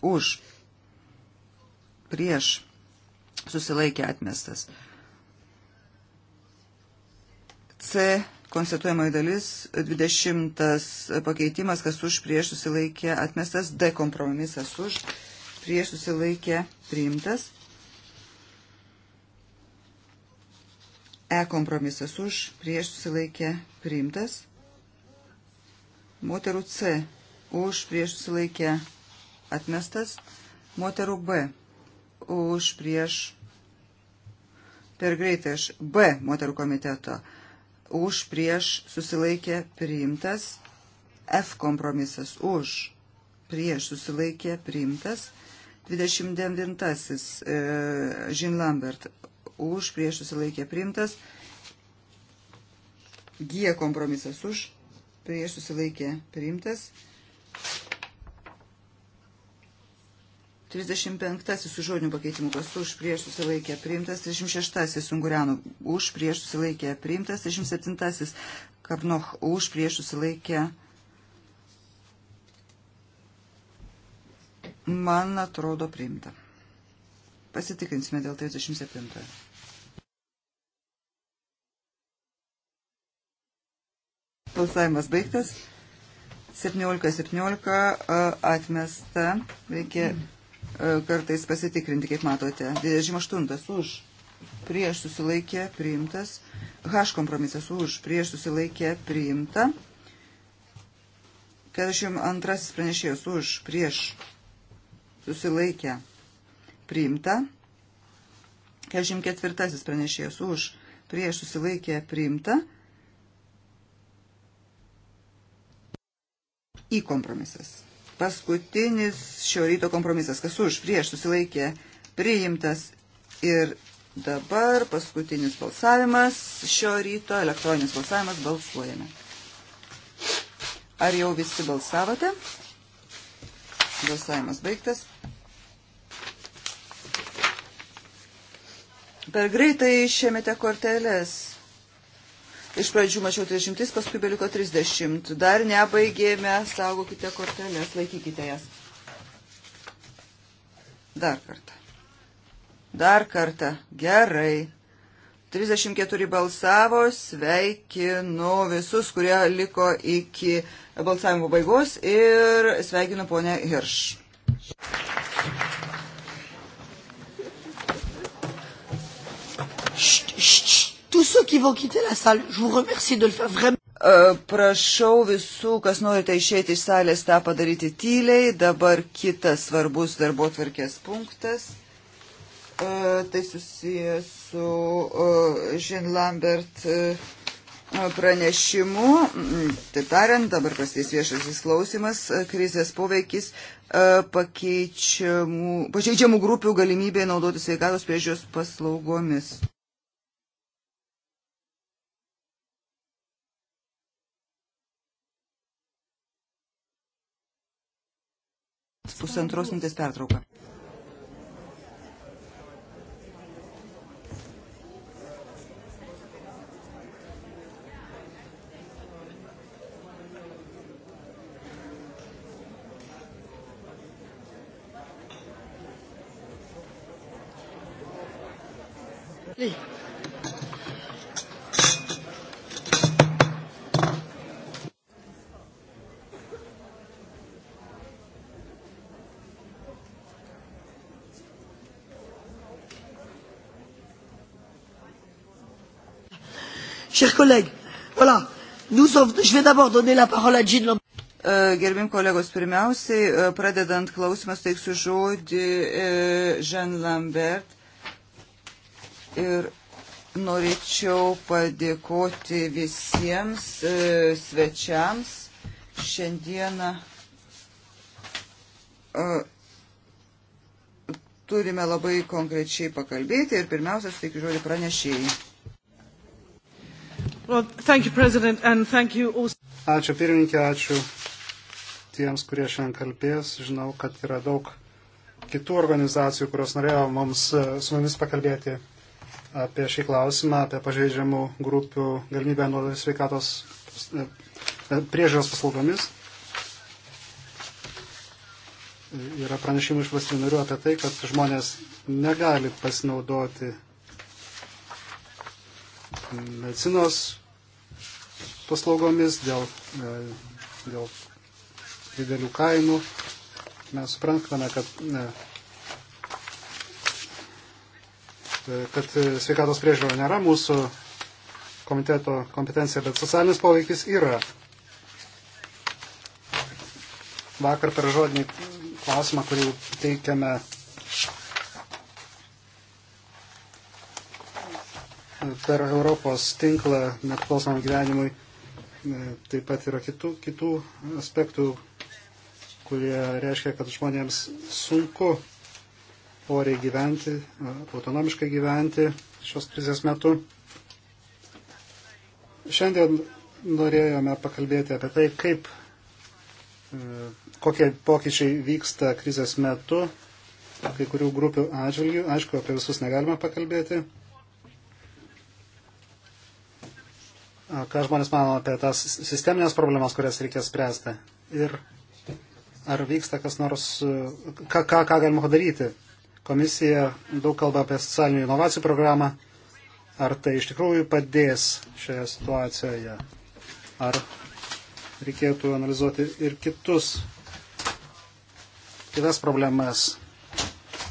Už. Prieš. Susilaikė atmestas. C. Konstatuojamoji dalis. 20. Pakeitimas, kas už prieš susilaikė atmestas. D. Kompromisas už. Prieš prieš susilaikę priimtas. E kompromisas už, prieš susilaikę priimtas. Moterų C už, prieš susilaikę atmestas. Moterų B už, prieš per greitai aš B moterų komiteto už, prieš susilaikę priimtas. F kompromisas už, prieš susilaikė priimtas. 29. Žin e, Lambert už, prieš susilaikė priimtas. G kompromisas už, prieš susilaikė priimtas. 35 su žodiniu pakeitimu kas už prieš susilaikė priimtas, 36 sungurianų už prieš susilaikė priimtas, 37 kapnoch už prieš susilaikė priimtas. Man atrodo priimta. Pasitikrinsime dėl 37. Balsavimas baigtas. 17-17 e, atmesta. Reikia e, kartais pasitikrinti, kaip matote. 28 už. Prieš susilaikė priimtas. H kompromisas už. Prieš susilaikė priimta. 42 pranešėjas už. Prieš susilaikę priimta. 44 pranešėjas už prieš susilaikę priimta. Į kompromisas. Paskutinis šio ryto kompromisas, kas už prieš susilaikė priimtas ir dabar paskutinis balsavimas šio ryto, elektroninis balsavimas, balsuojame. Ar jau visi balsavote? Balsavimas baigtas. per greitai išėmėte kortelės. Iš pradžių mačiau 30, paskui beliko 30. Dar nebaigėme, saugokite kortelės, laikykite jas. Dar kartą. Dar kartą. Gerai. 34 balsavo, sveikinu visus, kurie liko iki balsavimo baigos ir sveikinu ponę Hirš. Tous ceux qui vont quitter la salle, je vous remercie de le faire vraiment. E, prašau visų, kas norite išėti iš salės, tą padaryti tyliai. Dabar kitas svarbus darbo tvarkės punktas. E, tai susijęs su Žin e, Lambert pranešimu. Mm, taip tariant, dabar prasidės viešasis klausimas, krizės poveikis pažeidžiamų grupių galimybė naudoti sveikatos priežiūros paslaugomis. pusantros minutės pertrauką. Chers collègues, voilà, nous, je vais d'abord donner la parole à Jean Lambert. E, gerbim kolegos, pirmiausiai, e, pradedant klausimas, teiksiu žodį e, Jean Lambert. Ir norėčiau padėkoti visiems svečiams. Šiandieną turime labai konkrečiai pakalbėti ir pirmiausia, suteikiu žodį pranešėjai. Well, thank you, President, and thank you also. Ačiū pirmininkė, ačiū tiems, kurie šiandien kalbės. Žinau, kad yra daug kitų organizacijų, kurios norėjo mums e, su mumis pakalbėti apie šį klausimą, apie pažeidžiamų grupių galimybę naudotis sveikatos e, e, priežiūros paslaugomis. Yra pranešimų iš valstybių narių apie tai, kad žmonės negali pasinaudoti medicinos paslaugomis, dėl, e, dėl didelių kainų. Mes suprantame, kad, ne, kad sveikatos priežiūra nėra mūsų komiteto kompetencija, bet socialinis poveikis yra. Vakar per žodinį klausimą, kurį teikiame per Europos tinklą nepriklausomam gyvenimui. E, taip pat yra kitų, kitų aspektų, kurie reiškia, kad žmonėms sunku oriai gyventi, e, autonomiškai gyventi šios krizės metu. Šiandien norėjome pakalbėti apie tai, kaip e, kokie pokyčiai vyksta krizės metu, kai kurių grupių atžvilgių. Aišku, apie visus negalime pakalbėti. ką žmonės mano apie tas sisteminės problemas, kurias reikia spręsti. Ir ar vyksta kas nors, ką, ką, ką galima padaryti. Komisija daug kalba apie socialinių inovacijų programą. Ar tai iš tikrųjų padės šioje situacijoje? Ar reikėtų analizuoti ir kitus, kitas problemas,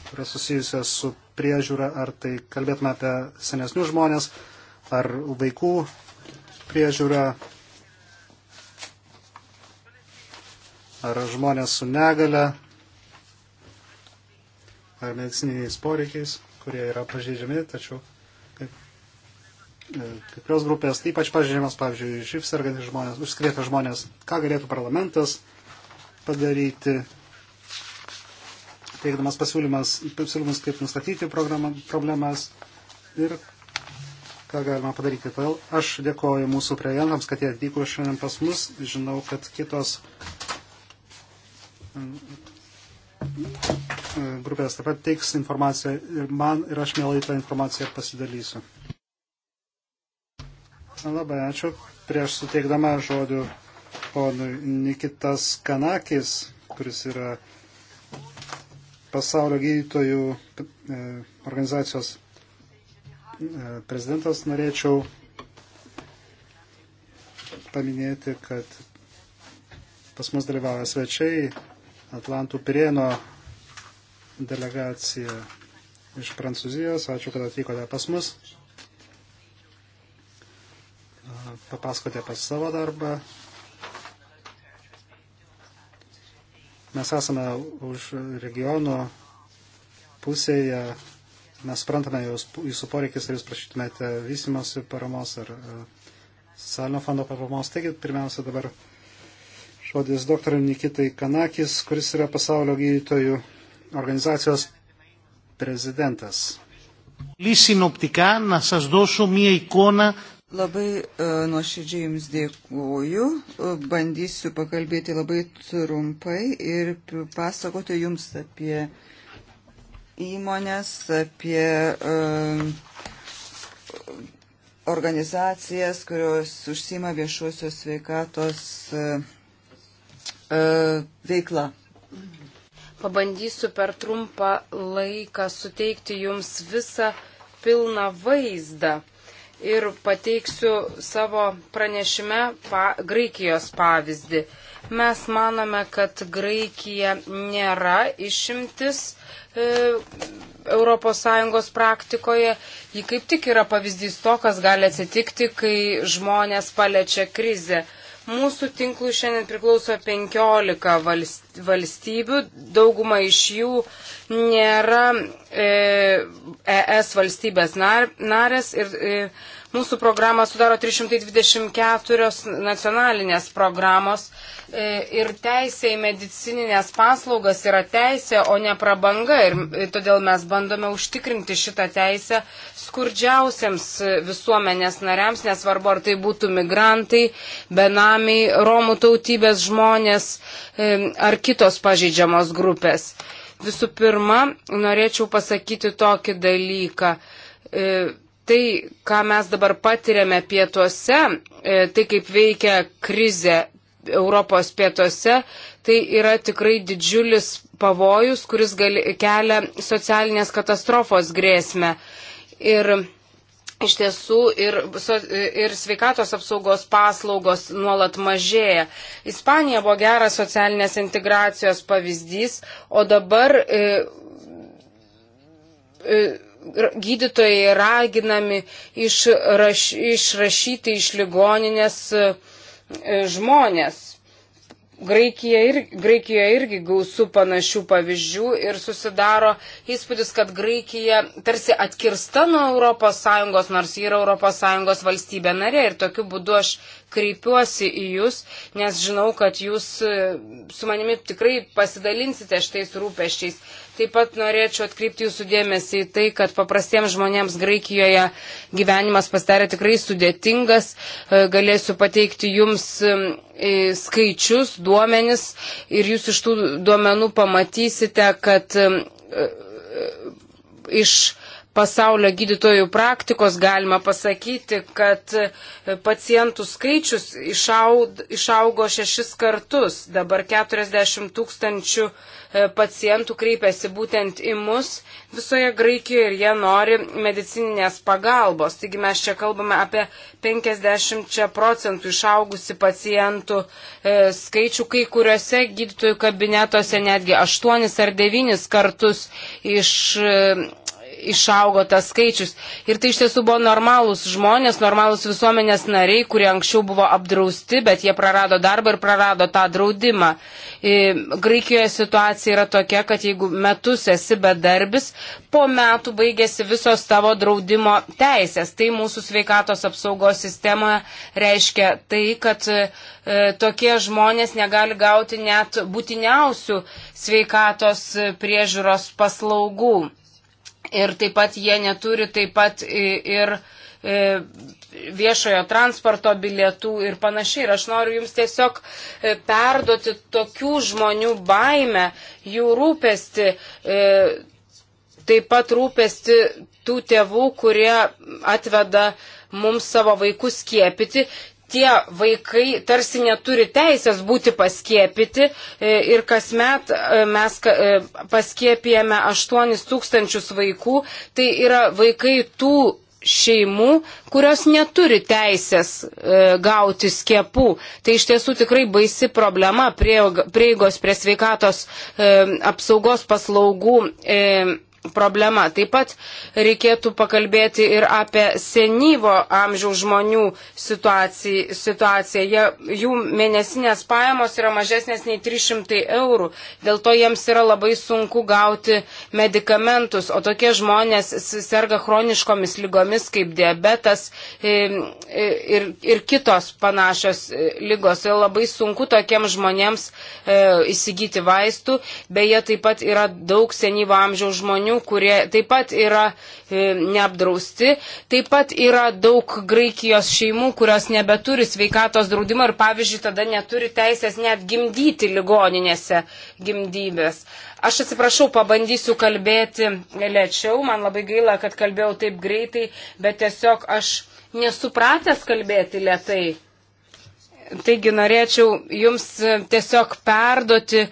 kurias susijusios su priežiūra, ar tai kalbėtume apie senesnius žmonės, ar vaikų priežiūra, ar žmonės su negale, ar medicininiais poreikiais, kurie yra pažeidžiami, tačiau e, kai kurios grupės ypač pažeidžiamas, pavyzdžiui, živ sergantys žmonės, užsikrėtę žmonės, ką galėtų parlamentas padaryti, teikdamas pasiūlymas, pasiūlymus, kaip nustatyti programą, problemas ir ką galima padaryti. Todėl aš dėkoju mūsų prelegentams, kad jie atvyko šiandien pas mus. Žinau, kad kitos mm, mm, grupės taip pat teiks informaciją ir man, ir aš mielai tą informaciją pasidalysiu. Labai ačiū. Prieš suteikdama žodžių ponui Nikitas Kanakis, kuris yra pasaulio gydytojų e, organizacijos prezidentas, norėčiau paminėti, kad pas mus dalyvauja svečiai Atlantų Pirėno delegacija iš Prancūzijos. Ačiū, kad atvykote pas mus. Papasakote apie savo darbą. Mes esame už regiono pusėje mes suprantame jūs, jūsų poreikis, ar jūs prašytumėte vystimosi paramos ar e, socialinio fondo paramos. Taigi, pirmiausia, dabar žodis dr. Nikitai Kanakis, kuris yra pasaulio gydytojų organizacijos prezidentas. Labai e, nuoširdžiai Jums dėkuoju. E, bandysiu pakalbėti labai trumpai ir pasakoti Jums apie uh, įmonės, apie um, organizacijas, kurios užsima viešuosios sveikatos uh, veikla. Pabandysiu per trumpą laiką suteikti Jums visą pilną vaizdą ir pateiksiu savo pranešime pa, Graikijos pavyzdį. Mes manome, kad Graikija nėra išimtis e, ES praktikoje. Ji kaip tik yra pavyzdys to, kas gali atsitikti, kai žmonės paliečia krizę. Mūsų tinklų šiandien priklauso 15 valstybių, dauguma iš jų nėra e, ES valstybės nar, narės ir e, Mūsų programą sudaro 324 nacionalinės programos e, ir teisė į medicininės paslaugas yra teisė, o ne prabanga. Ir e, todėl mes bandome užtikrinti šitą teisę skurdžiausiams e, visuomenės nariams, nesvarbu ar tai būtų migrantai, benamiai, romų tautybės žmonės ar kitos pažeidžiamos grupės. Visų pirma, norėčiau pasakyti tokį dalyką tai, ką mes dabar patiriame pietuose, e, tai kaip veikia krizė Europos pietuose, tai yra tikrai didžiulis pavojus, kuris gali, kelia socialinės katastrofos grėsmę. Ir iš tiesų ir, ir sveikatos apsaugos paslaugos nuolat mažėja. Ispanija buvo geras socialinės integracijos pavyzdys, o dabar. E, e, gydytojai raginami išraš, išrašyti iš ligoninės e, e, žmonės. Graikija ir, Graikijoje irgi gausų panašių pavyzdžių ir susidaro įspūdis, kad Graikija tarsi atkirsta nuo ES, nors ji yra ES valstybė narė ir tokiu būdu aš kreipiuosi į Jūs, nes žinau, kad Jūs e, su manimi tikrai pasidalinsite šitais rūpeščiais. Taip pat norėčiau atkreipti Jūsų dėmesį į tai, kad paprastiems žmonėms Graikijoje gyvenimas pasidarė tikrai sudėtingas. E, galėsiu pateikti Jums e, skaičius, duomenis ir Jūs iš tų duomenų pamatysite, kad iš pasaulio gydytojų praktikos galima pasakyti, kad pacientų skaičius išaud, išaugo šešis kartus. Dabar 40 tūkstančių e, pacientų kreipiasi būtent į mus visoje Graikijoje ir jie nori medicininės pagalbos. Taigi mes čia kalbame apie 50 procentų išaugusi pacientų e, skaičių, kai kuriuose gydytojų kabinetuose netgi 8 ar 9 kartus iš. E, išaugo tas skaičius. Ir tai iš tiesų buvo normalūs žmonės, normalūs visuomenės nariai, kurie anksčiau buvo apdrausti, bet jie prarado darbą ir prarado tą draudimą. E, Graikijoje situacija yra tokia, kad jeigu metus esi bedarbis, po metų baigėsi visos tavo draudimo teisės. Tai mūsų sveikatos apsaugos sistemoje reiškia tai, kad e, tokie žmonės negali gauti net būtiniausių sveikatos priežiūros paslaugų ir taip pat jie neturi taip pat ir e, viešojo transporto bilietų ir panašiai. Ir aš noriu jums tiesiog e, perduoti tokių žmonių baimę, jų rūpesti, e, taip pat rūpesti tų tėvų, kurie atveda mums savo vaikus skiepyti tie vaikai tarsi neturi teisės būti paskiepyti e, ir kasmet e, mes e, paskiepijame 8 tūkstančius vaikų. Tai yra vaikai tų šeimų, kurios neturi teisės e, gauti skiepų. Tai iš tiesų tikrai baisi problema prieigos prie sveikatos e, apsaugos paslaugų e, problema. Taip pat reikėtų pakalbėti ir apie senyvo amžiaus žmonių situaciją. situaciją. Jie, jų mėnesinės pajamos yra mažesnės nei 300 eurų, dėl to jiems yra labai sunku gauti medikamentus, o tokie žmonės serga chroniškomis lygomis kaip diabetas ir, e, e, ir, ir kitos panašios e, lygos. Ir labai sunku tokiems žmonėms e, įsigyti vaistų, beje taip pat yra daug senyvo amžiaus žmonių, žmonių, kurie taip pat yra e, neapdrausti. Taip pat yra daug Graikijos šeimų, kurios nebeturi sveikatos draudimo ir, pavyzdžiui, tada neturi teisės net gimdyti ligoninėse gimdybės. Aš atsiprašau, pabandysiu kalbėti lėčiau. Man labai gaila, kad kalbėjau taip greitai, bet tiesiog aš nesupratęs kalbėti lėtai. Taigi norėčiau jums e, tiesiog perduoti e,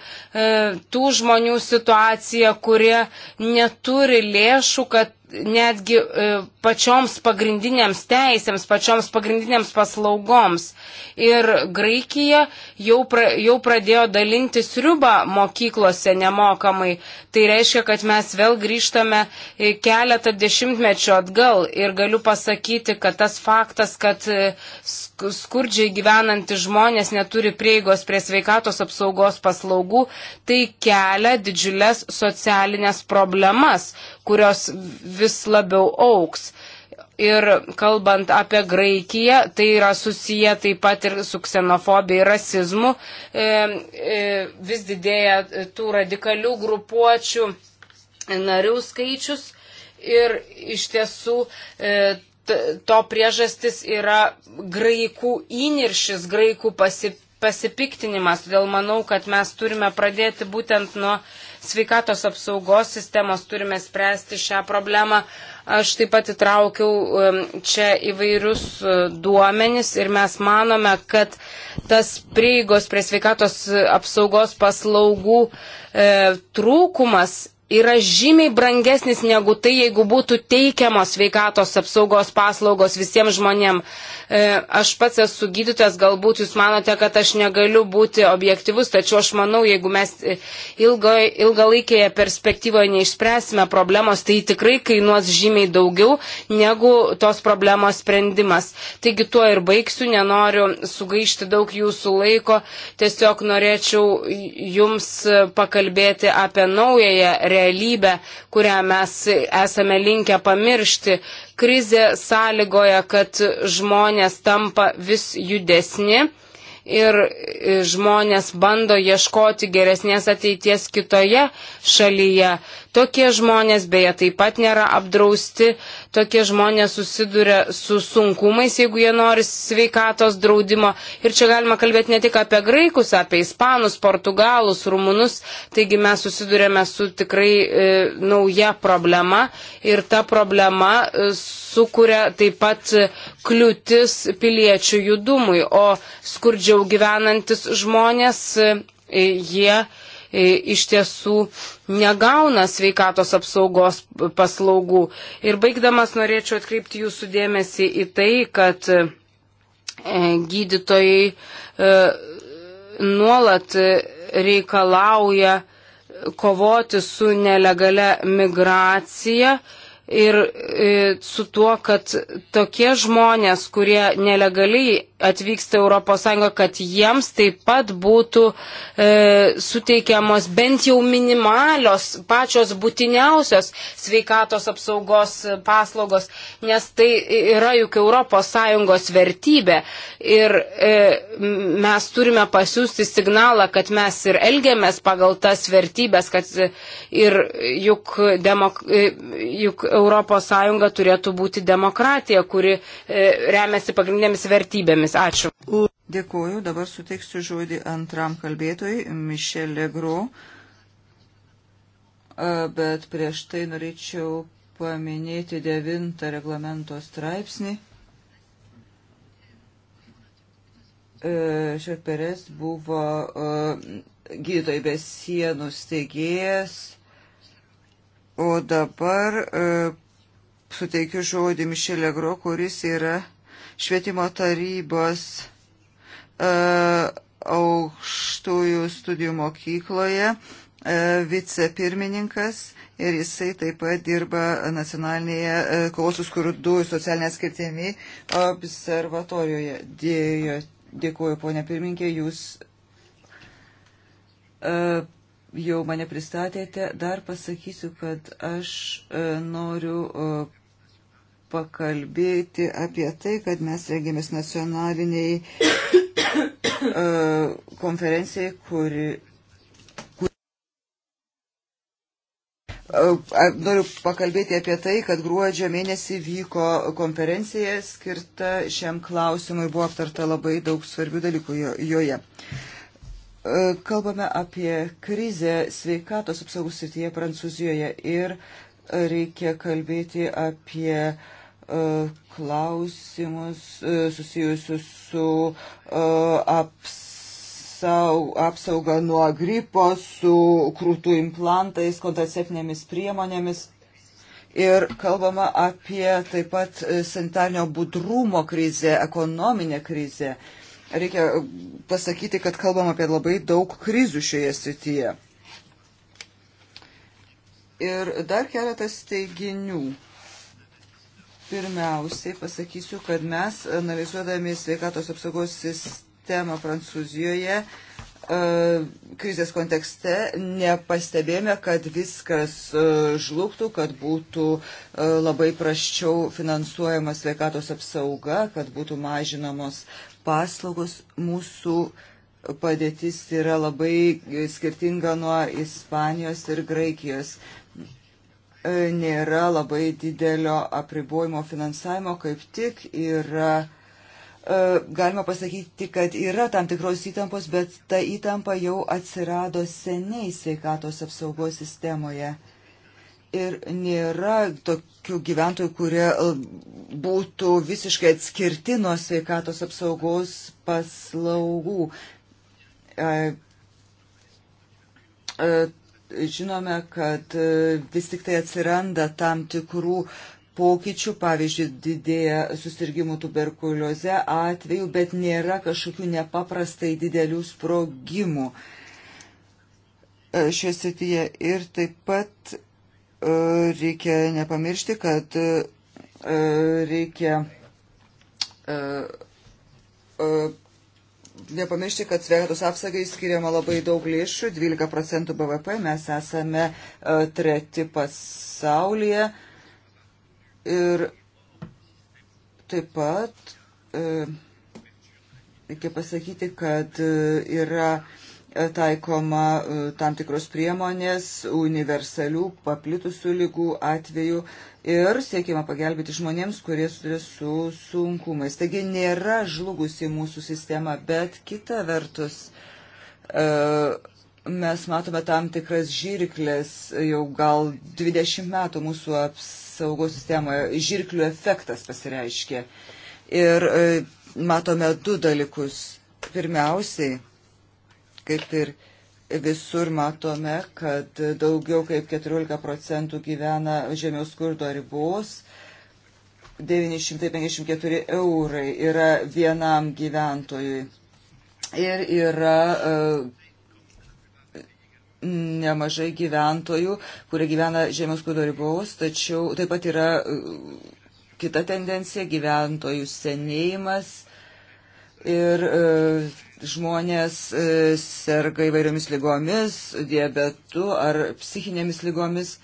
tų žmonių situaciją, kurie neturi lėšų, kad netgi e, pačioms pagrindinėms teisėms, pačioms pagrindinėms paslaugoms. Ir Graikija jau, pra, jau pradėjo dalinti sriubą mokyklose nemokamai. Tai reiškia, kad mes vėl grįžtame e, keletą dešimtmečių atgal ir galiu pasakyti, kad tas faktas, kad e, skurdžiai gyvenantys žmonės neturi prieigos prie sveikatos apsaugos paslaugų, tai kelia didžiulės socialinės problemas kurios vis labiau auks. Ir kalbant apie Graikiją, tai yra susiję taip pat ir su ksenofobija ir rasizmu. E, e, vis didėja tų radikalių grupuočių narių skaičius ir iš tiesų e, to priežastis yra graikų įniršis, graikų pasipiktinimas. Todėl manau, kad mes turime pradėti būtent nuo sveikatos apsaugos sistemos turime spręsti šią problemą. Aš taip pat įtraukiau čia įvairius e, duomenis ir mes manome, kad tas prieigos prie sveikatos e, apsaugos paslaugų e, trūkumas yra žymiai brangesnis negu tai, jeigu būtų teikiamos sveikatos apsaugos paslaugos visiems žmonėm. E, aš pats esu gydytojas, galbūt jūs manote, kad aš negaliu būti objektivus, tačiau aš manau, jeigu mes e, ilgo, ilgalaikėje perspektyvoje neišspręsime problemos, tai tikrai kainuos žymiai daugiau negu tos problemos sprendimas. Taigi tuo ir baigsiu, nenoriu sugaišti daug jūsų laiko, tiesiog norėčiau jums pakalbėti apie naująją realybę, kurią mes esame linkę pamiršti Krizė sąlygoja, kad žmonės tampa vis judesni ir žmonės bando ieškoti geresnės ateities kitoje šalyje. Tokie žmonės beje taip pat nėra apdrausti tokie žmonės susiduria su sunkumais, jeigu jie nori sveikatos draudimo. Ir čia galima kalbėti ne tik apie graikus, apie ispanus, portugalus, rumunus. Taigi mes susidurėme su tikrai e, nauja problema ir ta problema e, sukuria taip pat kliūtis piliečių judumui, o skurdžiau gyvenantis žmonės, e, jie e, iš tiesų e, negauna sveikatos apsaugos paslaugų. Ir baigdamas norėčiau atkreipti jūsų dėmesį į tai, kad e, gydytojai e, nuolat reikalauja kovoti su nelegale migracija ir e, su tuo, kad tokie žmonės, kurie nelegaliai atvyksta ES, kad jiems taip pat būtų e, suteikiamos bent jau minimalios, pačios būtiniausios sveikatos apsaugos paslaugos, nes tai yra juk ES vertybė. Ir e, mes turime pasiūsti signalą, kad mes ir elgiamės pagal tas vertybės, kad ir juk, demok, e, juk ES ES turėtų būti demokratija, kuri e, remiasi pagrindinėmis vertybėmis. Ačiū. Dėkuoju, dabar suteiksiu žodį antram kalbėtojui, Mišel Legro. Bet prieš tai norėčiau paminėti devintą reglamento straipsnį. E, Šerperes buvo e, gydytojai be sienų steigėjas O dabar e, suteikiu žodį Mišelė Gro, kuris yra švietimo tarybos e, aukštųjų studijų mokykloje e, vicepirmininkas ir jisai taip pat dirba nacionalinėje e, kovos su skurdu ir socialinė skirtimi observatorijoje. Dėjo, dėkuoju, ponė pirmininkė, jūs e, jau mane pristatėte, dar pasakysiu, kad aš e, noriu e, pakalbėti apie tai, kad mes rengėmės nacionaliniai *coughs* e, konferencijai, kuri Noriu pakalbėti apie tai, kad gruodžio mėnesį vyko konferencija skirta šiam klausimui, buvo aptarta labai daug svarbių dalykų joje. E, kalbame apie krizę sveikatos apsaugos srityje Prancūzijoje ir reikia kalbėti apie e, klausimus e, susijusius su apsauga nuo gripo, su krūtų implantais, kontraceptinėmis priemonėmis. Ir kalbama apie taip pat sanitarnio budrumo krizę, ekonominę krizę. Uh, Reikia pasakyti, kad kalbam apie labai daug krizių šioje srityje. Ir dar keletas teiginių. Pirmiausiai pasakysiu, kad mes, analizuodami sveikatos apsaugos sistemą Prancūzijoje, e, krizės kontekste nepastebėjome, kad viskas e, žlugtų, kad būtų e, labai praščiau finansuojama sveikatos apsauga, kad būtų mažinamos paslaugos mūsų padėtis yra labai skirtinga nuo Ispanijos ir Graikijos. E, nėra labai didelio apribojimo finansavimo, kaip tik yra e, galima pasakyti, kad yra tam tikros įtampos, bet ta įtampa jau atsirado seniai sveikatos apsaugos sistemoje ir nėra tokių gyventojų, kurie e, būtų visiškai atskirti nuo sveikatos apsaugos paslaugų. E, e, žinome, kad vis tik tai atsiranda tam tikrų pokyčių, pavyzdžiui, didėja susirgymų tuberkulioze atveju, bet nėra kažkokių nepaprastai didelių sprogimų šioje srityje. Ir taip pat reikia nepamiršti, kad e, reikia e, e, nepamiršti, kad sveikatos apsagai skiriama labai daug lėšų, 12 procentų BVP, mes esame treti pasaulyje ir taip pat reikia pasakyti, kad yra taikoma e, tam tikros priemonės universalių paplitusių lygų atveju ir siekiama pagelbėti žmonėms, kurie susiduria su sunkumais. Taigi nėra žlugusi mūsų sistema, bet kita vertus e, mes matome tam tikras žirklės jau gal 20 metų mūsų apsaugos sistemoje. Žirklių efektas pasireiškia. Ir e, matome du dalykus. Pirmiausiai, kaip ir visur matome, kad daugiau kaip 14 procentų gyvena žemiau skurdo ribos. 954 eurai yra vienam gyventojui. Ir yra e, nemažai gyventojų, kurie gyvena žemiau skurdo ribos, tačiau taip pat yra e, kita tendencija - gyventojų senėjimas ir e, žmonės e, serga įvairiomis lygomis, diabetu ar psichinėmis lygomis.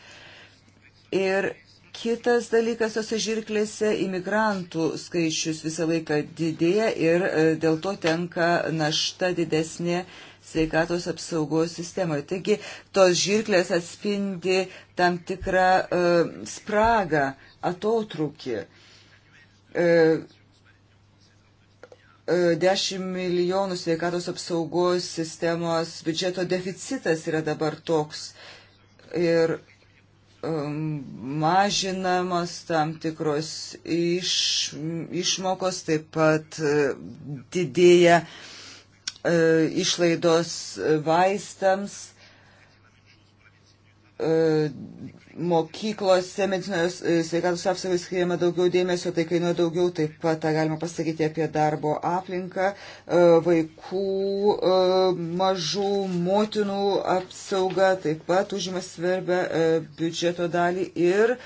Ir Kitas dalykas, tose žirklėse imigrantų skaičius visą laiką didėja ir e, dėl to tenka našta didesnė sveikatos apsaugos sistemoje. Taigi tos žirklės atspindi tam tikrą uh, spragą, atotrukį. Uh, 10 milijonų sveikatos apsaugos sistemos biudžeto deficitas yra dabar toks ir um, mažinamos tam tikros iš, išmokos, taip pat uh, didėja uh, išlaidos vaistams E, mokyklose medicinos e, sveikatos apsaugai skiriama daugiau dėmesio, tai kainuoja daugiau, taip pat tą galima pasakyti apie darbo aplinką, e, vaikų, mažų motinų apsauga taip pat užima svarbę biudžeto dalį ir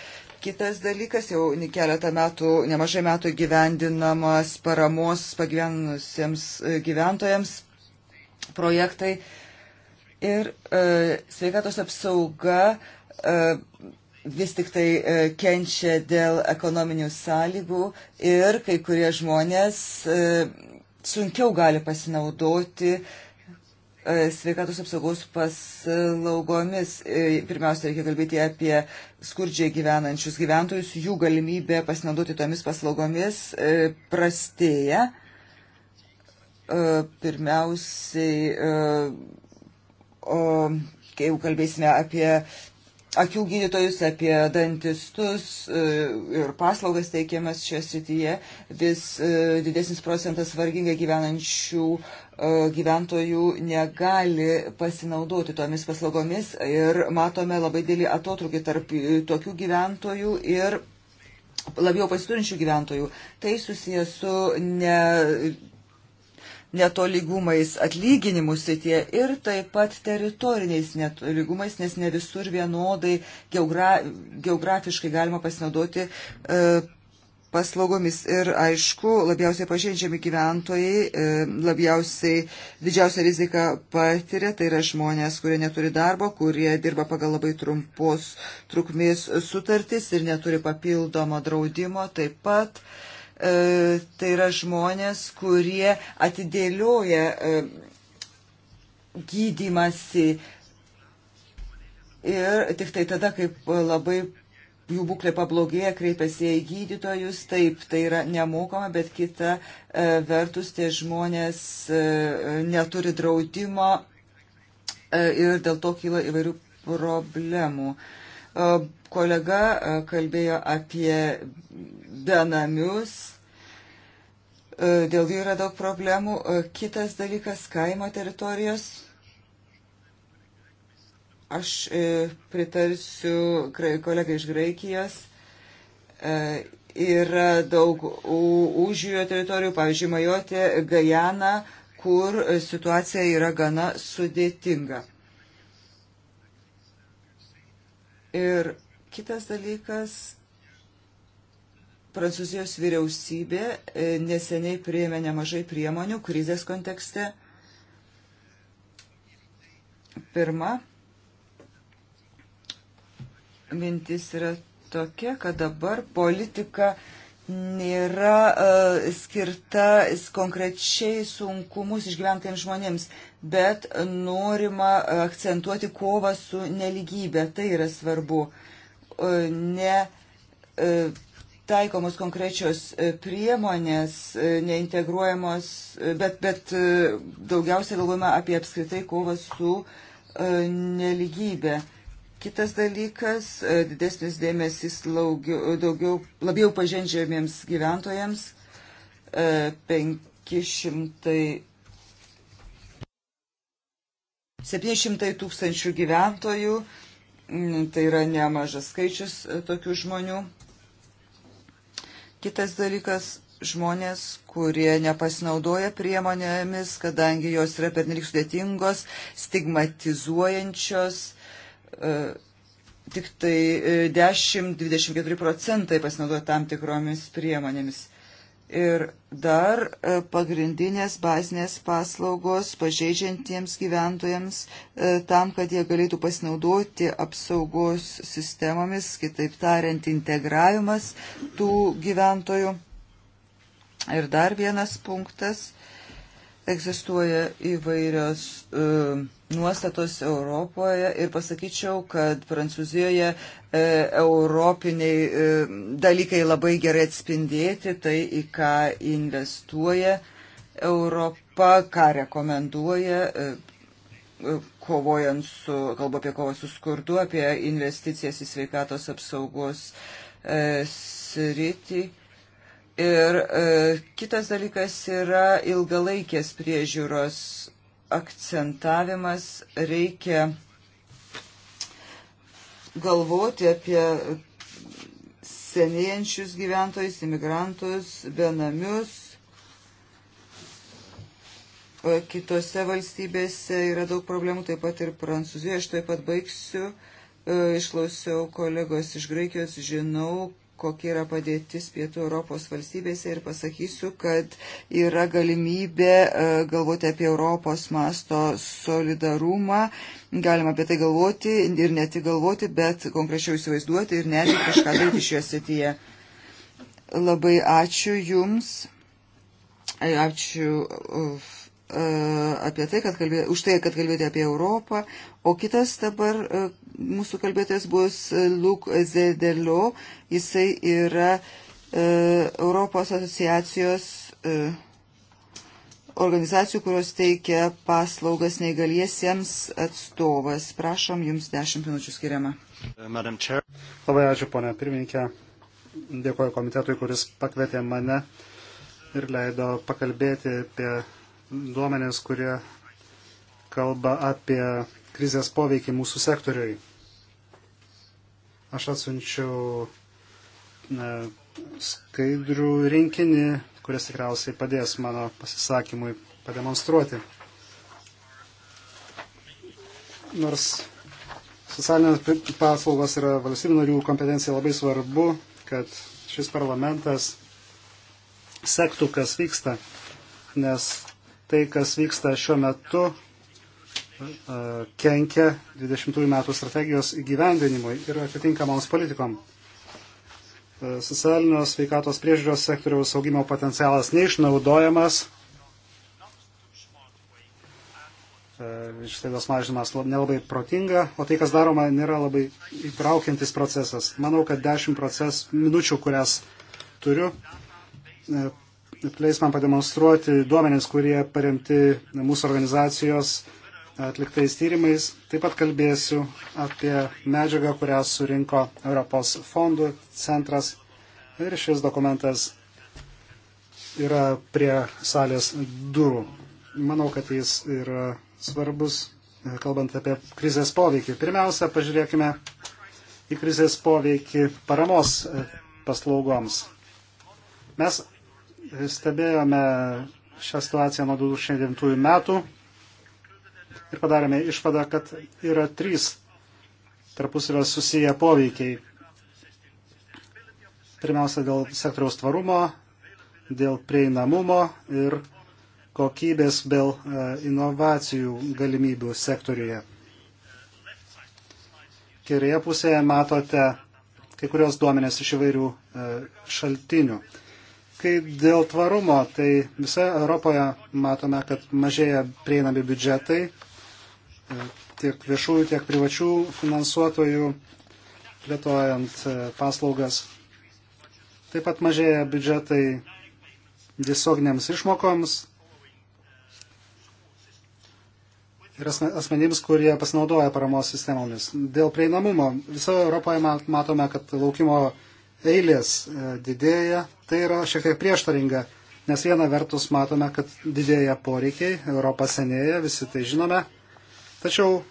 Kitas dalykas, jau keletą metų, nemažai metų gyvendinamas paramos pagyvenusiems gyventojams projektai. Uh, ir e, sveikatos apsauga e, vis tik tai e, kenčia dėl ekonominių sąlygų ir kai kurie žmonės e, sunkiau gali pasinaudoti e, sveikatos apsaugos paslaugomis. E, pirmiausia, reikia kalbėti apie skurdžiai gyvenančius gyventojus, jų galimybė pasinaudoti tomis paslaugomis e, prastėja. E, pirmiausiai. E, O kai jau kalbėsime apie akių gydytojus, apie dantistus e, ir paslaugas teikiamas šioje srityje, vis e, didesnis procentas vargingai gyvenančių e, gyventojų negali pasinaudoti tomis paslaugomis ir matome labai dėlį atotrukį tarp tokių gyventojų ir labiau pasiturinčių gyventojų. Tai susijęs su ne netolygumais atlyginimų sitie ir taip pat teritoriniais netolygumais, nes ne visur vienodai geogra geografiškai galima pasinaudoti e, paslaugomis. Ir aišku, labiausiai pažeidžiami gyventojai, e, labiausiai didžiausią riziką patiria, tai yra žmonės, kurie neturi darbo, kurie dirba pagal labai trumpos trukmės sutartis ir neturi papildomo draudimo. Taip pat e, E, tai yra žmonės, kurie atidėlioja e, gydimasi ir tik tai tada, kaip labai jų būklė pablogėja, kreipiasi į gydytojus, taip, tai yra nemokama, bet kita e, vertus tie žmonės neturi draudimo ir dėl to kyla įvairių problemų. Uh, Kolega kalbėjo apie benamius. Dėl jų yra daug problemų. Kitas dalykas - kaimo teritorijos. Aš e, pritarsiu kolegai iš Graikijos e, yra daug užjūrio teritorijų, pavyzdžiui, Majotė, Gajana, kur e, situacija yra gana sudėtinga. Ir kitas dalykas, Prancūzijos vyriausybė e, neseniai prieėmė nemažai priemonių krizės kontekste. Pirma, mintis yra tokia, kad dabar politika nėra uh, skirta konkrečiai sunkumus išgyventiems žmonėms bet norima akcentuoti kovą su neligybė. Tai yra svarbu. E, ne e, taikomos konkrečios e, priemonės, neintegruojamos, bet, bet daugiausia galvojama apie apskritai kovą su neligybė. Kitas dalykas - didesnis dėmesys laugiu, daugiau, labiau pažendžiamiems gyventojams. 500 700 tūkstančių gyventojų, mm, tai yra nemažas skaičius e, tokių žmonių. Kitas dalykas - žmonės, kurie nepasinaudoja priemonėmis, kadangi jos yra pernelik sudėtingos, stigmatizuojančios. E, tik tai 10-24 e, procentai pasinaudoja tam tikromis priemonėmis. Ir dar e, pagrindinės bazinės paslaugos pažeidžiantiems gyventojams e, tam, kad jie galėtų pasinaudoti apsaugos sistemomis, kitaip tariant, integravimas tų gyventojų. Ir dar vienas punktas egzistuoja įvairios e, nuostatos Europoje ir pasakyčiau, kad Prancūzijoje e, europiniai e, dalykai labai gerai atspindėti, tai į ką investuoja Europa, ką rekomenduoja. E, e kovojant su, kalbu apie kovą su skurdu, apie investicijas į sveikatos apsaugos e, sritį. E, Ir e, kitas dalykas yra ilgalaikės priežiūros akcentavimas. Reikia galvoti apie senėjančius gyventojus, imigrantus, benamius. Kitose valstybėse yra daug problemų, taip pat ir Prancūzijoje. Aš taip pat baigsiu. E, išklausiau kolegos iš Graikijos, žinau, kokia yra padėtis Pietų Europos valstybėse ir pasakysiu, kad yra galimybė e, galvoti apie Europos masto solidarumą. Galima apie tai galvoti ir ne tik galvoti, bet konkrečiau įsivaizduoti ir netgi kažką daryti šioje srityje. Labai ačiū Jums. Ačiū. Uf E, apie tai, kad kalbė, už tai, kad kalbėti apie Europą, o kitas dabar e, mūsų kalbėtojas bus Luk Zedelio, jisai yra e, Europos asociacijos organizacijų, kurios teikia paslaugas neįgaliesiems atstovas. Prašom, jums 10 minučių skiriama. Labai ačiū, ponia pirmininkė. Dėkuoju komitetui, kuris pakvietė mane ir leido pakalbėti apie duomenės, kurie kalba apie krizės poveikį mūsų sektoriui. Aš atsunčiau skaidrių rinkinį, kuris tikriausiai padės mano pasisakymui pademonstruoti. Nors socialinės paslaugos yra valstybių narių kompetencija labai svarbu, kad šis parlamentas sektų, kas vyksta, nes tai, kas vyksta šiuo metu, kenkia 20 metų strategijos įgyvendinimui ir atitinkamoms politikom. Socialinio sveikatos priežiūros sektoriaus augimo potencialas neišnaudojamas, išlaidos mažinimas nelabai protinga, o tai, kas daroma, nėra labai įtraukiantis procesas. Manau, kad 10 proces, minučių, kurias turiu, leis man pademonstruoti duomenis, kurie paremti mūsų organizacijos atliktais tyrimais. Taip pat kalbėsiu apie medžiagą, kurią surinko Europos fondų centras. Ir šis dokumentas yra prie salės durų. Manau, kad jis yra svarbus, kalbant apie krizės poveikį. Pirmiausia, pažiūrėkime į krizės poveikį paramos paslaugoms. Mes stebėjome šią situaciją nuo 2009 metų ir padarėme išvadą, kad yra trys tarpusavio susiję poveikiai. Pirmiausia, dėl sektoriaus tvarumo, dėl prieinamumo ir kokybės dėl e, inovacijų galimybių sektoriuje. Kairėje pusėje matote kai kurios duomenės iš įvairių e, šaltinių. Kai dėl tvarumo, tai visoje Europoje matome, kad mažėja prieinami biudžetai e, tiek viešųjų, tiek privačių finansuotojų plėtojant e, paslaugas. Taip pat mažėja biudžetai tiesioginėms išmokoms ir asmenims, kurie pasinaudoja paramos sistemomis. Dėl prieinamumo visoje Europoje matome, kad laukimo eilės e, didėja, tai yra šiek tiek prieštaringa, nes viena vertus matome, kad didėja poreikiai, Europa senėja, visi tai žinome, tačiau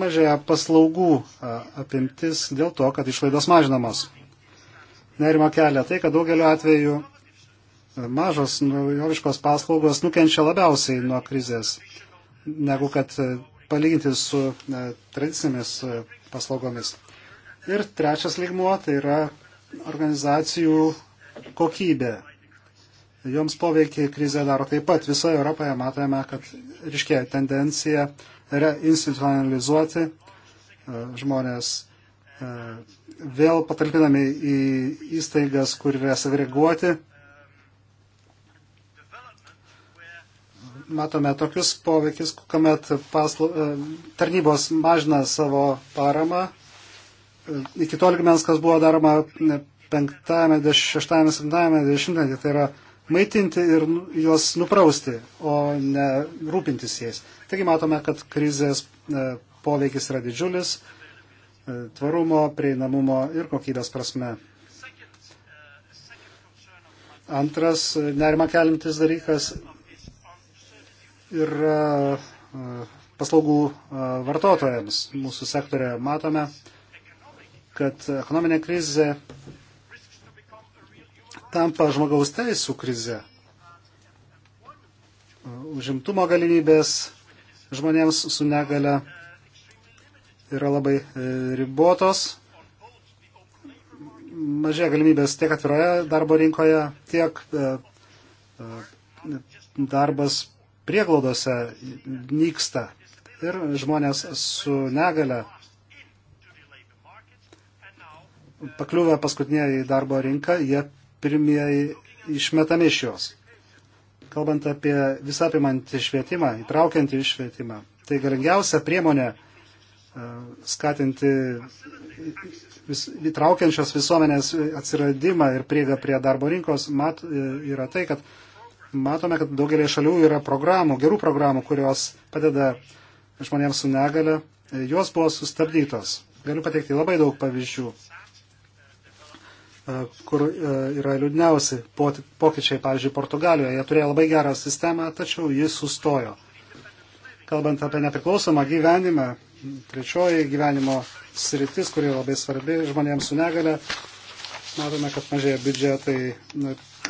mažėja paslaugų e, apimtis dėl to, kad išlaidos mažinamos. Nerima kelia tai, kad daugeliu atveju e, mažos naujoviškos paslaugos nukenčia labiausiai nuo krizės, negu kad palyginti su tradicinėmis paslaugomis. Ir trečias lygmuo tai yra organizacijų kokybė. Joms poveikiai krizė daro taip pat. Visoje Europoje matome, kad ryškėja tendencija reinstitucionalizuoti e, žmonės e, vėl patalpinami į įstaigas, kur yra savreguoti. Matome tokius poveikis, kuomet paslo, e, tarnybos mažina savo paramą iki to ligmens, kas buvo daroma 5-ame, 6-ame, 7-ame, 10-ame, tai yra maitinti ir nu, juos nuprausti, o ne rūpintis jais. Taigi matome, kad krizės e, poveikis yra didžiulis e, tvarumo, prieinamumo ir kokybės prasme. Antras nerima kelintis dalykas yra e, paslaugų vartotojams. Mūsų sektorė matome, kad ekonominė krizė tampa žmogaus teisų krize. Užimtumo galimybės žmonėms su negale yra labai e, ribotos. Mažia galimybės tiek atviroje darbo rinkoje, tiek e, e, darbas prieglaudose nyksta. Ir žmonės su negale pakliuvę paskutiniai į darbo rinką, jie pirmieji išmetami iš jos. Kalbant apie visą apimantį švietimą, įtraukiantį švietimą, tai galingiausia priemonė e, skatinti vis, įtraukiančios visuomenės atsiradimą ir prieigą prie darbo rinkos mat, e, yra tai, kad matome, kad daugelį šalių yra programų, gerų programų, kurios padeda žmonėms su negale, e, jos buvo sustabdytos. Galiu pateikti labai daug pavyzdžių. E, kur e, yra liūdniausi pokyčiai, pavyzdžiui, Portugalijoje. Jie turėjo labai gerą sistemą, tačiau jis sustojo. Kalbant apie nepriklausomą gyvenimą, trečioji gyvenimo sritis, kuri labai svarbi žmonėms su negale, matome, kad mažėja biudžetai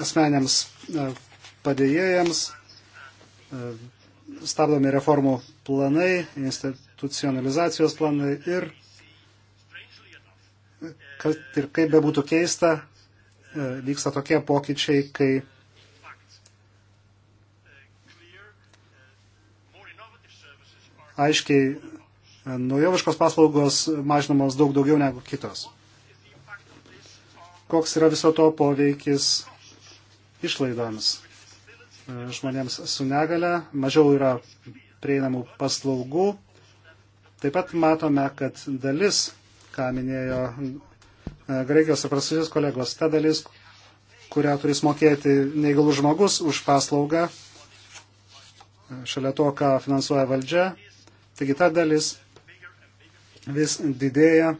asmeniams e, padėjėjams, stabdomi reformų planai, institucionalizacijos planai ir kad ir kaip bebūtų keista, e, vyksta tokie pokyčiai, kai aiškiai e, naujoviškos paslaugos mažinamos daug daugiau negu kitos. Koks yra viso to poveikis išlaidoms? E, žmonėms su negale mažiau yra prieinamų paslaugų. Taip pat matome, kad dalis ką minėjo e, Graikijos ir Prancūzijos kolegos. Ta dalis, kurią turės mokėti neįgalus žmogus už paslaugą, e, šalia to, ką finansuoja valdžia. Taigi ta dalis vis didėja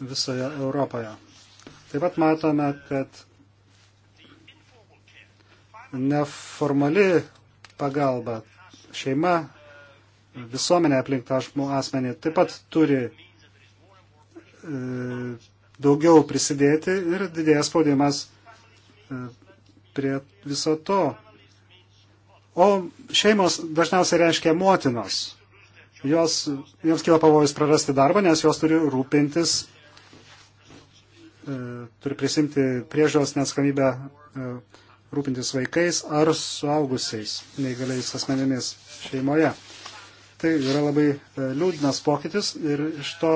visoje Europoje. Taip pat matome, kad neformali pagalba šeima, visuomenė aplink tą asmenį taip pat turi E, daugiau prisidėti ir didėja spaudimas e, prie viso to. O šeimos dažniausiai reiškia motinos. Jos, joms kyla pavojus prarasti darbą, nes jos turi rūpintis, e, turi prisimti priežiūros neatskamybę rūpintis vaikais ar suaugusiais neįgaliais asmenimis šeimoje. Tai yra labai liūdnas pokytis ir iš to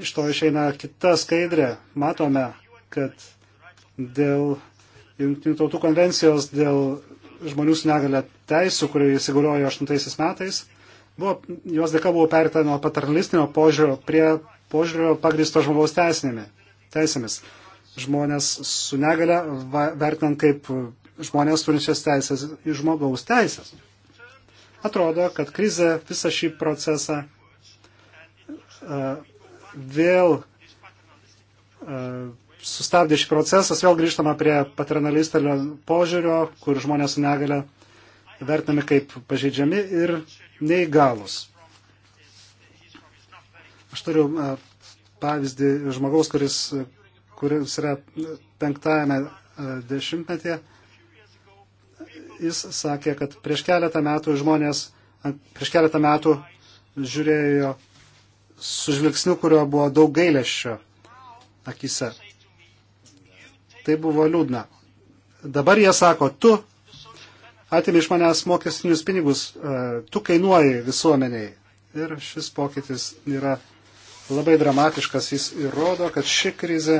iš to išeina kita skaidrė. Matome, kad dėl Junktinių tautų konvencijos dėl žmonių su negale teisų, kurie įsigaliojo 8 metais, buvo, jos dėka buvo perita nuo paternalistinio požiūrio prie požiūrio pagristo žmogaus teisėmis. Žmonės su negale vertinant kaip žmonės turinčias teisės į žmogaus teisės. Atrodo, kad krize visą šį procesą uh, vėl e, sustabdė šį procesą, vėl grįžtama prie paternalistinio požiūrio, kur žmonės su negale vertinami kaip pažeidžiami ir neįgalus. Aš turiu e, pavyzdį žmogaus, kuris, kuris yra penktajame e, dešimtmetyje. Jis sakė, kad prieš keletą metų žmonės, prieš keletą metų žiūrėjo su žvilgsniu, kurio buvo daug gailėščio akise. Tai buvo liūdna. Dabar jie sako, tu atimi iš manęs mokestinius pinigus, e, tu kainuoji visuomeniai. Ir šis pokytis yra labai dramatiškas, jis įrodo, kad ši krizė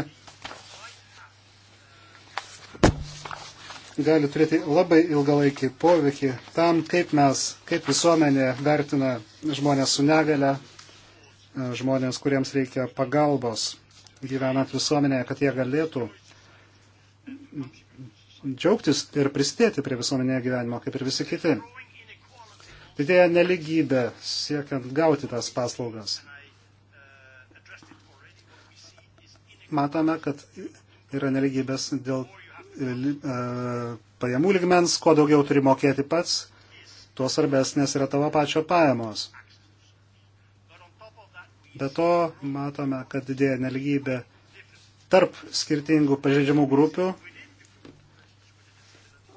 gali turėti labai ilgalaikį poveikį tam, kaip mes, kaip visuomenė vertina žmonės su negale, E, žmonės, kuriems reikia pagalbos gyvenant visuomenėje, kad jie galėtų džiaugtis ir prisidėti prie visuomenėje gyvenimo, kaip ir visi kiti. Didėja neligybė siekiant gauti tas paslaugas. Matome, kad yra neligybės dėl e, e, pajamų ligmens, kuo daugiau turi mokėti pats, tuo svarbesnės yra tavo pačio pajamos. Be to matome, kad didėja neligybė tarp skirtingų pažeidžiamų grupių,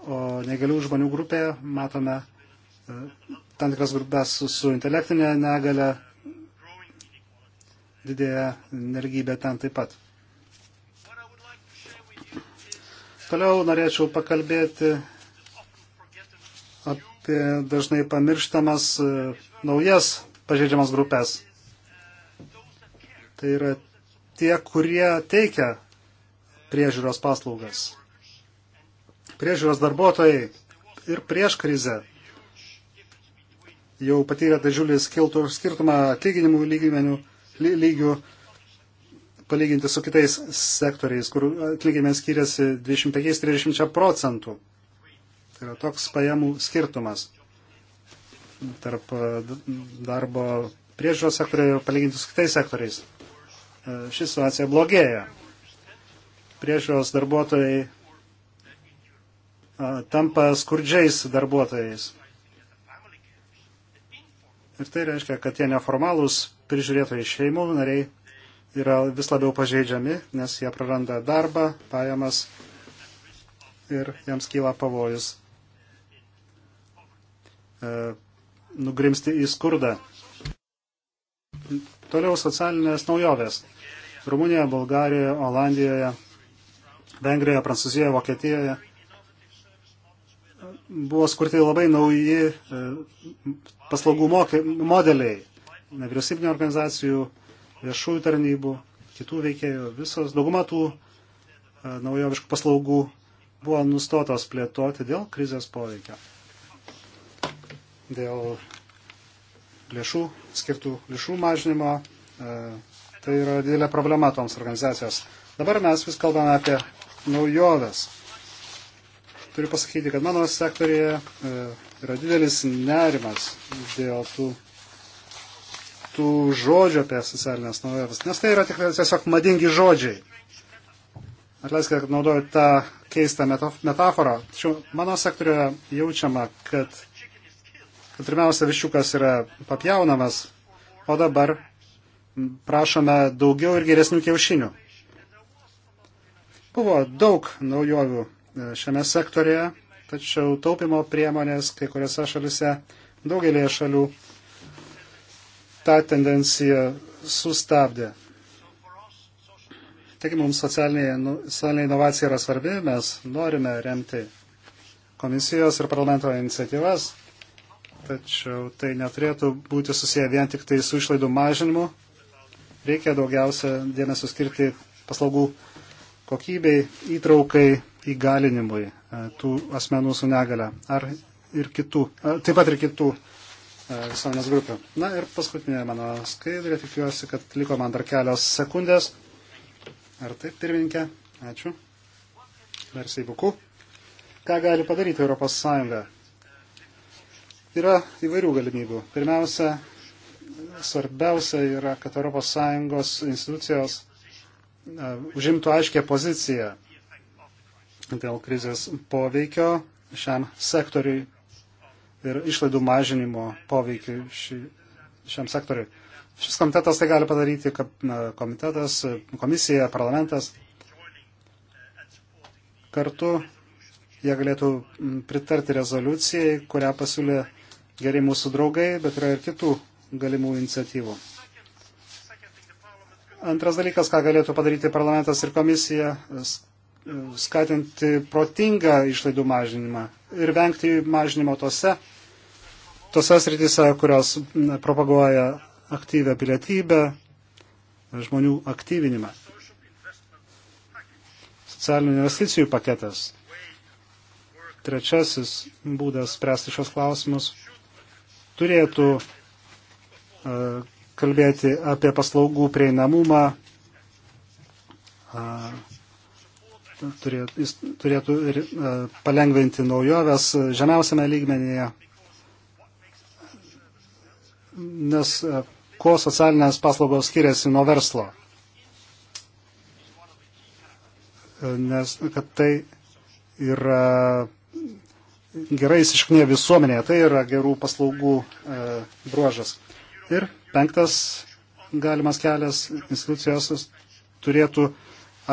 o negalių žmonių grupėje matome e, tam tikras grupės su, su intelektinė negale, didėja neligybė ten taip pat. Toliau norėčiau pakalbėti apie dažnai pamirštamas e, naujas pažeidžiamas grupės. Tai yra tie, kurie teikia priežiūros paslaugas. Priežiūros darbuotojai ir prieš krizę jau patyrė didžiulį skirtumą atlyginimų lygmenių lygių palyginti su kitais sektoriais, kur atlyginimai skiriasi 25-30 procentų. Tai yra toks pajamų skirtumas tarp darbo priežiūros sektorių palyginti su kitais sektoriais. E, ši situacija blogėja. Priežiūros darbuotojai e, tampa skurdžiais darbuotojais. Ir tai reiškia, kad tie neformalūs prižiūrėtojai šeimų nariai yra vis labiau pažeidžiami, nes jie praranda darbą, pajamas ir jiems kyla pavojus e, nugrimsti į skurdą. Toliau socialinės naujovės. Rumunijoje, Bulgarijoje, Olandijoje, Vengrijoje, Prancūzijoje, Vokietijoje buvo skurti labai nauji e, paslaugų modeliai nevyriausybinio organizacijų, viešųjų tarnybų, kitų veikėjų. Visos dauguma tų e, naujoviškų paslaugų buvo nustotos plėtoti dėl krizės poveikio, dėl lėšų, skirtų lėšų mažinimo. E, tai yra didelė problema toms organizacijos. Dabar mes vis kalbame apie naujoves. Turiu pasakyti, kad mano sektorėje e, yra didelis nerimas dėl tų, tų žodžių apie socialinės naujoves, nes tai yra tik, tiesiog madingi žodžiai. Atleiskite, kad naudoju tą keistą metaforą. Tačiau mano sektorioje jaučiama, kad Nu, pirmiausia, viščiukas yra papjaunamas, o dabar prašome daugiau ir geresnių kiaušinių. Buvo daug naujovių e, šiame sektorėje, tačiau taupimo priemonės kai kuriuose šalise, daugelėje šalių, tą tendenciją sustabdė. Taigi mums socialinė, socialinė inovacija yra svarbi, mes norime remti komisijos ir parlamento iniciatyvas tačiau tai neturėtų būti susiję vien tik tai su išlaidų mažinimu. Reikia daugiausia dėmesio skirti paslaugų kokybei, įtraukai, įgalinimui e, tų asmenų su negale ar ir kitų, e, taip pat ir kitų e, visuomenės grupių. Na ir paskutinė mano skaidrė, tikiuosi, kad liko man dar kelios sekundės. Ar taip, pirmininkė? Ačiū. Mersiai buku. Ką gali padaryti Europos Sąjunga? Yra įvairių galimybių. Pirmiausia, svarbiausia yra, kad ES institucijos e, užimtų aiškę poziciją dėl krizės poveikio šiam sektoriui ir išlaidų mažinimo poveikiu ši, šiam sektoriui. Šis komitetas tai gali padaryti, kad komitetas, komisija, parlamentas kartu jie galėtų pritarti rezoliucijai, kurią pasiūlė geri mūsų draugai, bet yra ir kitų galimų iniciatyvų. Antras dalykas, ką galėtų padaryti parlamentas ir komisija, skatinti protingą išlaidų mažinimą ir vengti mažinimo tose, tose srityse, kurios propaguoja aktyvę pilietybę, žmonių aktyvinimą. Socialinių investicijų paketas. Trečiasis būdas spręsti šios klausimus turėtų e, kalbėti apie paslaugų prieinamumą, turėtų, jis turėtų e, palengventi naujoves žemiausiame lygmenyje, nes e, kuo socialinės paslaugos skiriasi nuo verslo. Nes kad tai yra gerai įsišknė visuomenėje. Tai yra gerų paslaugų e, bruožas. Ir penktas galimas kelias institucijos turėtų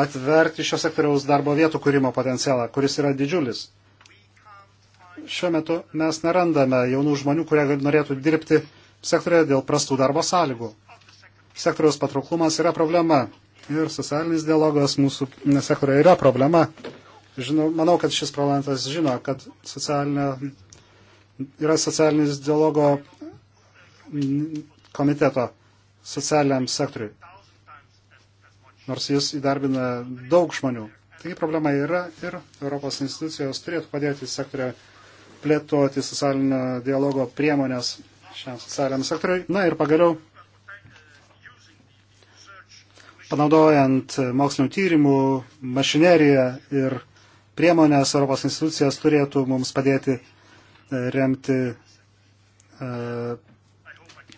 atverti šio sektoriaus darbo vietų kūrimo potencialą, kuris yra didžiulis. Šiuo metu mes nerandame jaunų žmonių, kurie norėtų dirbti sektorėje dėl prastų darbo sąlygų. Sektoriaus patrauklumas yra problema ir socialinis dialogas mūsų sektorėje yra problema. Žinau, manau, kad šis parlamentas žino, kad socialinė, yra socialinis dialogo komiteto socialiniam sektoriui. Nors jis įdarbina daug žmonių. Taigi problema yra ir Europos institucijos turėtų padėti sektoriui plėtoti socialinio dialogo priemonės šiam socialiniam sektoriui. Na ir pagaliau, panaudojant mokslinio tyrimų mašineriją ir priemonės Europos institucijas turėtų mums padėti e, remti e,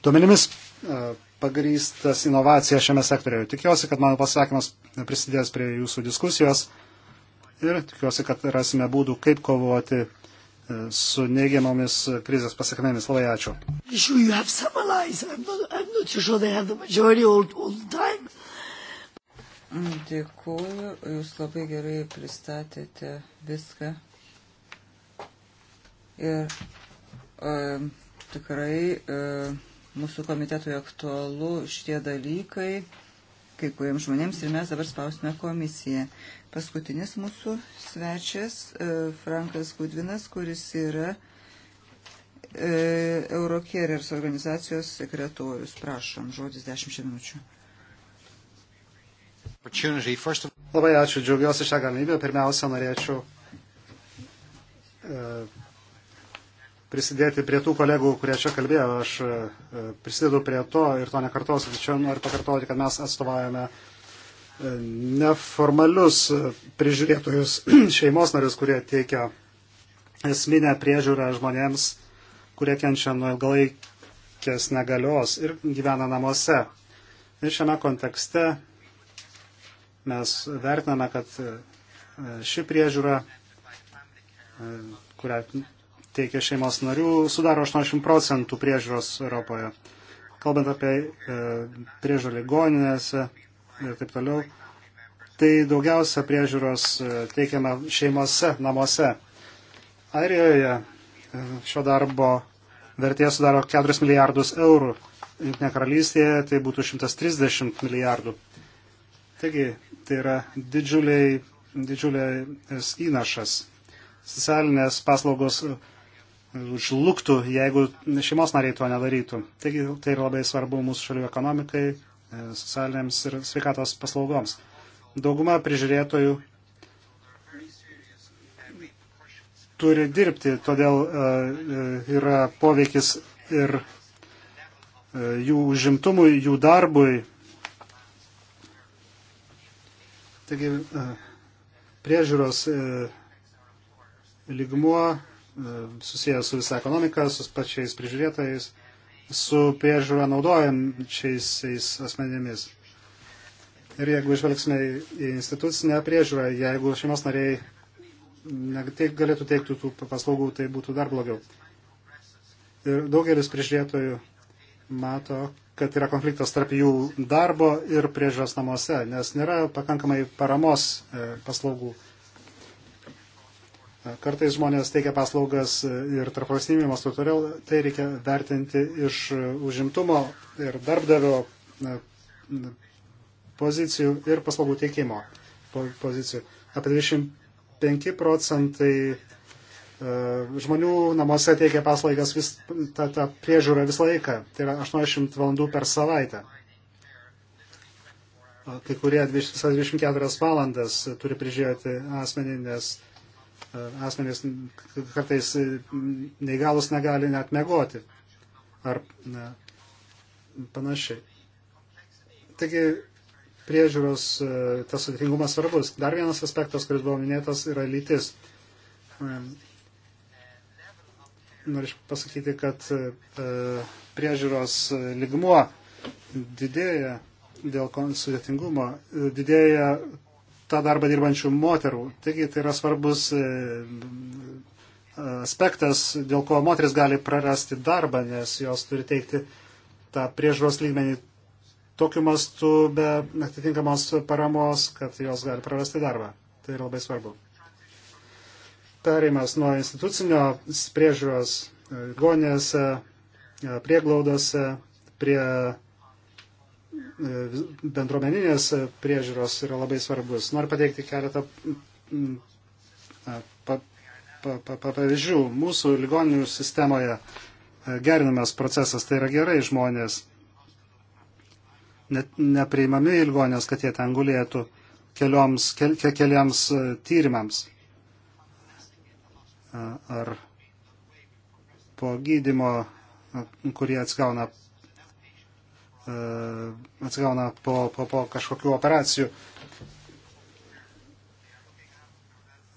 duomenimis e, pagrystas inovacijas šiame sektoriuje. Tikiuosi, kad mano pasakymas prisidės prie jūsų diskusijos ir tikiuosi, kad rasime būdų, kaip kovoti su neigiamomis krizės pasiekmėmis. Labai ačiū. Dėkuoju, jūs labai gerai pristatėte viską. Ir e, tikrai e, mūsų komitetui aktualu šitie dalykai kai kuriems žmonėms ir mes dabar spausime komisiją. Paskutinis mūsų svečias e, Frankas Gudvinas, kuris yra e, Eurocarriers organizacijos sekretorius. Prašom, žodis 10 minučių. Labai ačiū, džiaugiuosi šią galimybę. Pirmiausia, norėčiau e, prisidėti prie tų kolegų, kurie čia kalbėjo. Aš e, prisidedu prie to ir to nekartosiu, tačiau noriu pakartoti, kad mes atstovaujame e, neformalius prižiūrėtojus *clears throat* šeimos narius, kurie teikia esminę priežiūrą žmonėms, kurie kenčia nuo ilgalaikės negalios ir gyvena namuose. Ir šiame kontekste Mes vertiname, kad e, ši priežiūra, e, kurią teikia šeimos narių, sudaro 80 procentų priežiūros Europoje. Kalbant apie e, priežiūrą ligoninėse ir taip toliau, tai daugiausia priežiūros teikiama šeimose, namuose. Airijoje šio darbo vertė sudaro 4 milijardus eurų. Jungtinė karalystėje tai būtų 130 milijardų. Taigi tai yra didžiuliai, didžiulės įnašas. Socialinės paslaugos e, žlugtų, jeigu šeimos nariai to nedarytų. Taigi tai yra labai svarbu mūsų šalių ekonomikai, e, socialinėms ir sveikatos paslaugoms. Dauguma prižiūrėtojų turi dirbti, todėl e, yra poveikis ir jų užimtumui, jų darbui Taigi e, priežiūros e, lygmuo e, susijęs su visa ekonomika, su pačiais prižiūrėtojais, su priežiūra naudojančiais asmenėmis. Ir jeigu išvelgsime į institucinę priežiūrą, jeigu šeimos nariai galėtų teikti tų paslaugų, tai būtų dar blogiau. Ir daugelis prižiūrėtojų mato, kad yra konfliktas tarp jų darbo ir priežiūros namuose, nes nėra pakankamai paramos e, paslaugų. E, kartais žmonės teikia paslaugas e, ir tarpvalstybinių mastų, todėl tai reikia vertinti iš užimtumo ir darbdavio pozicijų ir paslaugų teikimo pozicijų. Apie 25 procentai E, žmonių namuose teikia paslaugas vis, tą, tą priežiūrą visą laiką, tai yra 80 valandų per savaitę. Kai kurie 24 valandas turi prižiūrėti asmenį, nes e, asmenys kartais neįgalus negali net mėgoti ar ne, panašiai. Taigi priežiūros e, tas sudėtingumas svarbus. Dar vienas aspektas, kuris buvo minėtas, yra lytis norėčiau pasakyti, kad e, priežiūros ligmuo didėja dėl sudėtingumo, didėja tą darbą dirbančių moterų. Taigi tai yra svarbus e, aspektas, dėl ko moteris gali prarasti darbą, nes jos turi teikti tą priežiūros lygmenį tokiu mastu be atitinkamos paramos, kad jos gali prarasti darbą. Tai yra labai svarbu perėjimas nuo institucinio priežiūros e, ligoninėse, e, prieglaudose prie e, bendruomeninės priežiūros yra labai svarbus. Noriu pateikti keletą pa, pa, pa, pavyzdžių. Mūsų ligoninių sistemoje gerinamas procesas, tai yra gerai žmonės net nepriimami į ligonės, kad jie ten gulėtų kelioms, kel, keliams tyrimams ar po gydimo, kurie atsigauna, e, atsigauna po, po, po kažkokių operacijų.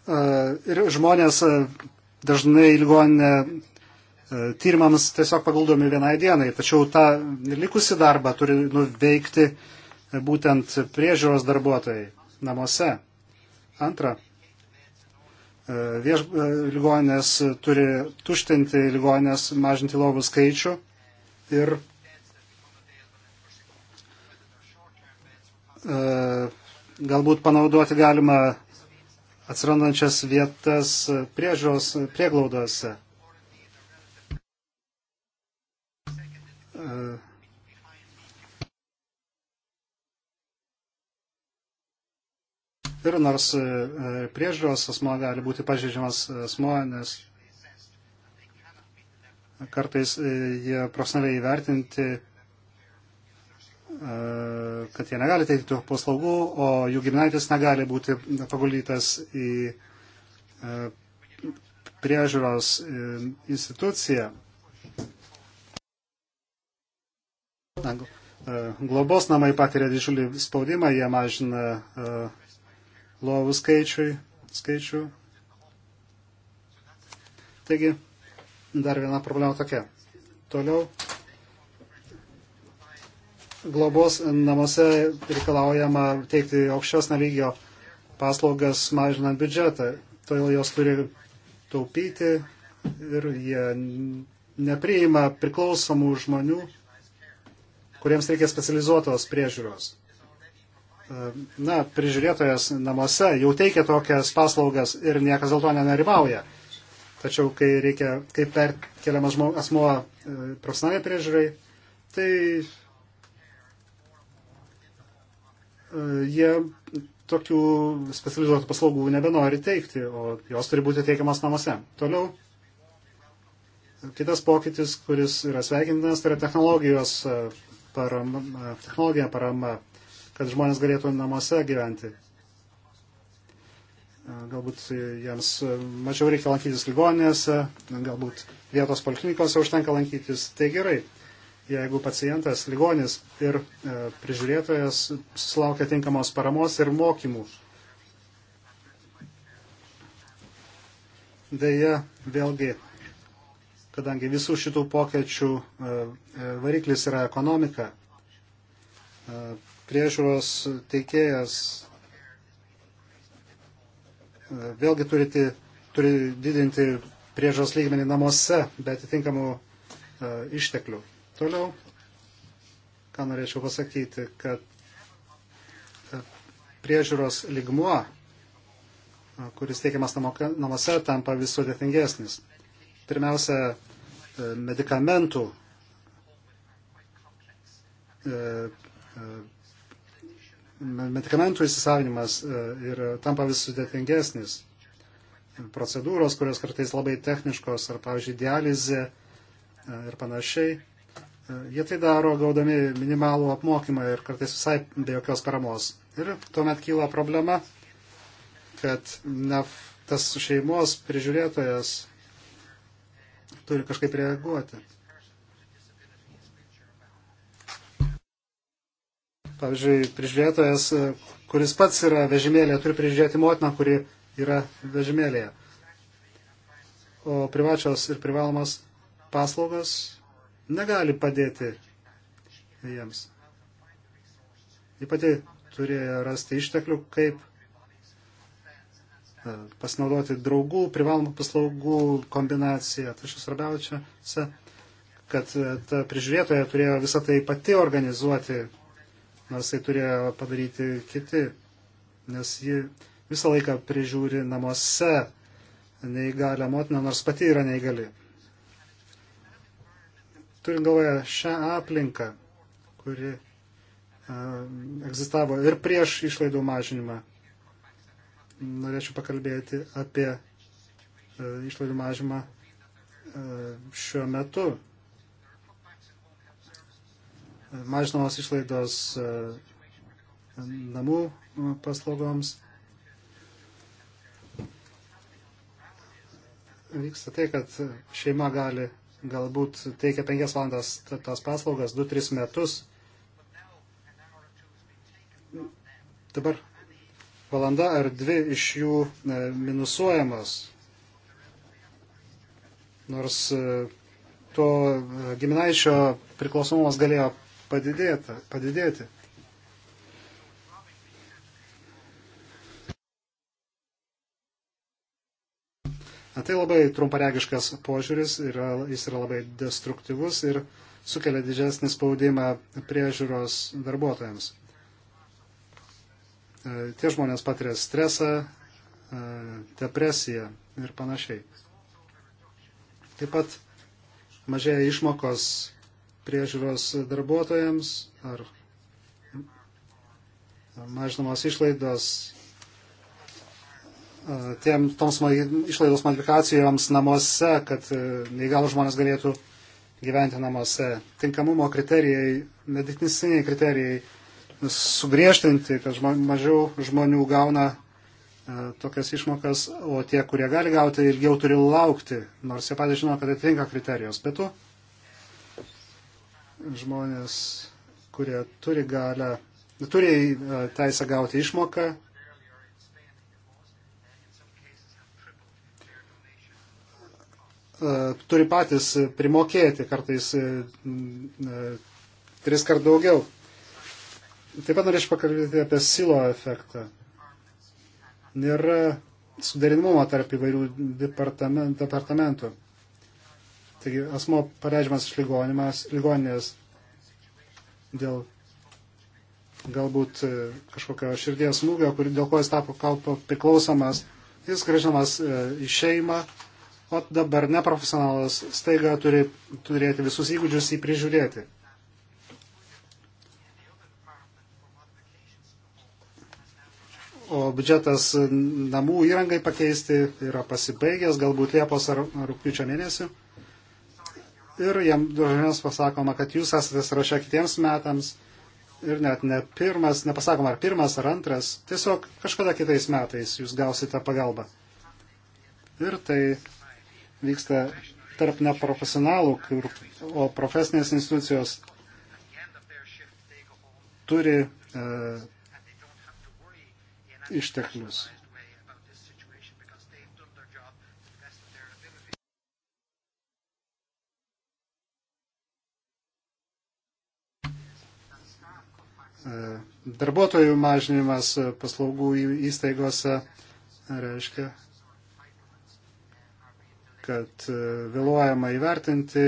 E, ir žmonės e, dažnai ligoninę tyrimams tiesiog paguldomi vienai dienai, tačiau tą likusi darbą turi nuveikti būtent priežiūros darbuotojai namuose. Antra, vieš, e, ligonės turi tuštinti ligonės, mažinti lovų skaičių ir e, galbūt panaudoti galima atsirandančias vietas priežiūros prieglaudose. Ir nors e, priežiūros asmo gali būti pažeidžiamas asmo, nes kartais e, jie profesionaliai įvertinti, e, kad jie negali teikti tų paslaugų, o jų giminaitis negali būti paguldytas į priežiūros instituciją. Globos namai patiria didžiulį spaudimą, jie mažina lovų skaičiui, skaičių. Taigi, dar viena problema tokia. Toliau globos namuose reikalaujama teikti aukščios lygio paslaugas mažinant biudžetą. Todėl jos turi taupyti ir jie nepriima priklausomų žmonių, kuriems reikia specializuotos priežiūros na, prižiūrėtojas namuose jau teikia tokias paslaugas ir niekas dėl to nenarimauja. Tačiau, kai reikia, kaip perkeliamas asmuo e, profesionaliai priežiūrai, tai e, jie tokių specializuotų paslaugų nebenori teikti, o jos turi būti teikiamas namuose. Toliau, kitas pokytis, kuris yra sveikintinas, tai yra technologijos e, parama, technologinė parama kad žmonės galėtų namuose gyventi. Galbūt jiems mažiau reikia lankytis ligoninėse, galbūt vietos poliklinikose užtenka lankytis. Tai gerai, jeigu pacientas, ligonis ir e, prižiūrėtojas susilaukia tinkamos paramos ir mokymų. Deja, vėlgi, kadangi visų šitų pokėčių e, e, variklis yra ekonomika, priežiūros teikėjas vėlgi turite, turi didinti priežos lygmenį namuose, bet atitinkamų e, išteklių. Toliau, ką norėčiau pasakyti, kad e, priežiūros lygmuo, e, kuris teikiamas namuose, tampa vis sudėtingesnis. Pirmiausia, e, medikamentų e, e, medikamentų įsisavinimas e, ir tampa vis sudėtingesnis. Procedūros, kurios kartais labai techniškos, ar pavyzdžiui dializė e, ir panašiai, e, jie tai daro gaudami minimalų apmokymą ir kartais visai be jokios paramos. Ir tuomet kyla problema, kad ne, tas šeimos prižiūrėtojas turi kažkaip reaguoti. Pavyzdžiui, prižiūrėtojas, e, kuris pats yra vežimėlėje, turi prižiūrėti motiną, kuri yra vežimėlėje. O privačios ir privalomas paslaugos negali padėti jiems. Ji pati turėjo rasti išteklių, kaip e, pasinaudoti draugų, privalomų paslaugų kombinaciją. Tai šis svarbiausia, kad e, ta prižiūrėtoja turėjo visą tai pati organizuoti, nors tai turėjo padaryti kiti, nes ji visą laiką prižiūri namuose neįgalę motiną, nors pati yra neįgali. Turint galvoje šią aplinką, kuri uh, egzistavo ir prieš išlaidų mažinimą, norėčiau pakalbėti apie uh, išlaidų mažinimą uh, šiuo metu mažinamos išlaidos e, namų e, paslaugoms. Vyksta tai, kad šeima gali galbūt teikia 5 valandas tas paslaugas 2-3 metus. Dabar valanda ar dvi iš jų e, minusuojamos. Nors to giminaičio priklausomumas galėjo padidėta, padidėti. Na, tai labai trumparegiškas požiūris, yra, jis yra labai destruktyvus ir sukelia didesnį spaudimą priežiūros darbuotojams. E, tie žmonės patiria stresą, e, depresiją ir panašiai. Taip pat mažėja išmokos priežiūros darbuotojams ar mažinamos išlaidos tiem, toms išlaidos modifikacijoms namuose, kad e, neįgalų žmonės galėtų gyventi namuose. Tinkamumo kriterijai, mediciniciniai kriterijai sugriežtinti, kad žmo, mažiau žmonių gauna e, tokias išmokas, o tie, kurie gali gauti, ilgiau turi laukti, nors jie patys žino, kad atitinka kriterijos. Bet tu žmonės, kurie turi galę, turi e, teisę gauti išmoką. E, turi patys primokėti kartais e, tris kart daugiau. Taip pat norėčiau pakalbėti apie silo efektą. Nėra suderinumo tarp įvairių departamentų. Taigi asmo paleidžiamas iš ligoninės dėl galbūt e, kažkokio širdies smūgio, dėl ko jis tapo kalpo priklausomas, jis grįžtamas e, į šeimą, o dabar neprofesionalas staiga turi turėti visus įgūdžius jį prižiūrėti. O biudžetas namų įrangai pakeisti yra pasibaigęs, galbūt Liepos ar rūpiučio mėnesių ir jam dažniausiai pasakoma, kad jūs esate sąraše kitiems metams ir net ne pirmas, nepasakoma ar pirmas ar antras, tiesiog kažkada kitais metais jūs gausite pagalbą. Ir tai vyksta tarp neprofesionalų, kur, o profesinės institucijos turi e, išteklius. E, darbuotojų mažinimas e, paslaugų įstaigose e, reiškia, kad vėluojama įvertinti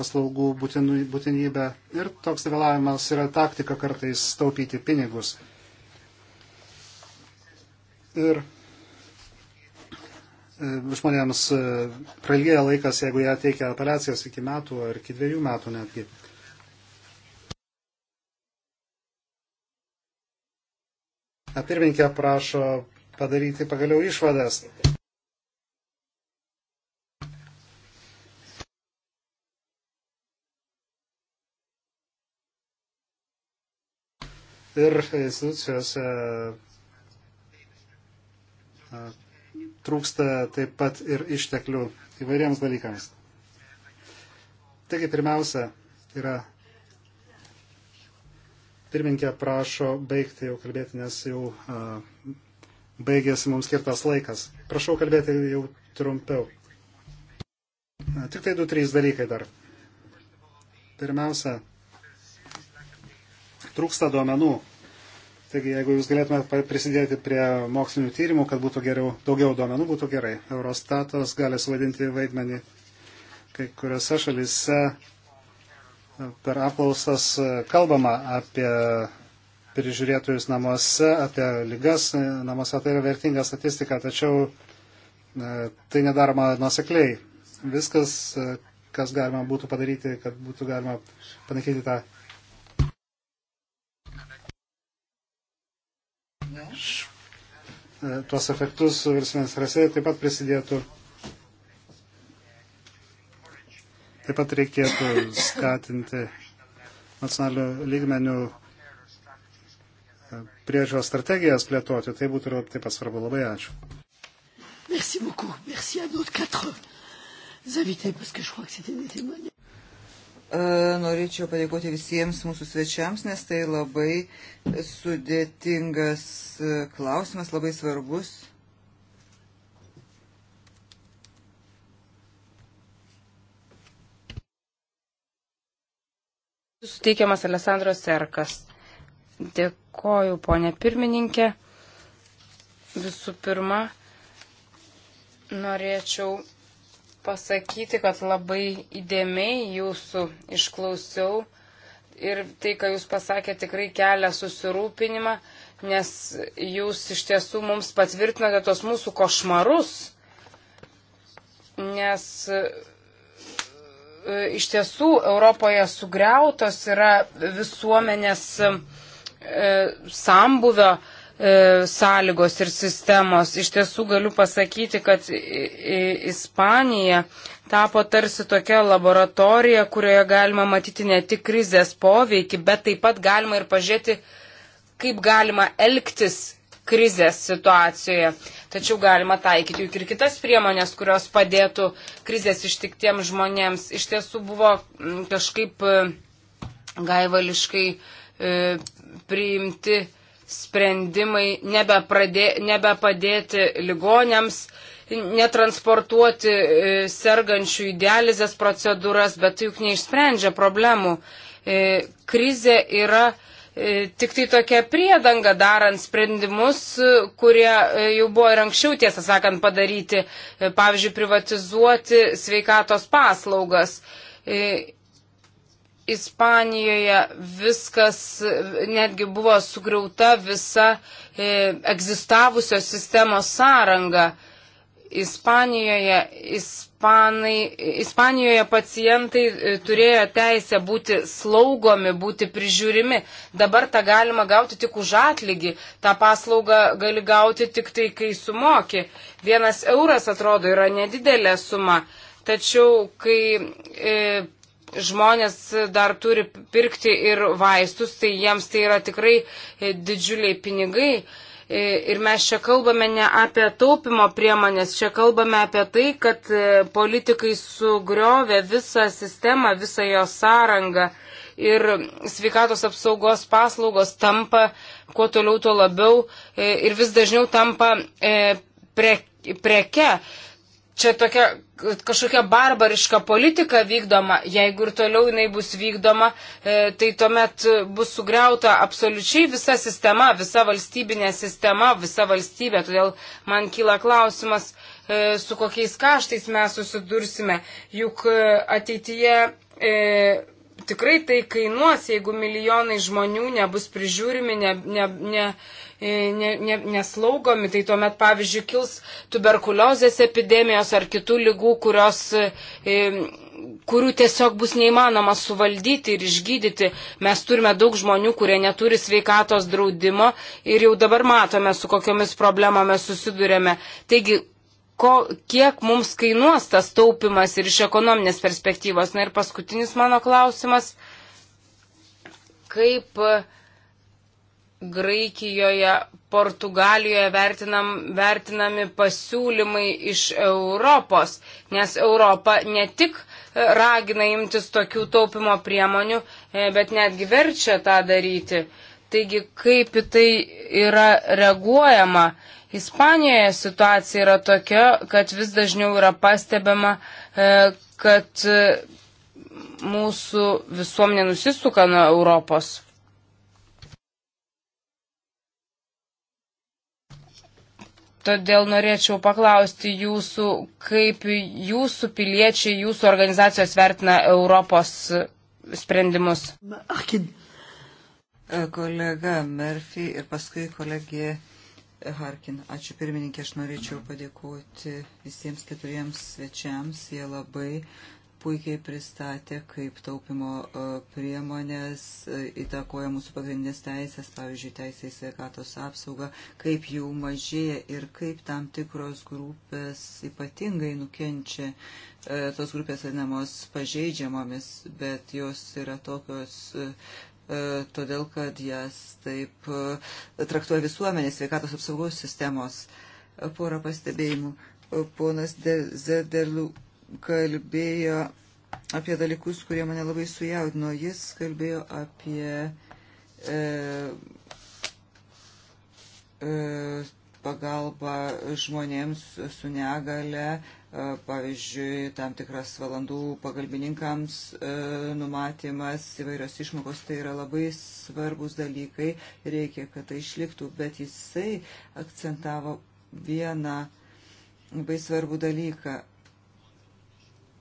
paslaugų būtinybę ir toks vėlavimas yra taktika kartais staupyti pinigus. Ir žmonėms pralgėja laikas, jeigu jie teikia apeliacijas iki metų ar iki dviejų metų netgi. Pirminkė prašo padaryti pagaliau išvadas. Ir institucijose e, trūksta taip pat ir išteklių įvairiems dalykams. Taigi pirmiausia yra Pirminkė prašo baigti jau kalbėti, nes jau a, baigėsi mums skirtas laikas. Prašau kalbėti jau trumpiau. Tik tai du, trys dalykai dar. Pirmiausia, trūksta duomenų. Taigi, jeigu jūs galėtumėte prisidėti prie mokslinių tyrimų, kad būtų geriau, daugiau duomenų būtų gerai. Eurostatas gali suvaidinti vaidmenį kai kuriuose šalise per apklausas e, kalbama apie prižiūrėtojus namuose, apie lygas e, namuose, tai yra vertinga statistika, tačiau e, tai nedaroma nusekliai. Viskas, kas galima būtų padaryti, kad būtų galima panaikinti tą tuos efektus valstybės rasė, taip pat prisidėtų Taip pat reikėtų skatinti nacionalinių lygmenių e, priežiūros strategijas plėtoti. Tai būtų taip pat svarbu. Labai ačiū. Merci beaucoup. Merci à nos quatre invités, parce que je crois que c'était des témoignages. E, norėčiau padėkoti visiems mūsų svečiams, nes tai labai sudėtingas e, klausimas, labai svarbus. Suteikiamas Alessandros Serkas. Dėkoju, ponė pirmininkė. Visų pirma, norėčiau pasakyti, kad labai įdėmiai jūsų išklausiau ir tai, ką jūs pasakėte, tikrai kelia susirūpinimą, nes jūs iš tiesų mums patvirtinote tos mūsų košmarus, nes E, iš tiesų Europoje sugriautos yra visuomenės e, sambuvio e, sąlygos ir sistemos. Iš tiesų galiu pasakyti, kad Ispanija tapo tarsi tokia laboratorija, kurioje galima matyti ne tik krizės poveikį, bet taip pat galima ir pažiūrėti, kaip galima elgtis krizės situacijoje. Tačiau galima taikyti juk ir kitas priemonės, kurios padėtų krizės ištiktiems žmonėms. Iš tiesų buvo mm, kažkaip e, gaivališkai e, priimti sprendimai nebepradė, nebepadėti ligonėms netransportuoti e, sergančių į dializės procedūras, bet juk neišsprendžia problemų. Krizė yra E, tik tai tokia priedanga darant sprendimus, e, kurie e, jau buvo ir anksčiau, tiesą sakant, padaryti, pavyzdžiui, privatizuoti sveikatos paslaugas. Ispanijoje viskas netgi buvo sugriauta visa egzistavusios sistemos sąranga. Ispanijoje, Ispanai, Ispanijoje pacientai e, turėjo teisę būti slaugomi, būti prižiūrimi. Dabar tą galima gauti tik už atlygį. Ta paslauga gali gauti tik tai, kai sumoki. Vienas euras, atrodo, yra nedidelė suma. Tačiau, kai e, žmonės dar turi pirkti ir vaistus, tai jiems tai yra tikrai e, didžiuliai pinigai. E, ir mes čia kalbame ne apie taupimo priemonės, čia kalbame apie tai, kad e, politikai sugriovė visą sistemą, visą jos sąrangą. Ir sveikatos apsaugos paslaugos tampa, kuo toliau, tuo labiau e, ir vis dažniau tampa preke. Pre čia tokia kažkokia barbariška politika vykdoma, jeigu ir toliau jinai bus vykdoma, e, tai tuomet bus sugriauta absoliučiai visa sistema, visa valstybinė sistema, visa valstybė. Todėl man kyla klausimas, e, su kokiais kaštais mes susidursime. Juk e, ateityje e, tikrai tai kainuos, jeigu milijonai žmonių nebus prižiūrimi, ne, ne, ne, E, ne, ne, neslaugomi, tai tuomet, pavyzdžiui, kils tuberkuliozės epidemijos ar kitų lygų, kurios, e, e, kurių tiesiog bus neįmanoma suvaldyti ir išgydyti. Mes turime daug žmonių, kurie neturi sveikatos draudimo ir jau dabar matome, su kokiomis problemomis susidurėme. Taigi, ko, kiek mums kainuos tas taupimas ir iš ekonominės perspektyvos. Na ir paskutinis mano klausimas. Kaip uh, Graikijoje, Portugalijoje vertinam, vertinami pasiūlymai iš Europos, nes Europa ne tik e, ragina imtis tokių taupimo priemonių, e, bet netgi verčia tą daryti. Taigi, kaip į tai yra reaguojama? Ispanijoje situacija yra tokia, kad vis dažniau yra pastebima, e, kad mūsų visuomenė nusisuka nuo Europos. Todėl norėčiau paklausti jūsų, kaip jūsų piliečiai, jūsų organizacijos vertina Europos sprendimus. Kolega Murphy ir paskui kolegė Harkin. Ačiū pirmininkė, aš norėčiau padėkoti visiems keturiems svečiams. Jie labai puikiai pristatė, kaip taupimo e, priemonės e, įtakoja mūsų pagrindinės teisės, pavyzdžiui, teisė į sveikatos apsaugą, kaip jų mažėja ir kaip tam tikros grupės ypatingai nukenčia, e, tos grupės vadinamos pažeidžiamomis, bet jos yra tokios todėl, kad jas taip traktuoja visuomenės sveikatos apsaugos sistemos. Porą pastebėjimų. Ponas Zederliu. De kalbėjo apie dalykus, kurie mane labai sujaudino. Jis kalbėjo apie e, e, pagalbą žmonėms su negale, e, pavyzdžiui, tam tikras valandų pagalbininkams e, numatymas, įvairios išmokos, tai yra labai svarbus dalykai, reikia, kad tai išliktų, bet jisai akcentavo vieną labai svarbų dalyką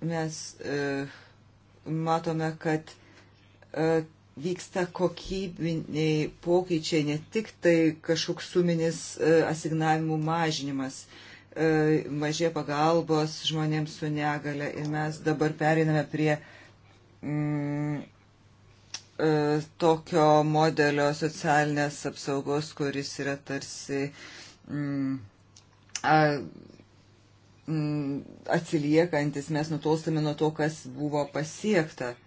Mes e, matome, kad e, vyksta kokybiniai pokyčiai, ne tik tai kažkoks suminis e, asignavimų mažinimas, e, mažė pagalbos žmonėms su negale. Ir mes dabar periname prie mm, e, tokio modelio socialinės apsaugos, kuris yra tarsi. Mm, a, Mm, atsiliekantis, mes nutolstame nuo to, kas buvo pasiekta. E,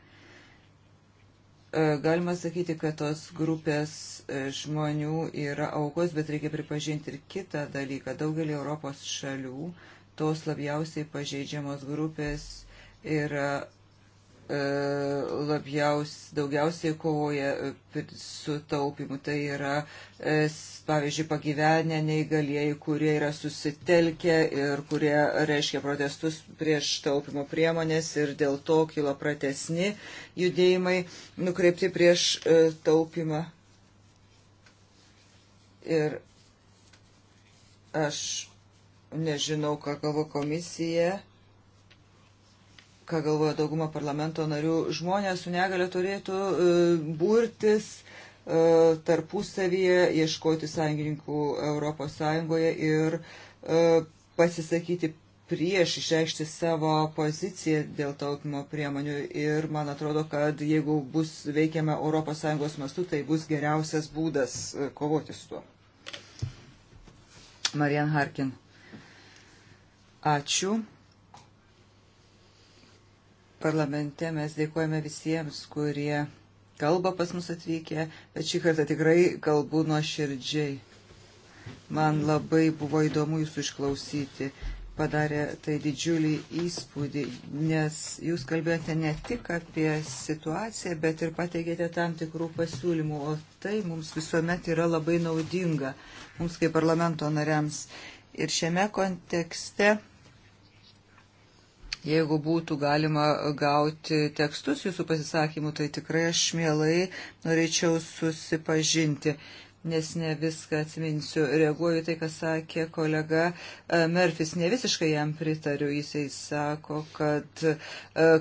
galima sakyti, kad tos grupės e, žmonių yra aukos, bet reikia pripažinti ir kitą dalyką. Daugelį Europos šalių tos labiausiai pažeidžiamos grupės yra E, labiaus, daugiausiai kovoja e, su taupimu. Tai yra, e, pavyzdžiui, pagyvenę neįgalieji, kurie yra susitelkę ir kurie reiškia protestus prieš taupimo priemonės ir dėl to kilo pratesni judėjimai nukreipti prieš taupimą. Ir aš nežinau, ką galvo komisija ką galvoja dauguma parlamento narių, žmonės su negale turėtų e, burtis e, tarpusavyje, ieškoti sąjungininkų Europos Sąjungoje ir e, pasisakyti prieš išreikšti savo poziciją dėl taupimo priemonių ir man atrodo, kad jeigu bus veikiama ES mastu, tai bus geriausias būdas kovoti su tuo. Marian Harkin. Ačiū parlamente mes dėkojame visiems, kurie kalba pas mus atvykę, bet šį kartą tikrai kalbu nuo širdžiai. Man labai buvo įdomu jūsų išklausyti, padarė tai didžiulį įspūdį, nes jūs kalbėjote ne tik apie situaciją, bet ir pateikėte tam tikrų pasiūlymų, o tai mums visuomet yra labai naudinga, mums kaip parlamento nariams. Ir šiame kontekste Jeigu būtų galima gauti tekstus jūsų pasisakymų, tai tikrai aš mielai norėčiau susipažinti, nes ne viską atsiminsiu. Reaguoju tai, ką sakė kolega e, Merfis, ne visiškai jam pritariu. Jisai sako, kad e,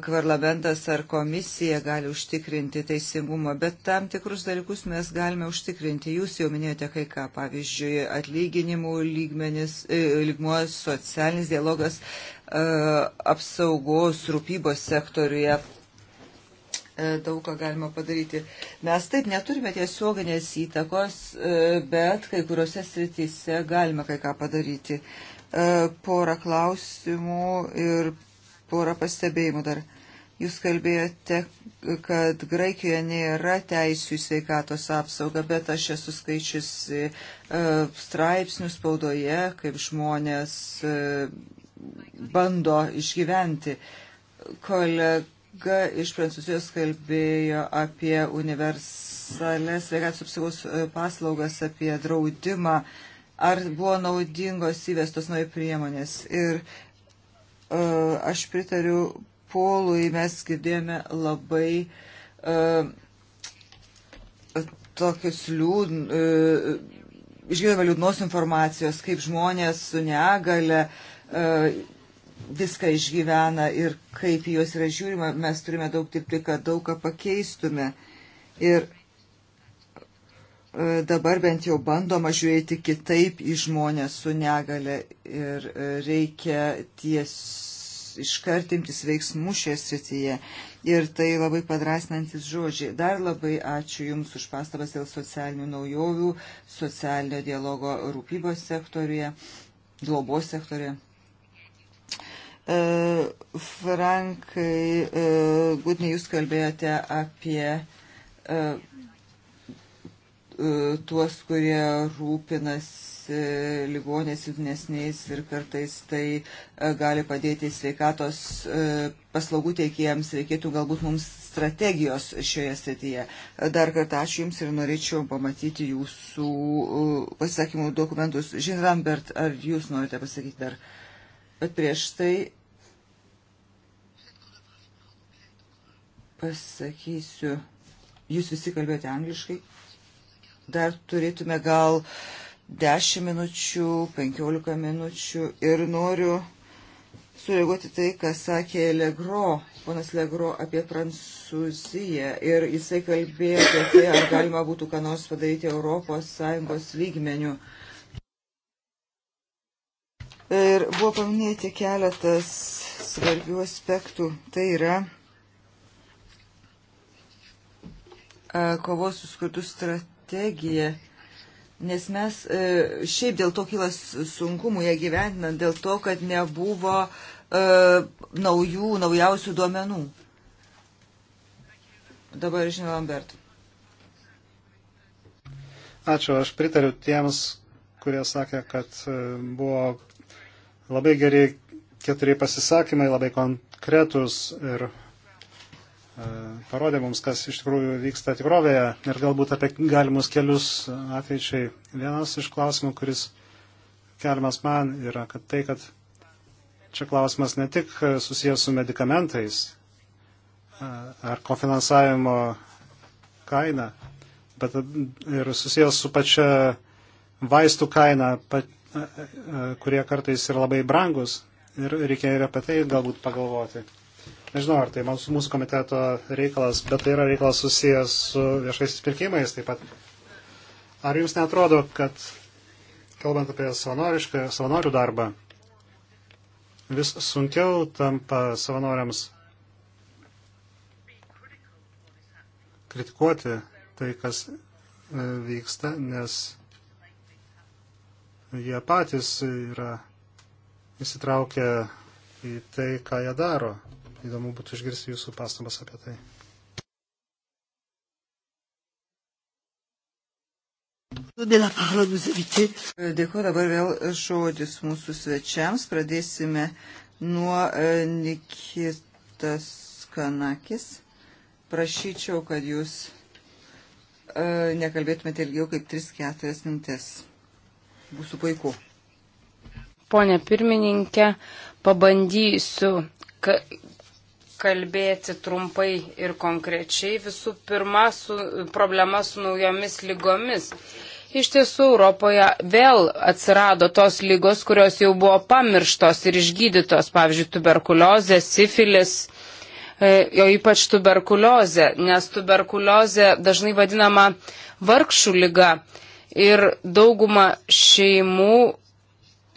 parlamentas ar komisija gali užtikrinti teisingumą, bet tam tikrus dalykus mes galime užtikrinti. Jūs jau minėjote kai ką, pavyzdžiui, atlyginimų lygmenis, e, lygmuo, socialinis dialogas E, apsaugos rūpybos sektoriuje e, daug ką galima padaryti. Mes taip neturime tiesioginės įtakos, e, bet kai kuriuose srityse galime kai ką padaryti. Porą klausimų ir porą pastebėjimų dar. Jūs kalbėjote, kad Graikijoje nėra teisų į sveikatos apsaugą, bet aš esu skaičius straipsnių spaudoje, kaip žmonės bando išgyventi. Kolega iš Prancūzijos kalbėjo apie universales sveikatos apsaugos e, paslaugas, apie draudimą, ar buvo naudingos įvestos nauji priemonės. Ir uh, aš pritariu Polui, mes girdėjome labai uh, tokius liūdn, uh, išgirdome liūdnos informacijos, kaip žmonės su negale uh, E, viską išgyvena ir kaip juos yra žiūrima, mes turime daug dirbti, kad daug ką pakeistume. Ir e, dabar bent jau bandoma žiūrėti kitaip į žmonės su negale ir e, reikia ties iškartintis veiksmų šioje srityje. Ir tai labai padrasnantis žodžiai. Dar labai ačiū Jums už pastabas dėl socialinių naujovių, socialinio dialogo rūpybos sektorija, globos sektorija. E, Frankai, e, Gudne, jūs kalbėjote apie e, tuos, kurie rūpinasi ligonės silpnesniais ir kartais tai gali padėti sveikatos paslaugų teikėjams, reikėtų galbūt mums strategijos šioje srityje. Dar kartą ačiū Jums ir norėčiau pamatyti Jūsų pasisakymų dokumentus. Žin Rambert, ar Jūs norite pasakyti dar? Bet prieš tai pasakysiu, jūs visi kalbėjote angliškai, dar turėtume gal 10 minučių, 15 minučių ir noriu sureaguoti tai, ką sakė Legro, ponas Legro apie Prancūziją ir jisai kalbėjo apie tai, ar galima būtų ką nors padaryti ES lygmenių. Ir buvo paminėti keletas svarbių aspektų. Tai yra E, kovos su skurdu strategiją. Nes mes e, šiaip dėl to kilas sunkumų ją gyvendinant, dėl to, kad nebuvo e, naujų, naujausių duomenų. Dabar žinau, Lambert. Ačiū, aš pritariu tiems, kurie sakė, kad buvo labai geri keturi pasisakymai, labai konkretus ir E, parodė mums, kas iš tikrųjų vyksta tikrovėje ir galbūt apie galimus kelius ateičiai. Vienas iš klausimų, kuris keliamas man, yra kad tai, kad čia klausimas ne tik susijęs su medikamentais e, ar kofinansavimo kaina, bet ir susijęs su pačia vaistų kaina, e, kurie kartais yra labai brangus ir reikia ir apie tai galbūt pagalvoti. Nežinau, ar tai mūsų komiteto reikalas, bet tai yra reikalas susijęs su viešaisiais pirkimais taip pat. Ar jums netrodo, kad kalbant apie savanorių darbą, vis sunkiau tampa savanoriams kritikuoti tai, kas e, vyksta, nes jie patys yra įsitraukę į tai, ką jie daro įdomu būtų išgirsti jūsų pastabas apie tai. Dėkuoju dabar vėl žodis mūsų svečiams. Pradėsime nuo e, Nikitas Kanakis. Prašyčiau, kad jūs e, nekalbėtumėte ilgiau kaip 3-4 minutės. Būsiu puiku. Pone pirmininkė, pabandysiu kalbėti trumpai ir konkrečiai. Visų pirma, su, problema su naujomis lygomis. Iš tiesų, Europoje vėl atsirado tos lygos, kurios jau buvo pamirštos ir išgydytos, pavyzdžiui, tuberkuliozė, sifilis, e, jo ypač tuberkuliozė, nes tuberkuliozė dažnai vadinama vargšų lyga ir dauguma šeimų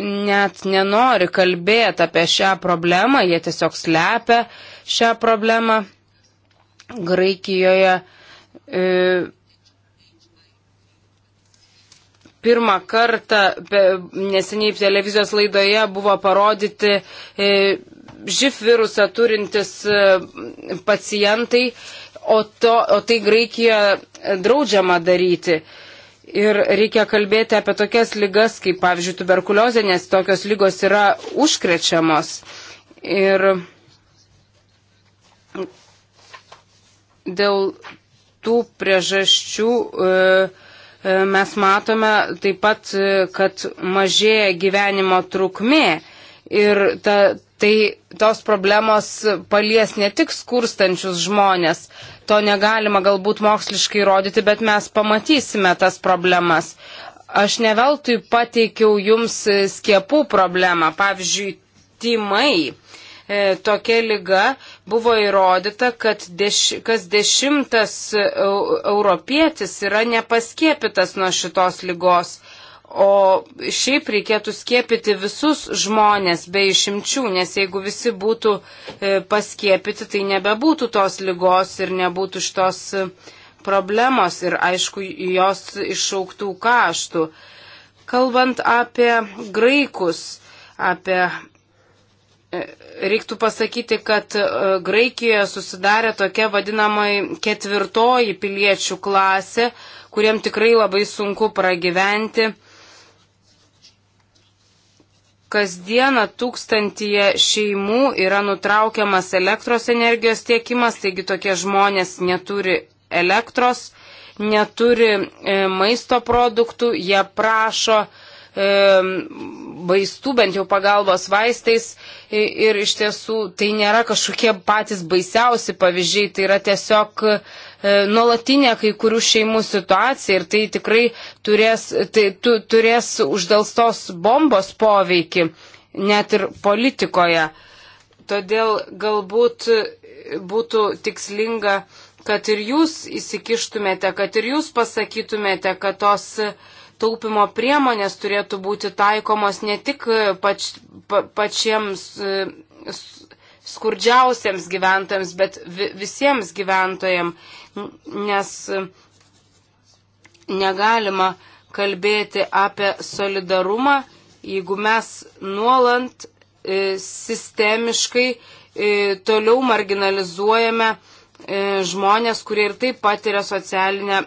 net nenori kalbėti apie šią problemą, jie tiesiog slepia šią problemą. Graikijoje e, pirmą kartą be, neseniai televizijos laidoje buvo parodyti e, živ virusą turintis e, pacientai, o, to, o tai Graikijoje e, draudžiama daryti. Ir reikia kalbėti apie tokias lygas, kaip pavyzdžiui tuberkuliozė, nes tokios lygos yra užkrečiamos. Ir Dėl tų priežasčių e, e, mes matome taip pat, e, kad mažėja gyvenimo trukmė ir ta, tai tos problemos palies ne tik skurstančius žmonės. To negalima galbūt moksliškai įrodyti, bet mes pamatysime tas problemas. Aš neveltui pateikiau jums skiepų problemą, pavyzdžiui, tymai e, tokia lyga buvo įrodyta, kad deš, kas dešimtas europietis yra nepaskėpytas nuo šitos lygos. O šiaip reikėtų skiepyti visus žmonės be išimčių, nes jeigu visi būtų e, paskiepyti, tai nebebūtų tos lygos ir nebūtų šitos e, problemos ir aišku jos išauktų kaštų. Kalbant apie graikus, apie e, reiktų pasakyti, kad e, Graikijoje susidarė tokia vadinamai ketvirtoji piliečių klasė, kuriem tikrai labai sunku pragyventi. Kasdieną tūkstantyje šeimų yra nutraukiamas elektros energijos tiekimas, taigi tokie žmonės neturi elektros, neturi e, maisto produktų, jie prašo, vaistų, bent jau pagalbos vaistais. Ir iš tiesų tai nėra kažkokie patys baisiausi pavyzdžiai, tai yra tiesiog e, nuolatinė kai kurių šeimų situacija ir tai tikrai turės, tai, tu, turės uždelstos bombos poveikį, net ir politikoje. Todėl galbūt būtų tikslinga, kad ir jūs įsikištumėte, kad ir jūs pasakytumėte, kad tos uh, taupimo priemonės turėtų būti taikomos ne tik pač, pa, pačiems e, skurdžiausiems gyventojams, bet visiems gyventojams, nes negalima kalbėti apie solidarumą, jeigu mes nuolant e, sistemiškai e, toliau marginalizuojame žmonės, kurie ir taip patiria socialinę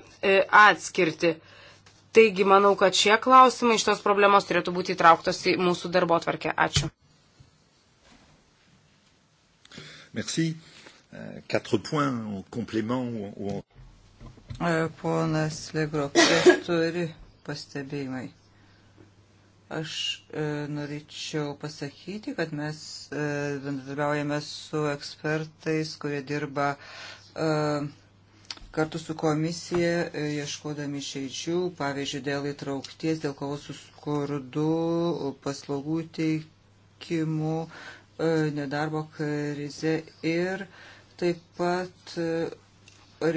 atskirtį. Taigi, manau, kad šie klausimai, šitos problemos turėtų būti įtrauktos į mūsų darbo tvarkę. Ačiū. Merci. Euh, quatre points en complément ou en... E, ponas Legropės *coughs* turi pastebėjimai. Aš e, norėčiau pasakyti, kad mes e, bendradarbiaujame su ekspertais, kurie dirba e, kartu su komisija e, ieškodami išeičių, pavyzdžiui, dėl įtraukties, dėl kovos su skurdu, paslaugų teikimu, e, nedarbo krize ir taip pat e,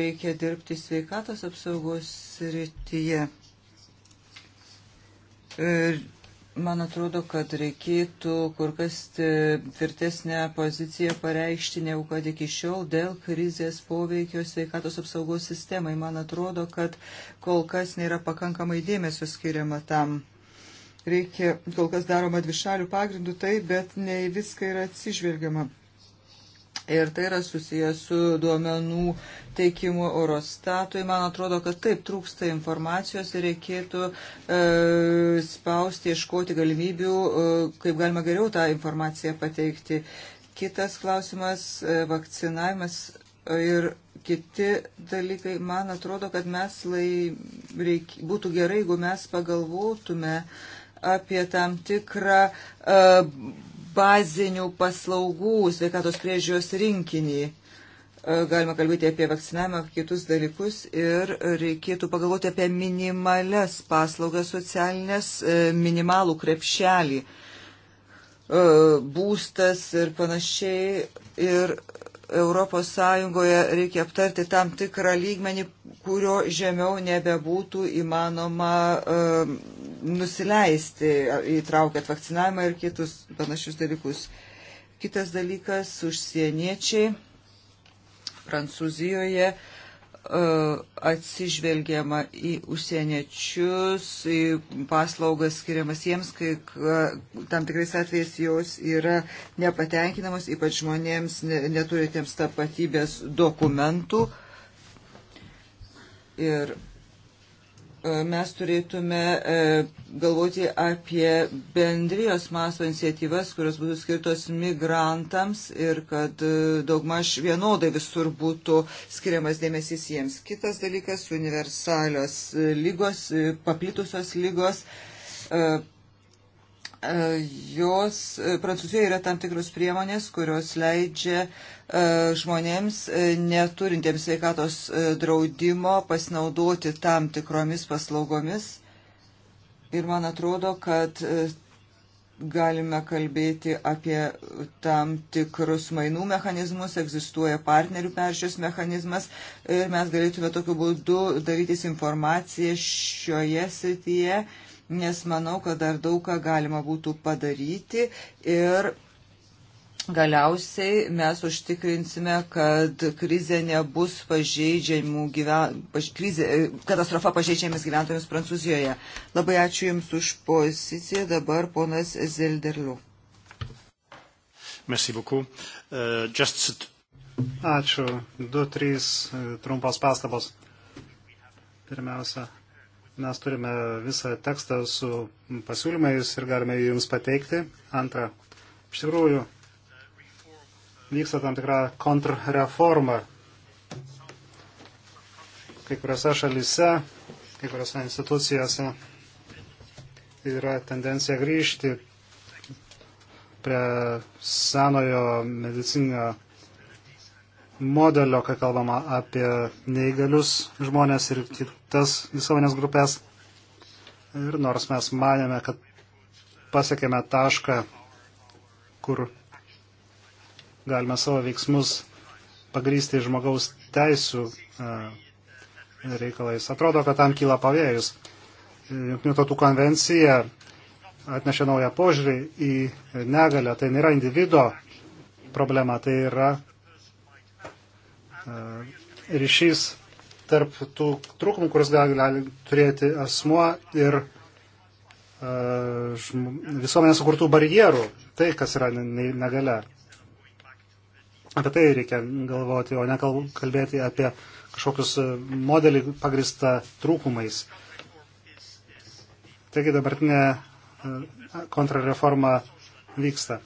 reikia dirbti sveikatos apsaugos srityje. Ir Man atrodo, kad reikėtų kur kas tvirtesnę poziciją pareikšti, negu kad iki šiol dėl krizės poveikio sveikatos apsaugos sistemai. Man atrodo, kad kol kas nėra pakankamai dėmesio skiriama tam. Reikia, kol kas daroma dvišalių pagrindų tai, bet ne viską yra atsižvelgiama. Ir tai yra susijęs su duomenų teikimu Eurostatui. Man atrodo, kad taip trūksta informacijos ir reikėtų e, spausti, ieškoti galimybių, e, kaip galima geriau tą informaciją pateikti. Kitas klausimas e, - vakcinavimas ir kiti dalykai. Man atrodo, kad mes lai, reik, būtų gerai, jeigu mes pagalvotume apie tam tikrą. E, bazinių paslaugų sveikatos priežiūros rinkinį. E, galima kalbėti apie vakcinavimą, kitus dalykus ir reikėtų pagalvoti apie minimales paslaugas socialinės, e, minimalų krepšelį, e, būstas ir panašiai. Ir Europos Sąjungoje reikia aptarti tam tikrą lygmenį, kurio žemiau nebebūtų įmanoma uh, nusileisti, įtraukiant vakcinavimą ir kitus panašius dalykus. Kitas dalykas - užsieniečiai Prancūzijoje uh, E, atsižvelgiama į užsieniečius, į paslaugas skiriamas jiems, kai tam tikrais atvejais jos yra nepatenkinamos, ypač žmonėms neturėtiems tapatybės dokumentų. Ir E, mes turėtume e, galvoti apie bendrijos masto iniciatyvas, kurios būtų skirtos migrantams ir kad e, daugmaž vienodai visur būtų skiriamas dėmesys jiems. Kitas dalykas - universalios lygos, paplitusios lygos E, jos e, Prancūzijoje yra tam tikros priemonės, kurios leidžia e, žmonėms neturintiems sveikatos draudimo pasinaudoti tam tikromis paslaugomis. Ir man atrodo, kad galime kalbėti apie tam tikrus mainų mechanizmus, egzistuoja partnerių peržiūros mechanizmas ir mes galėtume tokiu būdu darytis informaciją šioje srityje nes manau, kad dar daug ką galima būtų padaryti ir galiausiai mes užtikrinsime, kad krizė nebus pažeidžiamų gyven... paž... krizė... katastrofa pažeidžiamis gyventojams Prancūzijoje. Labai ačiū Jums už poziciją. Dabar ponas Zelderliu. Merci beaucoup. Uh, just... Ačiū. Du, trys e, trumpos pastabos. Pirmiausia, Mes turime visą tekstą su pasiūlymais ir galime jums pateikti. Antra, iš tikrųjų vyksta tam tikra kontrreforma. Kai kuriuose šalise, kai kuriuose institucijose yra tendencija grįžti prie senojo medicinio modelio, kai kalbama apie neįgalius žmonės ir kitas visuomenės grupės. Ir nors mes manėme, kad pasiekėme tašką, kur galime savo veiksmus pagrysti žmogaus teisų e, reikalais. Atrodo, kad tam kyla pavėjus. Junktinių tautų konvencija atnešė naują požiūrį į negalę. Tai nėra individo problema, tai yra E, ryšys tarp tų trūkumų, kuris gali, gali turėti asmuo ir e, visuomenės sukurtų barjerų, tai kas yra negale. Apie tai reikia galvoti, o ne kalbėti apie kažkokius e, modelį pagristą trūkumais. Taigi dabartinė kontrareforma vyksta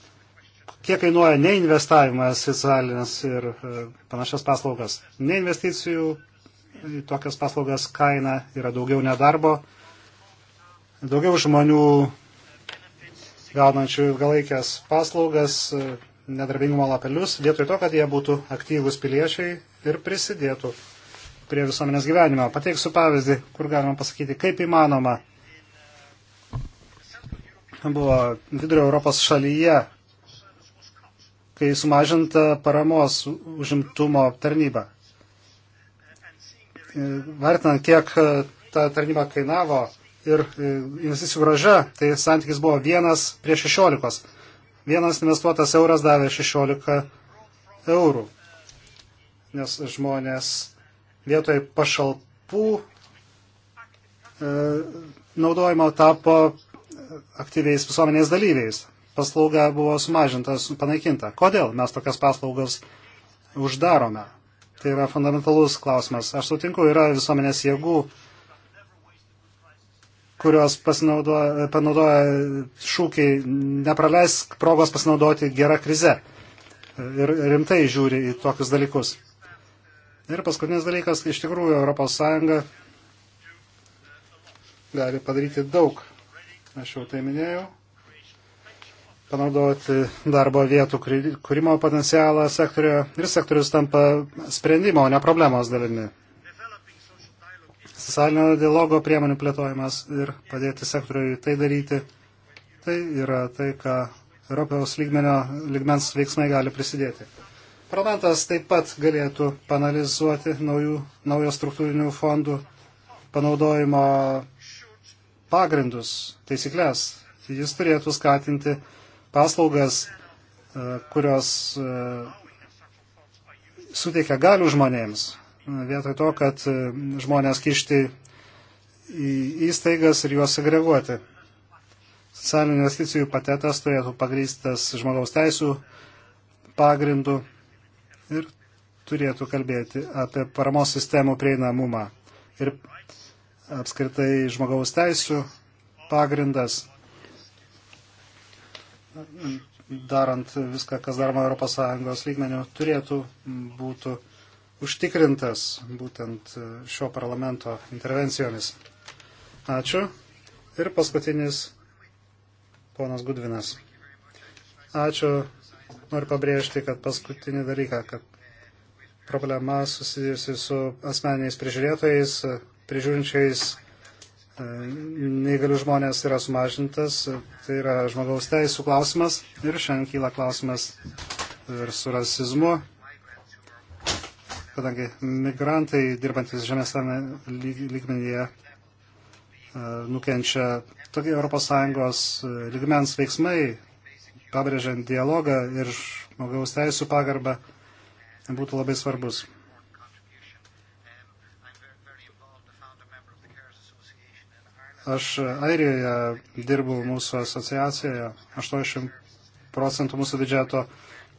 kiek kainuoja neinvestavimas socialinės ir e, panašias paslaugas. Neinvesticijų į tokias paslaugas kaina yra daugiau nedarbo, daugiau žmonių gaunančių ilgalaikės paslaugas, e, nedarbingumo lapelius, vietoj to, kad jie būtų aktyvūs piliečiai ir prisidėtų prie visuomenės gyvenimo. Pateiksiu pavyzdį, kur galima pasakyti, kaip įmanoma buvo vidurio Europos šalyje kai sumažinta paramos užimtumo tarnyba. Vertinant, kiek e, ta tarnyba kainavo ir e, investicijų graža, tai santykis buvo vienas prie šešiolikos. Vienas investuotas euras davė šešiolika eurų, nes žmonės vietoj pašalpų e, naudojimo tapo aktyviais visuomenės dalyviais paslauga buvo sumažintas, panaikinta. Kodėl mes tokias paslaugas uždarome? Tai yra fundamentalus klausimas. Aš sutinku, yra visuomenės jėgų, kurios panaudoja šūkį nepraleisk progos pasinaudoti gerą krizę ir rimtai žiūri į tokius dalykus. Ir paskutinis dalykas, iš tikrųjų, ES gali padaryti daug. Aš jau tai minėjau panaudoti darbo vietų kūrimo potencialą sektoriuje ir sektorius tampa sprendimo, o ne problemos dalimi. Socialinio dialogo priemonių plėtojimas ir padėti sektoriui tai daryti, tai yra tai, ką Europos lygmenio, lygmens veiksmai gali prisidėti. Parlamentas taip pat galėtų panalizuoti naujų, naujo struktūrinių fondų panaudojimo pagrindus, taisyklės. Jis turėtų skatinti paslaugas, e, kurios e, suteikia galių žmonėms, e, vietoj to, kad žmonės kišti į įstaigas ir juos agreguoti. Socialinių investicijų patetas turėtų pagrystas žmogaus teisų pagrindų ir turėtų kalbėti apie paramos sistemų prieinamumą ir apskritai žmogaus teisų pagrindas darant viską, kas daroma ES lygmenių, turėtų būtų užtikrintas būtent šio parlamento intervencijomis. Ačiū. Ir paskutinis ponas Gudvinas. Ačiū. Noriu pabrėžti, kad paskutinį dalyką, kad problema susijusi su asmeniniais prižiūrėtojais, prižiūrinčiais neįgalių žmonės yra sumažintas, tai yra žmogaus teisų klausimas ir šiandien kyla klausimas ir su rasizmu, kadangi migrantai dirbantis žemesame lygmenyje e, nukenčia tokie ES e, lygmens veiksmai, pabrėžiant dialogą ir žmogaus teisų pagarbą, būtų labai svarbus. Aš Airijoje dirbu mūsų asociacijoje. 80 procentų mūsų biudžeto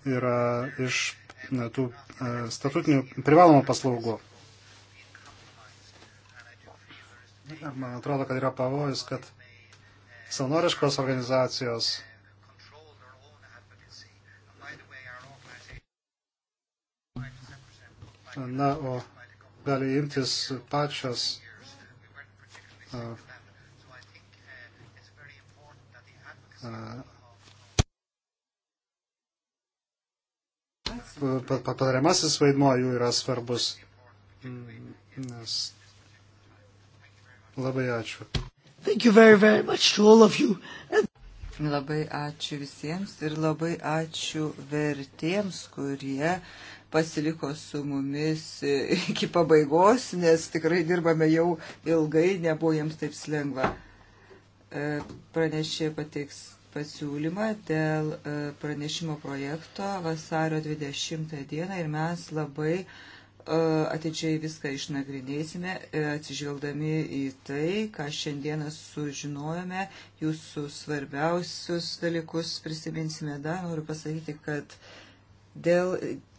yra iš tų e, statutinių privalomų paslaugų. Man atrodo, kad yra pavojus, kad savanoriškos organizacijos na, o gali imtis pačios patariamasis vaidmuo jų yra svarbus. Mm, nes labai ačiū. Very, very And... Labai ačiū visiems ir labai ačiū vertiems, kurie pasiliko su mumis iki pabaigos, nes tikrai dirbame jau ilgai, nebuvo jiems taip lengva. E, pranešė pateiks pasiūlymą dėl e, pranešimo projekto vasario 20 dieną ir mes labai e, atidžiai viską išnagrinėsime, atsižvelgdami į tai, ką šiandieną sužinojome, jūsų svarbiausius dalykus prisiminsime dar. Noriu pasakyti, kad dėl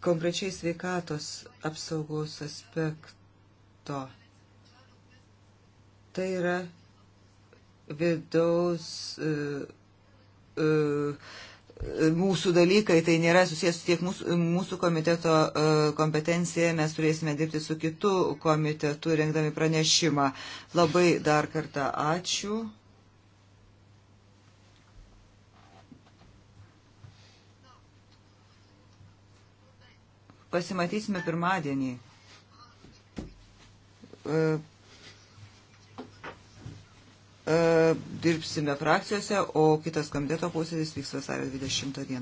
konkrečiai sveikatos apsaugos aspekto tai yra vidaus uh, uh, mūsų dalykai, tai nėra susijęs su tiek mūsų, mūsų komiteto kompetencija, mes turėsime dirbti su kitu komitetu, rengdami pranešimą. Labai dar kartą ačiū. Pasimatysime pirmadienį dirbsime frakcijose, o kitas komiteto posėdis vyks vasario 20 dieną.